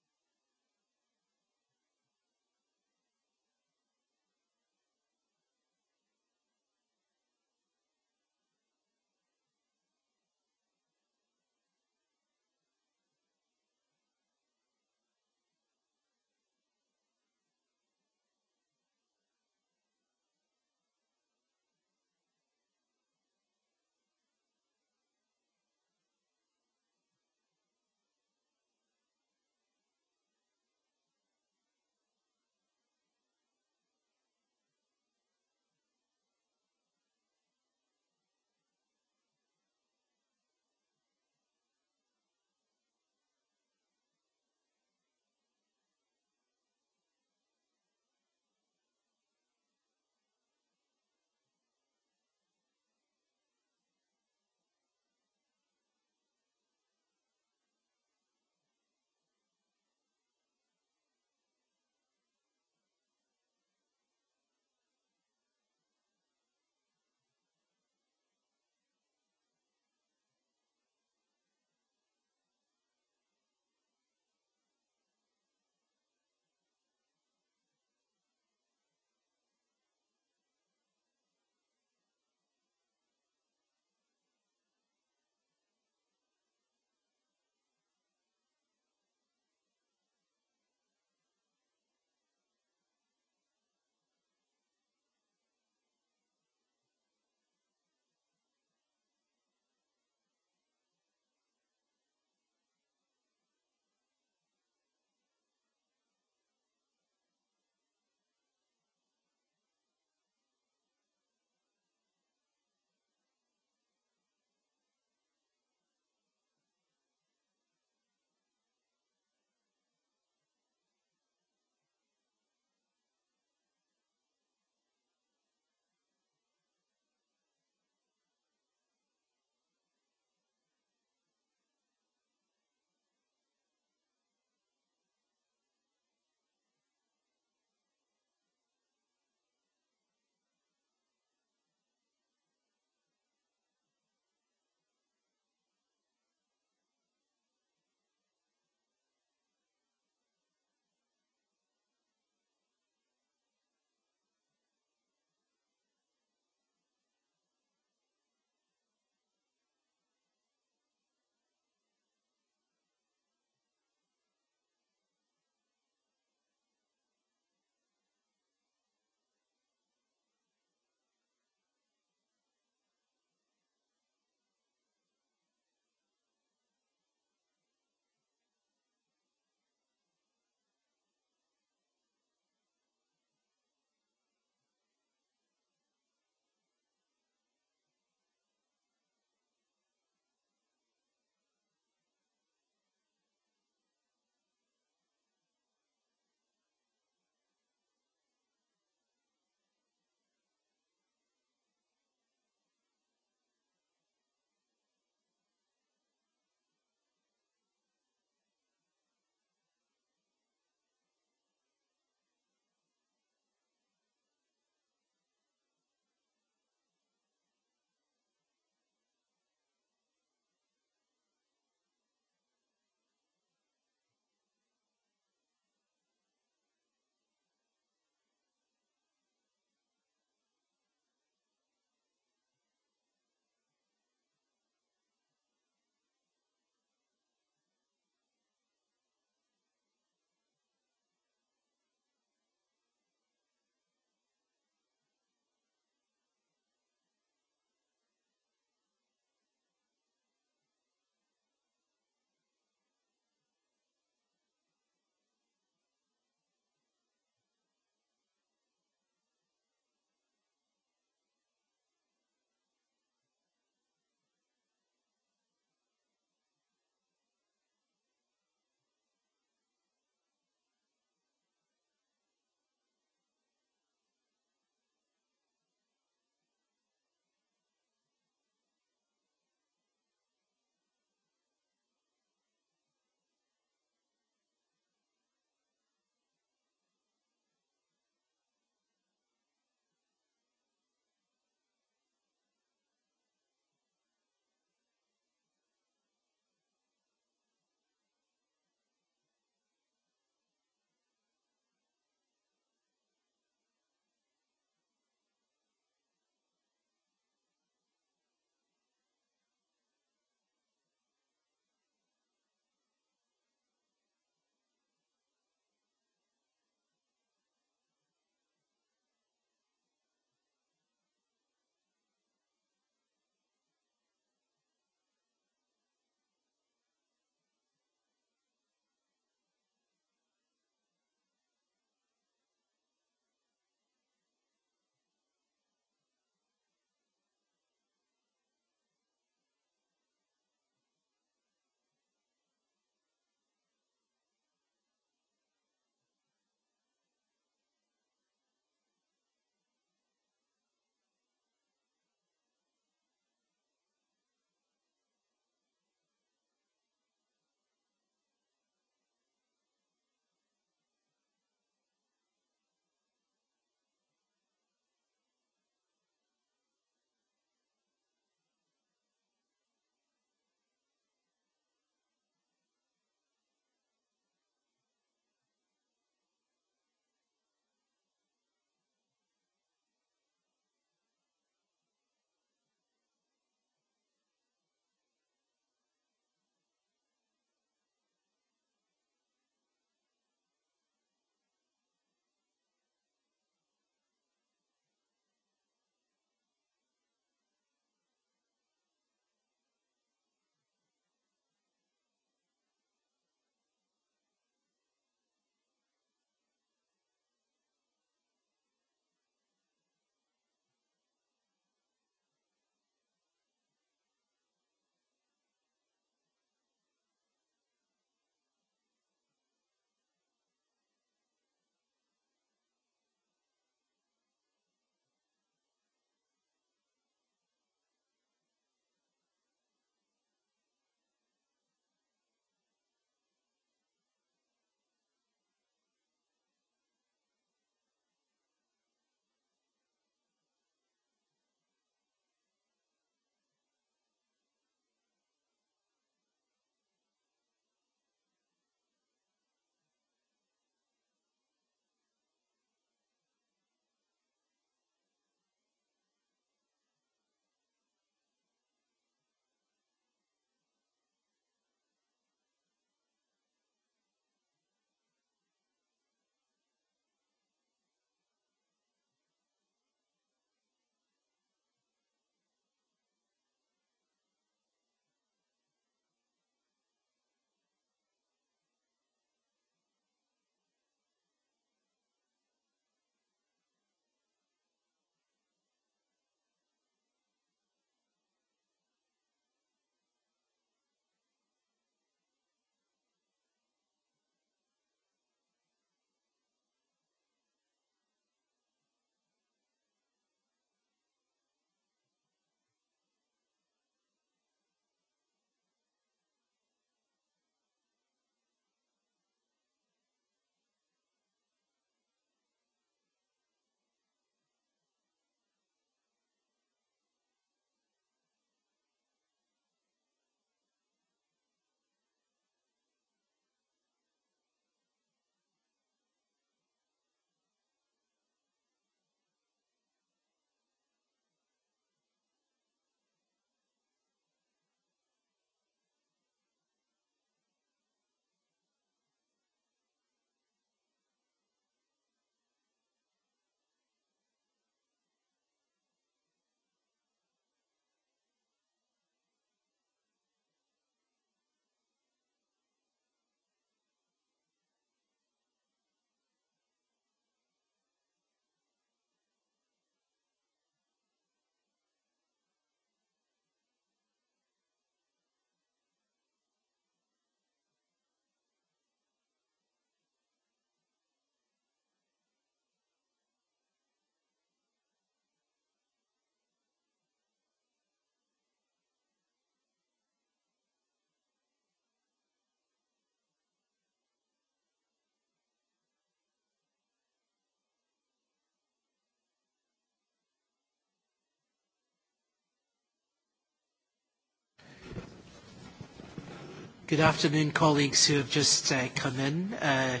Good afternoon, colleagues who have just uh, come in. Uh...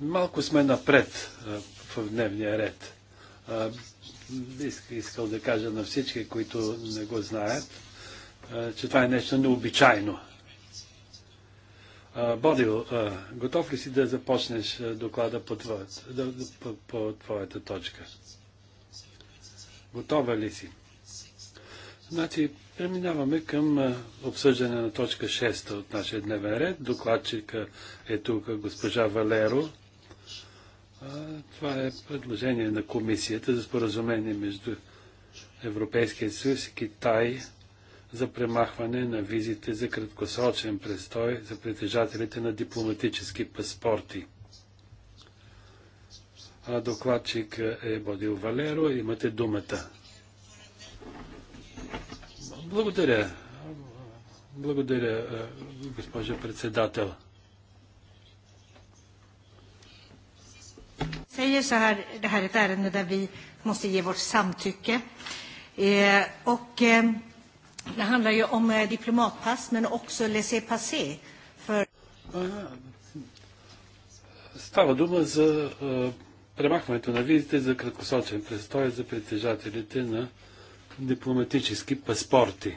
Малко сме напред в дневния ред. А, искал да кажа на всички, които не го знаят, че това е нещо необичайно. Бодил, готов ли си да започнеш доклада по, по, по твоята точка? Готова ли си? Значи, преминаваме към обсъждане на точка 6 от нашия дневен ред. Докладчика е тук госпожа Валеро. Това е предложение на комисията за споразумение между Европейския съюз и Китай за премахване на визите за краткосрочен престой за притежателите на дипломатически паспорти. Докладчик е Бодил Валеро. Имате думата. Благодаря. Благодаря, госпожа председател. säger så här, det här är ett ärende där vi måste ge vårt samtycke. Eh, och, eh, det handlar ju om eh, diplomatpass men också laissez-passer. För... Става дума за премахването на визите за краткосрочен престой за притежателите на дипломатически паспорти.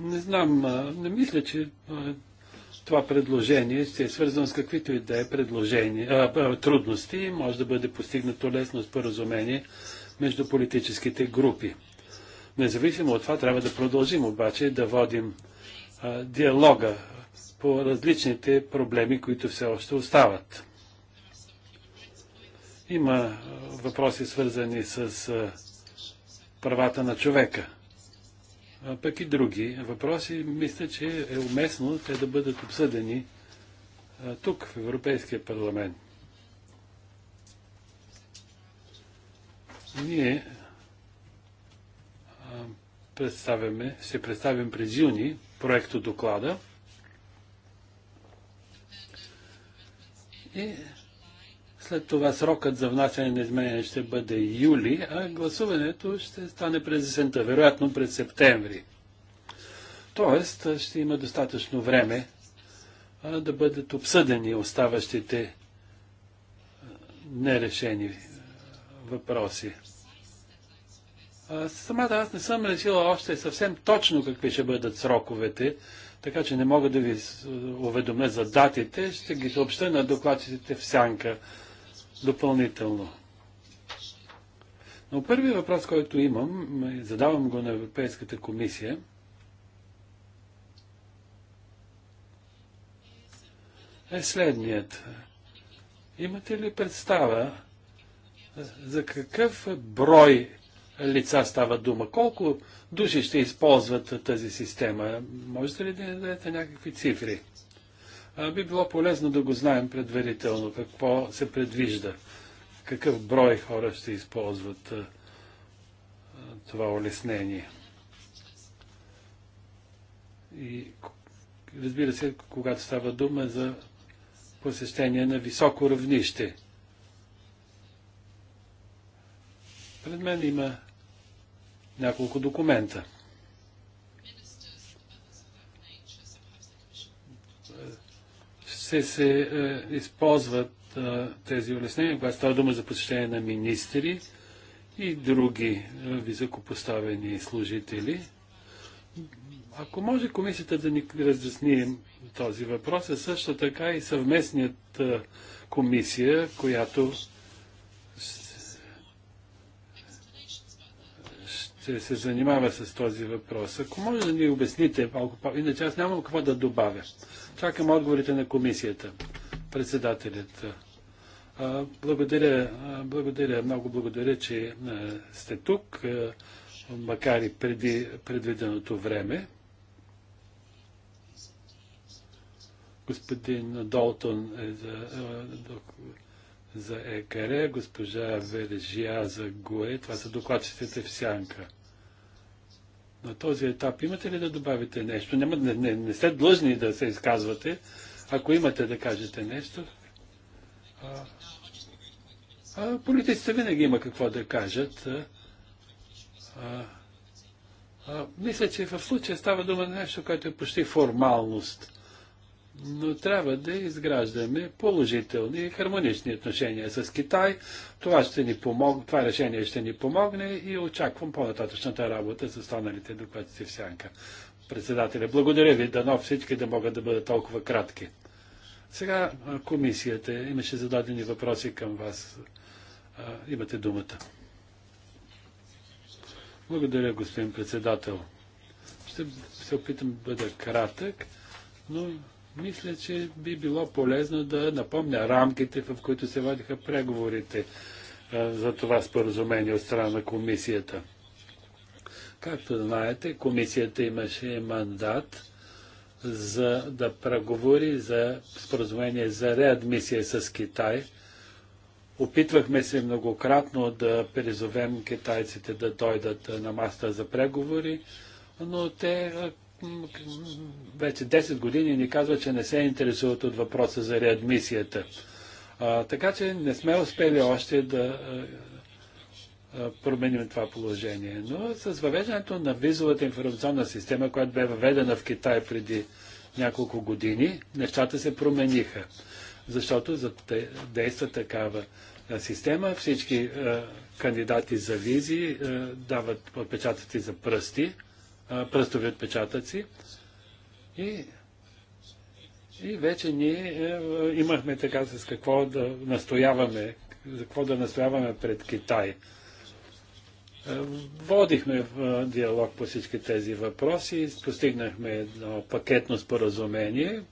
Не знам, не мисля, че това предложение ще е свързано с каквито и да е предложения, трудности и може да бъде постигнато лесно споразумение между политическите групи. Независимо от това, трябва да продължим обаче да водим а, диалога по различните проблеми, които все още остават. Има въпроси свързани с а, правата на човека, а пък и други въпроси. Мисля, че е уместно те да бъдат обсъдени а, тук, в Европейския парламент. Ние представяме, ще представим през юни проекто доклада. И след това срокът за внасяне на изменения ще бъде юли, а гласуването ще стане през есента, вероятно през септември. Тоест, ще има достатъчно време а, да бъдат обсъдени оставащите нерешени въпроси. Самата аз не съм решила още съвсем точно какви ще бъдат сроковете, така че не мога да ви уведомя за датите. Ще ги съобща на докладчиците в сянка допълнително. Но първият въпрос, който имам, задавам го на Европейската комисия, е следният. Имате ли представа за какъв брой лица става дума? Колко души ще използват тази система? Можете ли да ни дадете някакви цифри? Би било полезно да го знаем предварително, какво се предвижда, какъв брой хора ще използват това улеснение. И разбира се, когато става дума за посещение на високо равнище. Пред мен има няколко документа. Ще се е, използват е, тези улеснения, когато става дума за посещение на министри и други е, високопоставени служители. Ако може комисията да ни разясни този въпрос, е също така и съвместният е, комисия, която се, се занимава с този въпрос. Ако може да ни обясните малко, иначе аз нямам какво да добавя. Чакам отговорите на комисията, председателят. А, благодаря, а, благодаря, много благодаря, че а, сте тук, макар и преди предвиденото време. Господин Долтон е за за ЕКР, госпожа Вележия за ГУЕ. Това са докладчиците в сянка. На този етап имате ли да добавите нещо? Не, не, не, не сте длъжни да се изказвате. Ако имате да кажете нещо, а, а политиците винаги има какво да кажат. А, а, а, мисля, че в случая става дума на нещо, което е почти формалност но трябва да изграждаме положителни и хармонични отношения с Китай. Това, ще ни помог... Това решение ще ни помогне и очаквам по-нататъчната работа с останалите докладци в сянка. Председателя, благодаря ви, дано всички да могат да бъдат толкова кратки. Сега комисията имаше зададени въпроси към вас. Имате думата. Благодаря, господин председател. Ще се опитам да бъда кратък, но мисля, че би било полезно да напомня рамките, в които се водиха преговорите за това споразумение от страна на комисията. Както знаете, комисията имаше мандат за да преговори за споразумение за реадмисия с Китай. Опитвахме се многократно да призовем китайците да дойдат на маста за преговори, но те вече 10 години ни казва, че не се интересуват от въпроса за реадмисията. А, така че не сме успели още да променим това положение. Но с въвеждането на визовата информационна система, която бе въведена в Китай преди няколко години, нещата се промениха. Защото за действа такава система всички кандидати за визи дават отпечатъци за пръсти, пръстови отпечатъци. И, и вече ние е, е, имахме така с какво да настояваме, за какво да настояваме пред Китай. Е, водихме диалог по всички тези въпроси, постигнахме едно пакетно споразумение,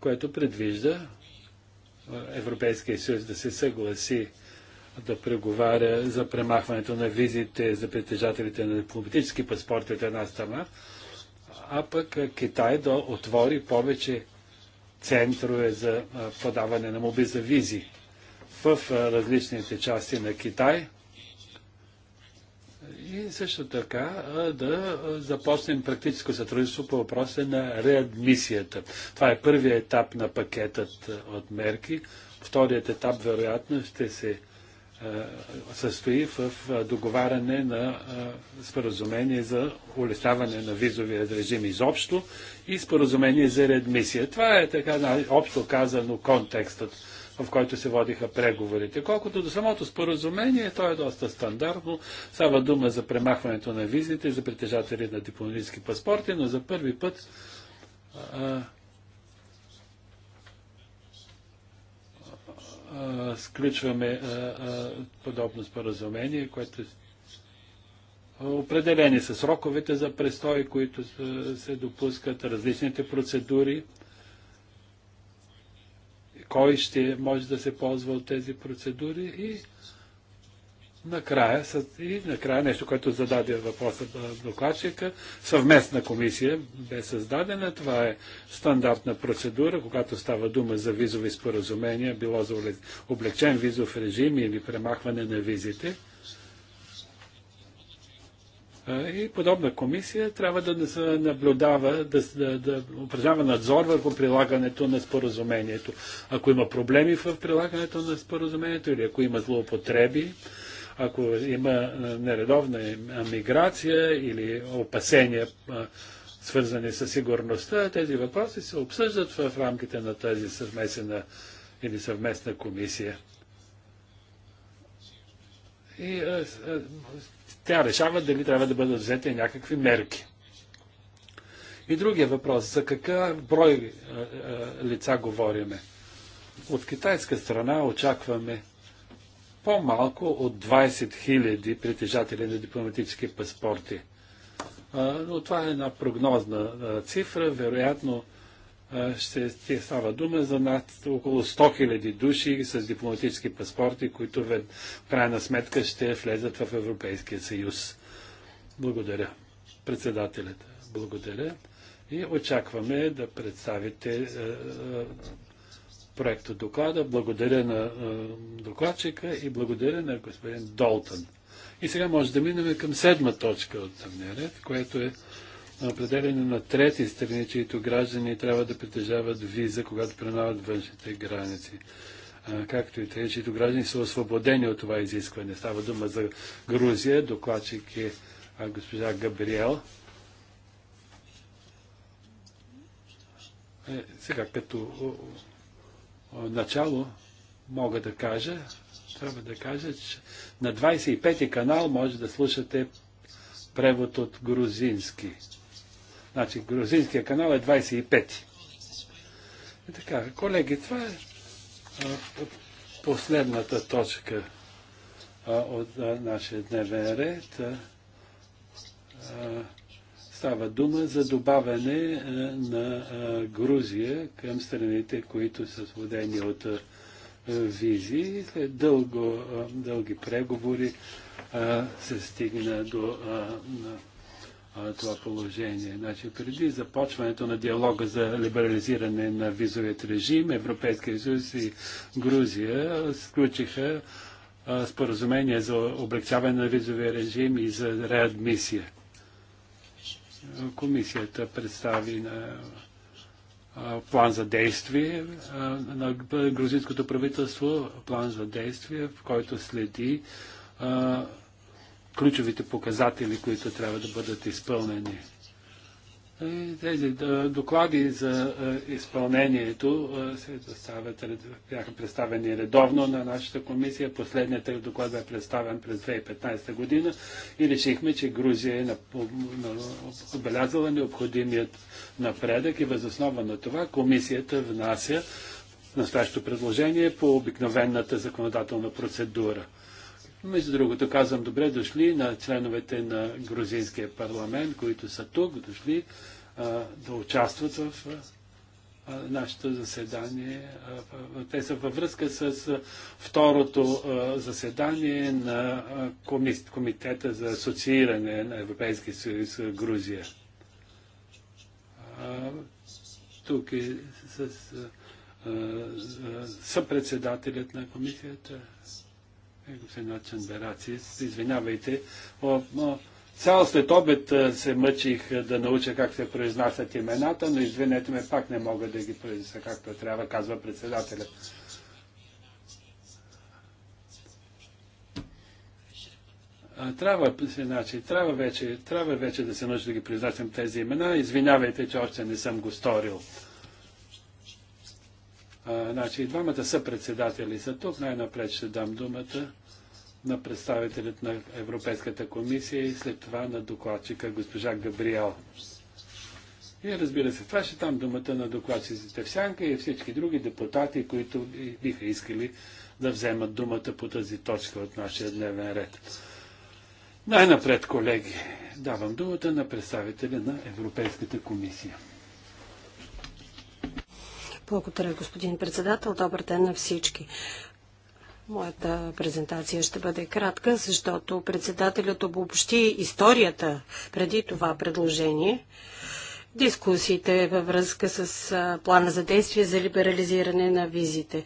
което предвижда Европейския съюз да се съгласи да преговаря за премахването на визите за притежателите на дипломатически паспорти от една страна, а пък Китай да отвори повече центрове за подаване на моби за визи в различните части на Китай. И също така да започнем практическо сътрудничество по въпроса на реадмисията. Това е първият етап на пакетът от мерки. Вторият етап, вероятно, ще се е, състои в е, договаряне на е, споразумение за улесняване на визовия режим изобщо и споразумение за редмисия. Това е така общо казано контекстът, в който се водиха преговорите. Колкото до самото споразумение, то е доста стандартно. Става дума за премахването на визите за притежатели на дипломатически паспорти, но за първи път а, сключваме а, а, подобно споразумение, което е определени са сроковете за престой, които се допускат, различните процедури, кой ще може да се ползва от тези процедури и накрая, и накрая нещо, което зададе въпроса на докладчика, съвместна комисия бе създадена. Това е стандартна процедура, когато става дума за визови споразумения, било за облегчен визов режим или премахване на визите. И подобна комисия трябва да се наблюдава, да, да, да упражнява надзор върху прилагането на споразумението. Ако има проблеми в прилагането на споразумението или ако има злоупотреби, ако има нередовна миграция или опасения, свързани с сигурността, тези въпроси се обсъждат в рамките на тази съвместна или съвместна комисия. И тя решава дали трябва да бъдат взети някакви мерки. И другия въпрос, за какъв брой лица говориме? От китайска страна очакваме по-малко от 20 000 притежатели на дипломатически паспорти. Но това е една прогнозна цифра. Вероятно ще ти става дума за над около 100 000 души с дипломатически паспорти, които в крайна сметка ще влезат в Европейския съюз. Благодаря. Председателят, благодаря. И очакваме да представите проекта доклада. Благодаря на е, докладчика и благодаря на господин Долтън. И сега може да минем към седма точка от дневния ред, което е определено на трети страни, чието граждани трябва да притежават виза, когато преминават външните граници. А, е, както и те, чието граждани са освободени от това изискване. Става дума за Грузия, докладчик е а, госпожа Габриел. Е, сега като начало мога да кажа, трябва да кажа, че на 25-ти канал може да слушате превод от грузински. Значи грузинския канал е 25-ти. И така, колеги, това е последната точка от нашия дневен ред. А, а, Става дума за добавяне е, на е, Грузия към страните, които са свободени от е, визи. След дълго, дълги преговори се стигна до това положение. Значи, преди започването на диалога за либерализиране на визовият режим, Европейския съюз и Грузия сключиха споразумение за облегчаване на визовия режим и за реадмисия комисията представи на план за действие на грузинското правителство, план за действие, в който следи ключовите показатели, които трябва да бъдат изпълнени. Тези доклади за е, изпълнението е, се доставят, бяха представени редовно на нашата комисия. Последният е доклад бе представен през 2015 година и решихме, че Грузия е отбелязала необходимият напредък и възоснова на това комисията внася настоящото предложение по обикновената законодателна процедура. Между другото, казвам добре дошли на членовете на грузинския парламент, които са тук, дошли да участват в нашето заседание. Те са във връзка с второто заседание на Комитета за асоцииране на Европейски съюз Грузия. Тук е с съпредседателят на комисията, господин Начен Бераци. Извинявайте, Цял след обед се мъчих да науча как се произнасят имената, но извинете ме, пак не мога да ги произнеса както трябва, казва председателят. трябва, значи, трябва, вече, трябва вече да се научи да ги произнасям тези имена. Извинявайте, че още не съм го сторил. А, значи, двамата са председатели са тук. Най-напред ще дам думата на представителят на Европейската комисия и след това на докладчика госпожа Габриел. И разбира се, това ще там думата на докладчиците в Сянка и всички други депутати, които биха искали да вземат думата по тази точка от нашия дневен ред. Най-напред, колеги, давам думата на представителя на Европейската комисия. Благодаря, господин председател. Добър ден на всички. Моята презентация ще бъде кратка, защото председателят обобщи историята преди това предложение. Дискусиите във връзка с плана за действие за либерализиране на визите.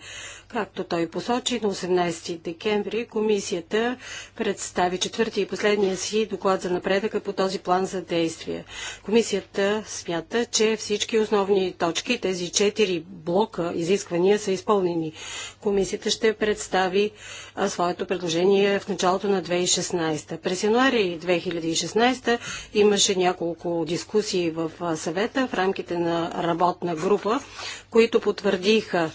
Както той посочи, на 18 декември комисията представи четвъртия и последния си доклад за напредъка по този план за действие. Комисията смята, че всички основни точки, тези четири блока изисквания са изпълнени. Комисията ще представи своето предложение в началото на 2016. През януари 2016 имаше няколко дискусии в съвета в рамките на работна група, които потвърдиха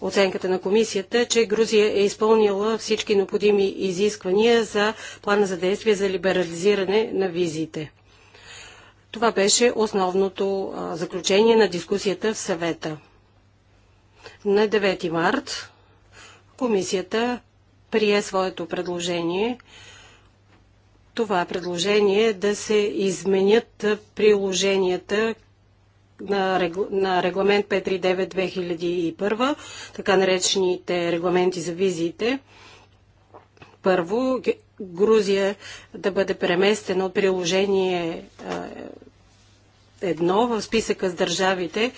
оценката на комисията, че Грузия е изпълнила всички необходими изисквания за плана за действие за либерализиране на визите. Това беше основното заключение на дискусията в съвета. На 9 март комисията прие своето предложение. Това предложение е да се изменят приложенията на регламент 539-2001, така наречените регламенти за визиите. Първо, Грузия да бъде преместена от приложение едно в списъка с държавите,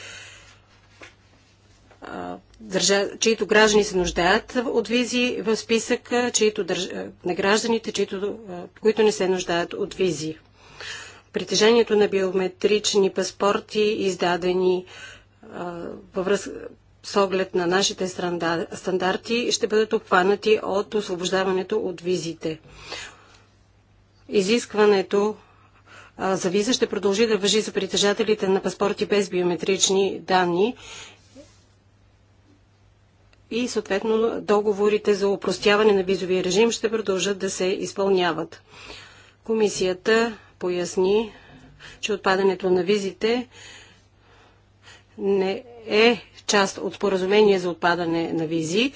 чието граждани се нуждаят от визи в списъка чието държ... на гражданите, чието, които не се нуждаят от визи притежанието на биометрични паспорти, издадени а, във връзка с оглед на нашите стандарти, ще бъдат обхванати от освобождаването от визите. Изискването за виза ще продължи да въжи за притежателите на паспорти без биометрични данни и съответно договорите за упростяване на визовия режим ще продължат да се изпълняват. Комисията поясни, че отпадането на визите не е част от споразумение за отпадане на визи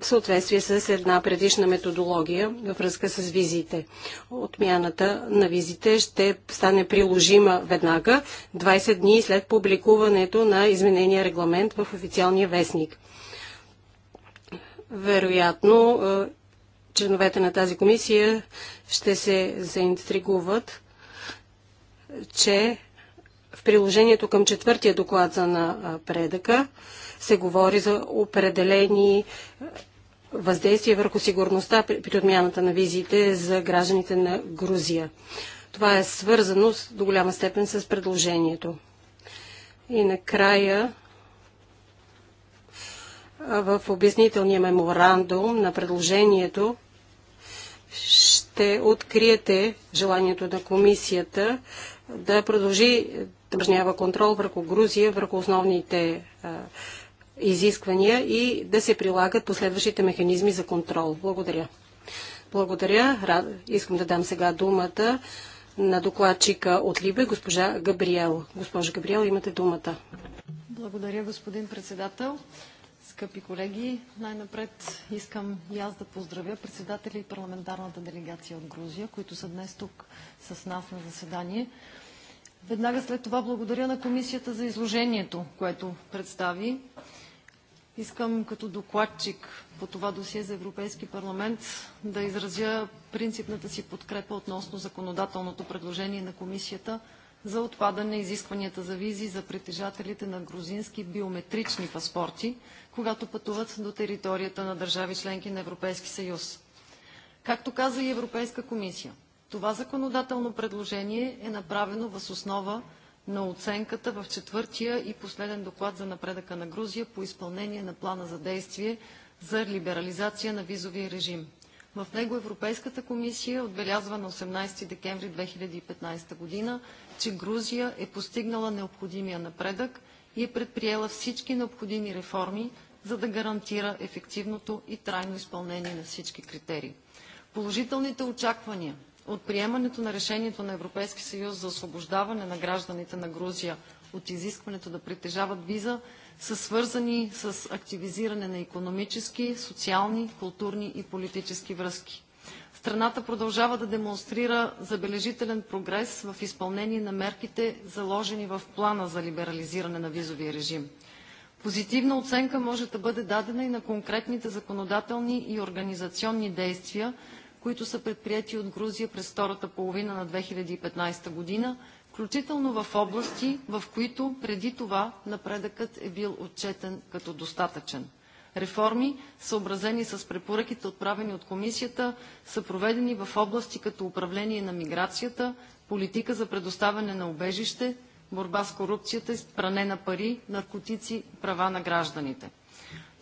в съответствие с една предишна методология във връзка с визите. Отмяната на визите ще стане приложима веднага 20 дни след публикуването на изменения регламент в официалния вестник. Вероятно членовете на тази комисия ще се заинтригуват, че в приложението към четвъртия доклад за напредъка се говори за определени въздействия върху сигурността при отмяната на визиите за гражданите на Грузия. Това е свързано до голяма степен с предложението. И накрая в обяснителния меморандум на предложението ще откриете желанието на комисията да продължи да упражнява контрол върху Грузия, върху основните а, изисквания и да се прилагат последващите механизми за контрол. Благодаря. Благодаря. Рад... Искам да дам сега думата на докладчика от Либе, госпожа Габриел. Госпожа Габриел, имате думата. Благодаря, господин председател скъпи колеги! Най-напред искам и аз да поздравя председателя и парламентарната делегация от Грузия, които са днес тук с нас на заседание. Веднага след това благодаря на комисията за изложението, което представи. Искам като докладчик по това досие за Европейски парламент да изразя принципната си подкрепа относно законодателното предложение на комисията за отпадане изискванията за визи за притежателите на грузински биометрични паспорти, когато пътуват до територията на държави членки на Европейски съюз. Както каза и Европейска комисия, това законодателно предложение е направено въз основа на оценката в четвъртия и последен доклад за напредъка на Грузия по изпълнение на плана за действие за либерализация на визовия режим. В него Европейската комисия отбелязва на 18 декември 2015 година, че Грузия е постигнала необходимия напредък и е предприела всички необходими реформи, за да гарантира ефективното и трайно изпълнение на всички критерии. Положителните очаквания от приемането на решението на Европейски съюз за освобождаване на гражданите на Грузия от изискването да притежават виза са свързани с активизиране на економически, социални, културни и политически връзки. Страната продължава да демонстрира забележителен прогрес в изпълнение на мерките, заложени в плана за либерализиране на визовия режим. Позитивна оценка може да бъде дадена и на конкретните законодателни и организационни действия, които са предприяти от Грузия през втората половина на 2015 година, включително в области, в които преди това напредъкът е бил отчетен като достатъчен. Реформи, съобразени с препоръките, отправени от Комисията, са проведени в области като управление на миграцията, политика за предоставяне на убежище, борба с корупцията и с пране на пари, наркотици права на гражданите.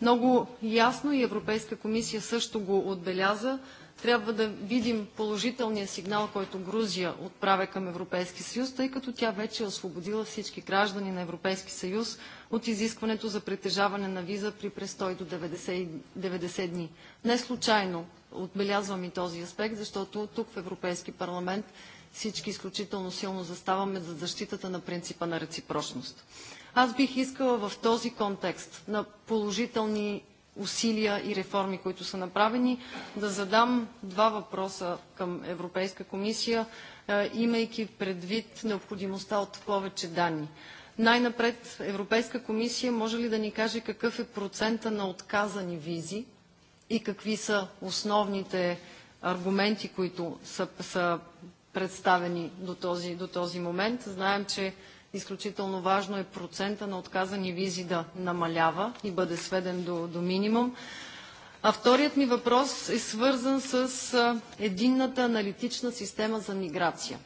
Много ясно и Европейска комисия също го отбеляза. Трябва да видим положителния сигнал, който Грузия отправя към Европейски съюз, тъй като тя вече е освободила всички граждани на Европейски съюз от изискването за притежаване на виза при престой до 90, 90 дни. Не случайно отбелязвам и този аспект, защото тук в Европейски парламент всички изключително силно заставаме за защитата на принципа на реципрочност. Аз бих искала в този контекст на положителни усилия и реформи, които са направени, да задам два въпроса към Европейска комисия, е, имайки предвид необходимостта от повече данни. Най-напред, Европейска комисия може ли да ни каже какъв е процента на отказани визи и какви са основните аргументи, които са, са представени до този, до този момент. Знаем, че изключително важно е процента на отказани визи да намалява и бъде сведен до, до минимум. А вторият ми въпрос е свързан с единната аналитична система за миграция.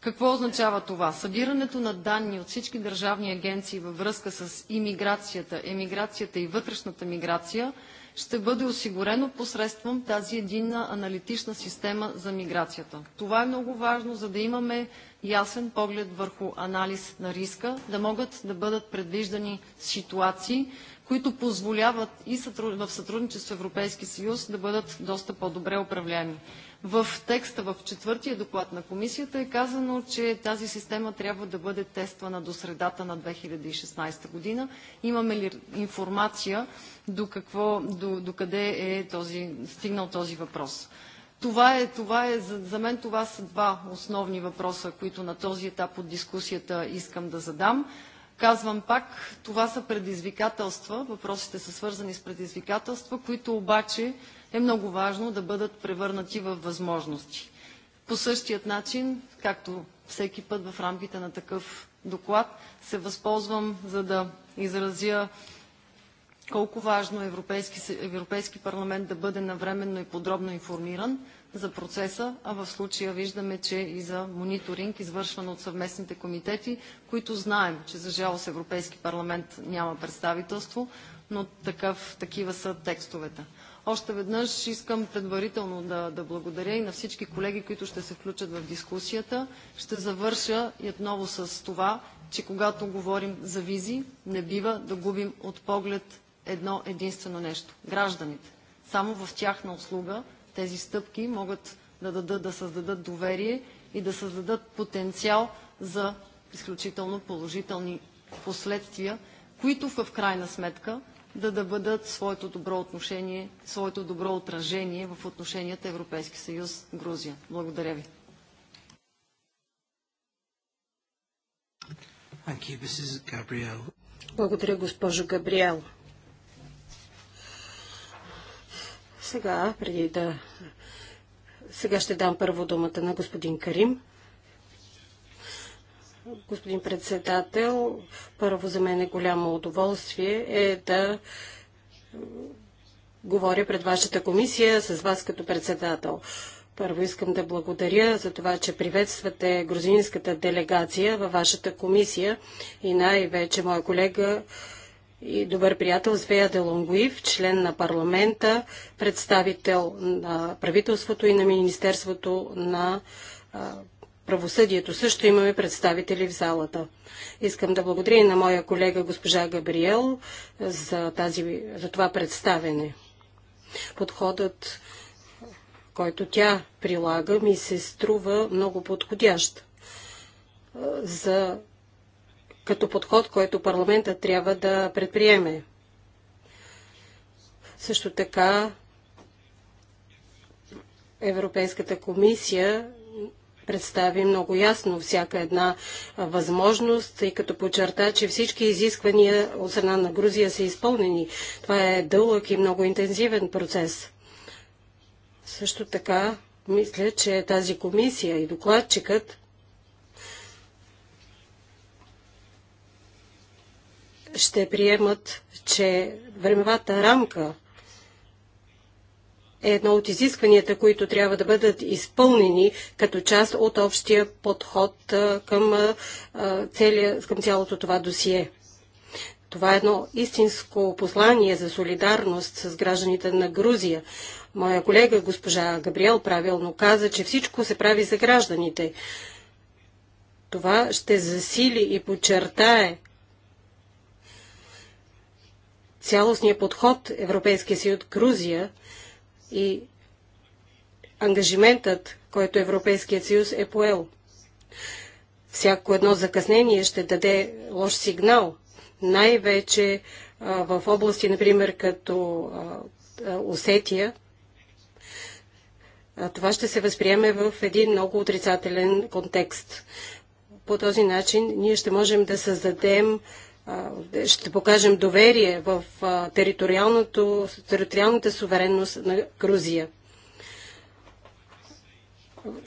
Какво означава това? Събирането на данни от всички държавни агенции във връзка с имиграцията, емиграцията и вътрешната миграция ще бъде осигурено посредством тази единна аналитична система за миграцията. Това е много важно, за да имаме ясен поглед върху анализ на риска, да могат да бъдат предвиждани ситуации, които позволяват и в сътрудничество с Европейски съюз да бъдат доста по-добре управляеми. В текста, в четвъртия доклад на комисията е казано, че тази система трябва да бъде тествана до средата на 2016 година. Имаме ли информация до, какво, до, до къде е този, стигнал този въпрос? Това е, това е, за, за мен това са два основни въпроса, които на този етап от дискусията искам да задам. Казвам пак, това са предизвикателства, въпросите са свързани с предизвикателства, които обаче е много важно да бъдат превърнати в възможности. По същият начин, както всеки път в рамките на такъв доклад, се възползвам за да изразя колко важно е Европейски, Европейски парламент да бъде навременно и подробно информиран за процеса, а в случая виждаме, че и за мониторинг, извършван от съвместните комитети, които знаем, че за жалост Европейски парламент няма представителство, но такъв, такива са текстовете. Още веднъж искам предварително да, да благодаря и на всички колеги, които ще се включат в дискусията. Ще завърша и отново с това, че когато говорим за визи, не бива да губим от поглед едно единствено нещо – гражданите. Само в тяхна услуга тези стъпки могат да, дадат, да създадат доверие и да създадат потенциал за изключително положителни последствия, които в крайна сметка да дадат своето добро отношение, своето добро отражение в отношенията Европейски съюз – Грузия. Благодаря ви. Благодаря, госпожо Габриел. Сега, преди да... Сега ще дам първо думата на господин Карим господин председател. Първо за мен е голямо удоволствие е да говоря пред вашата комисия с вас като председател. Първо искам да благодаря за това, че приветствате грузинската делегация във вашата комисия и най-вече моя колега и добър приятел Звея Делонгуив, член на парламента, представител на правителството и на Министерството на правосъдието също имаме представители в залата. Искам да благодаря и на моя колега госпожа Габриел за, тази, за това представене. Подходът, който тя прилага, ми се струва много подходящ за, като подход, който парламента трябва да предприеме. Също така Европейската комисия представи много ясно всяка една възможност, тъй като подчерта, че всички изисквания от страна на Грузия са изпълнени. Това е дълъг и много интензивен процес. Също така, мисля, че тази комисия и докладчикът ще приемат, че времевата рамка е едно от изискванията, които трябва да бъдат изпълнени като част от общия подход към, целия, към цялото това досие. Това е едно истинско послание за солидарност с гражданите на Грузия. Моя колега, госпожа Габриел, правилно каза, че всичко се прави за гражданите. Това ще засили и подчертае цялостния подход Европейския съюз Грузия и ангажиментът, който Европейският съюз е поел. Всяко едно закъснение ще даде лош сигнал, най-вече в области, например, като а, Осетия. А, това ще се възприеме в един много отрицателен контекст. По този начин ние ще можем да създадем ще покажем доверие в териториалната суверенност на Грузия.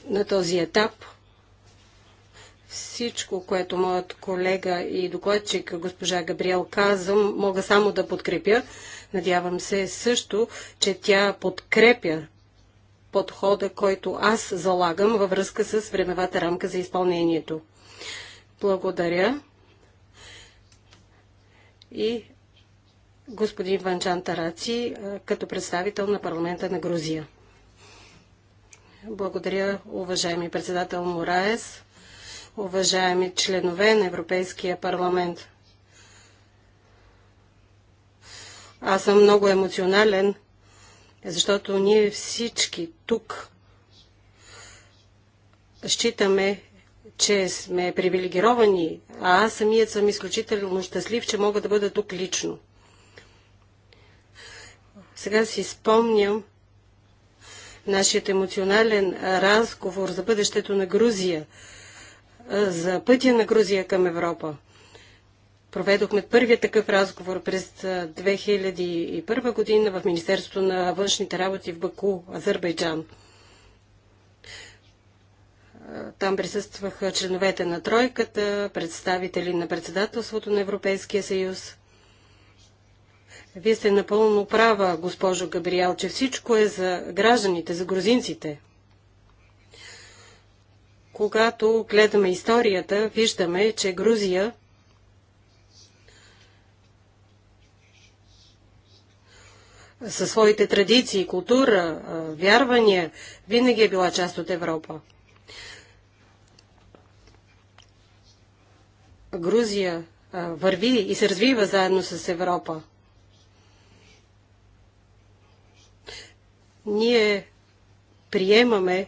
На този етап всичко, което моят колега и докладчик госпожа Габриел каза, мога само да подкрепя. Надявам се също, че тя подкрепя подхода, който аз залагам във връзка с времевата рамка за изпълнението. Благодаря и господин Ванчан Тараци като представител на парламента на Грузия. Благодаря, уважаеми председател Мораес, уважаеми членове на Европейския парламент. Аз съм много емоционален, защото ние всички тук считаме, че сме привилегировани, а аз самият съм изключително щастлив, че мога да бъда тук лично. Сега си спомням нашият емоционален разговор за бъдещето на Грузия, за пътя на Грузия към Европа. Проведохме първия такъв разговор през 2001 година в Министерството на външните работи в Баку, Азербайджан. Там присъстваха членовете на тройката, представители на председателството на Европейския съюз. Вие сте напълно права, госпожо Габриел, че всичко е за гражданите, за грузинците. Когато гледаме историята, виждаме, че Грузия със своите традиции, култура, вярвания, винаги е била част от Европа. Грузия върви и се развива заедно с Европа. Ние приемаме,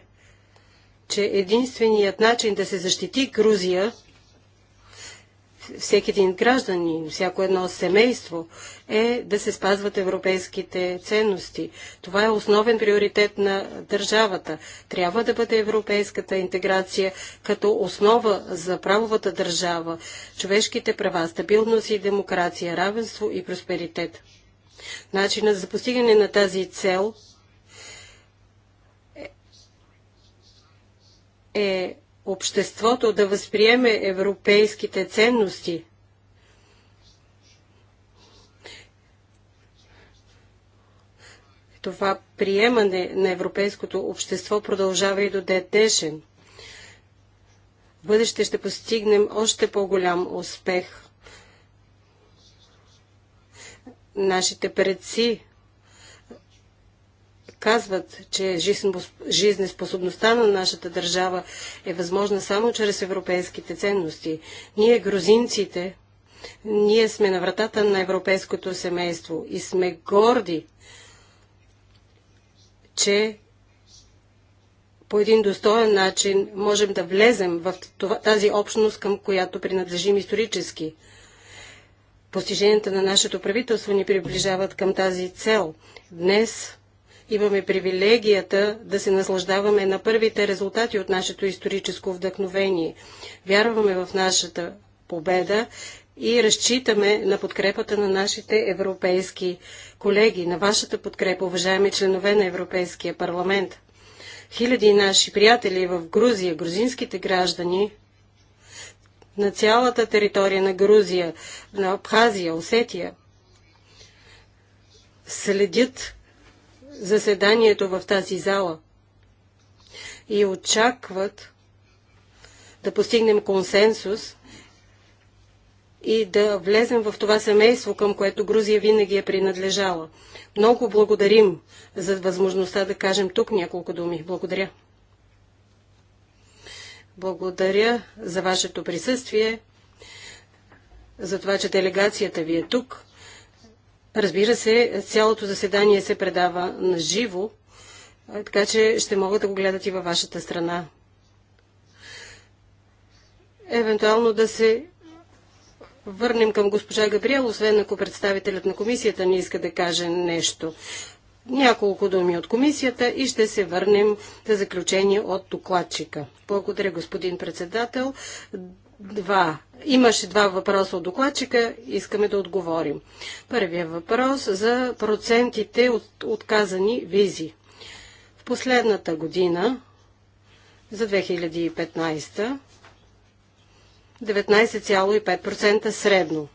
че единственият начин да се защити Грузия – всеки един гражданин, всяко едно семейство е да се спазват европейските ценности. Това е основен приоритет на държавата. Трябва да бъде европейската интеграция като основа за правовата държава, човешките права, стабилност и демокрация, равенство и просперитет. Начинът за постигане на тази цел е, е обществото да възприеме европейските ценности. Това приемане на европейското общество продължава и до детешен. В бъдеще ще постигнем още по-голям успех. Нашите предци казват, че жизнеспособността на нашата държава е възможна само чрез европейските ценности. Ние, грузинците, ние сме на вратата на европейското семейство и сме горди, че по един достоен начин можем да влезем в тази общност, към която принадлежим исторически. Постиженията на нашето правителство ни приближават към тази цел. Днес имаме привилегията да се наслаждаваме на първите резултати от нашето историческо вдъхновение. Вярваме в нашата победа и разчитаме на подкрепата на нашите европейски колеги, на вашата подкрепа, уважаеми членове на Европейския парламент. Хиляди наши приятели в Грузия, грузинските граждани, на цялата територия на Грузия, на Абхазия, Осетия, следят заседанието в тази зала и очакват да постигнем консенсус и да влезем в това семейство, към което Грузия винаги е принадлежала. Много благодарим за възможността да кажем тук няколко думи. Благодаря. Благодаря за вашето присъствие, за това, че делегацията ви е тук. Разбира се, цялото заседание се предава на живо, така че ще могат да го гледат и във вашата страна. Евентуално да се върнем към госпожа Габриел, освен ако представителят на комисията не иска да каже нещо. Няколко думи от комисията и ще се върнем за заключение от докладчика. Благодаря, господин председател два. Имаше два въпроса от докладчика, искаме да отговорим. Първият въпрос за процентите от отказани визи. В последната година, за 2015, 19,5% средно.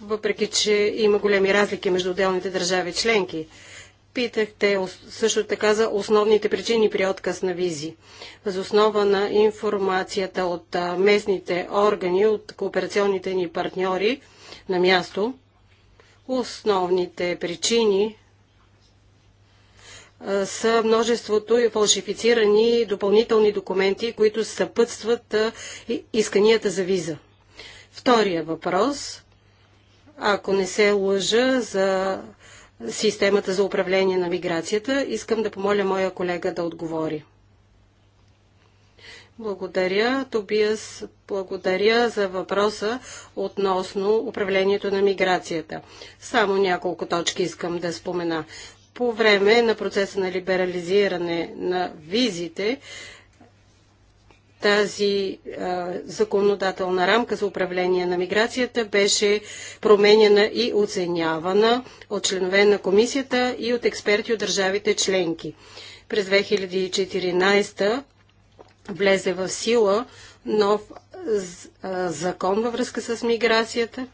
Въпреки, че има големи разлики между отделните държави членки. Питахте също така за основните причини при отказ на визи. Въз основа на информацията от местните органи, от кооперационните ни партньори на място, основните причини са множеството фалшифицирани допълнителни документи, които съпътстват исканията за виза. Втория въпрос, ако не се лъжа, за системата за управление на миграцията. Искам да помоля моя колега да отговори. Благодаря, Тобиас. Благодаря за въпроса относно управлението на миграцията. Само няколко точки искам да спомена. По време на процеса на либерализиране на визите, тази а, законодателна рамка за управление на миграцията беше променена и оценявана от членове на комисията и от експерти от държавите членки. През 2014 влезе в сила нов закон във връзка с миграцията.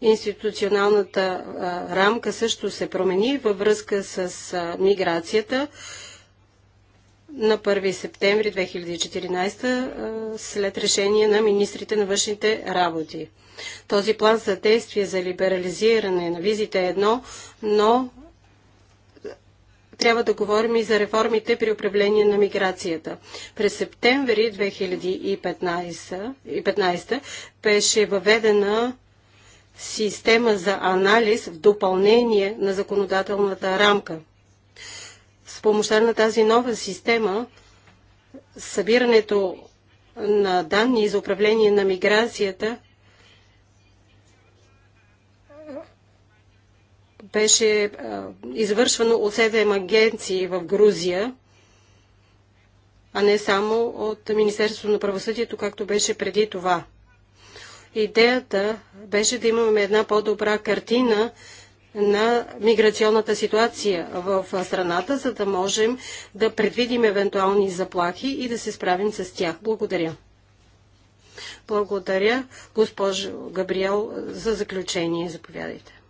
Институционалната а, рамка също се промени във връзка с миграцията на 1 септември 2014 след решение на министрите на външните работи. Този план за действие за либерализиране на визите е едно, но трябва да говорим и за реформите при управление на миграцията. През септември 2015, беше въведена система за анализ в допълнение на законодателната рамка – помощта на тази нова система, събирането на данни за управление на миграцията беше извършвано от 7 агенции в Грузия, а не само от Министерството на правосъдието, както беше преди това. Идеята беше да имаме една по-добра картина на миграционната ситуация в страната, за да можем да предвидим евентуални заплахи и да се справим с тях. Благодаря. Благодаря, госпожо Габриел, за заключение. Заповядайте.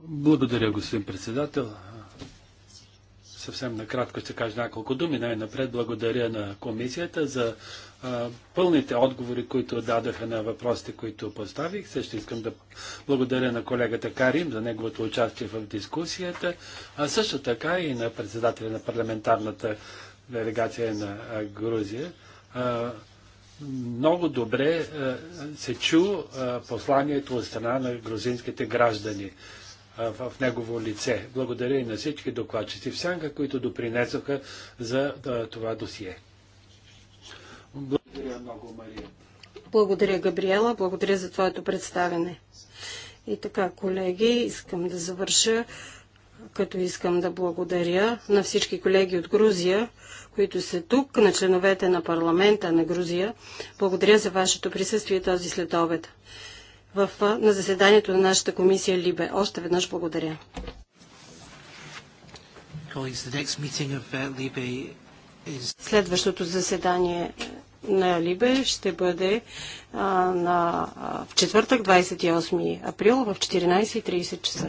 Благодаря, господин председател. Съвсем накратко ще кажа няколко думи. Най-напред благодаря на комисията за пълните отговори, които дадаха на въпросите, които поставих. Също искам да благодаря на колегата Карим за неговото участие в дискусията, а също така и на председателя на парламентарната делегация на Грузия. Много добре се чу посланието от страна на грузинските граждани в негово лице. Благодаря и на всички докладчици в сянка, които допринесоха за това досие много, Мария. Благодаря, Габриела. Благодаря за твоето представене. И така, колеги, искам да завърша, като искам да благодаря на всички колеги от Грузия, които са тук, на членовете на парламента на Грузия. Благодаря за вашето присъствие този следобед в, на заседанието на нашата комисия Либе. Още веднъж благодаря. Uh, Следващото заседание на Либе ще бъде а, на, а, в четвъртък, 28 април, в 14.30 часа.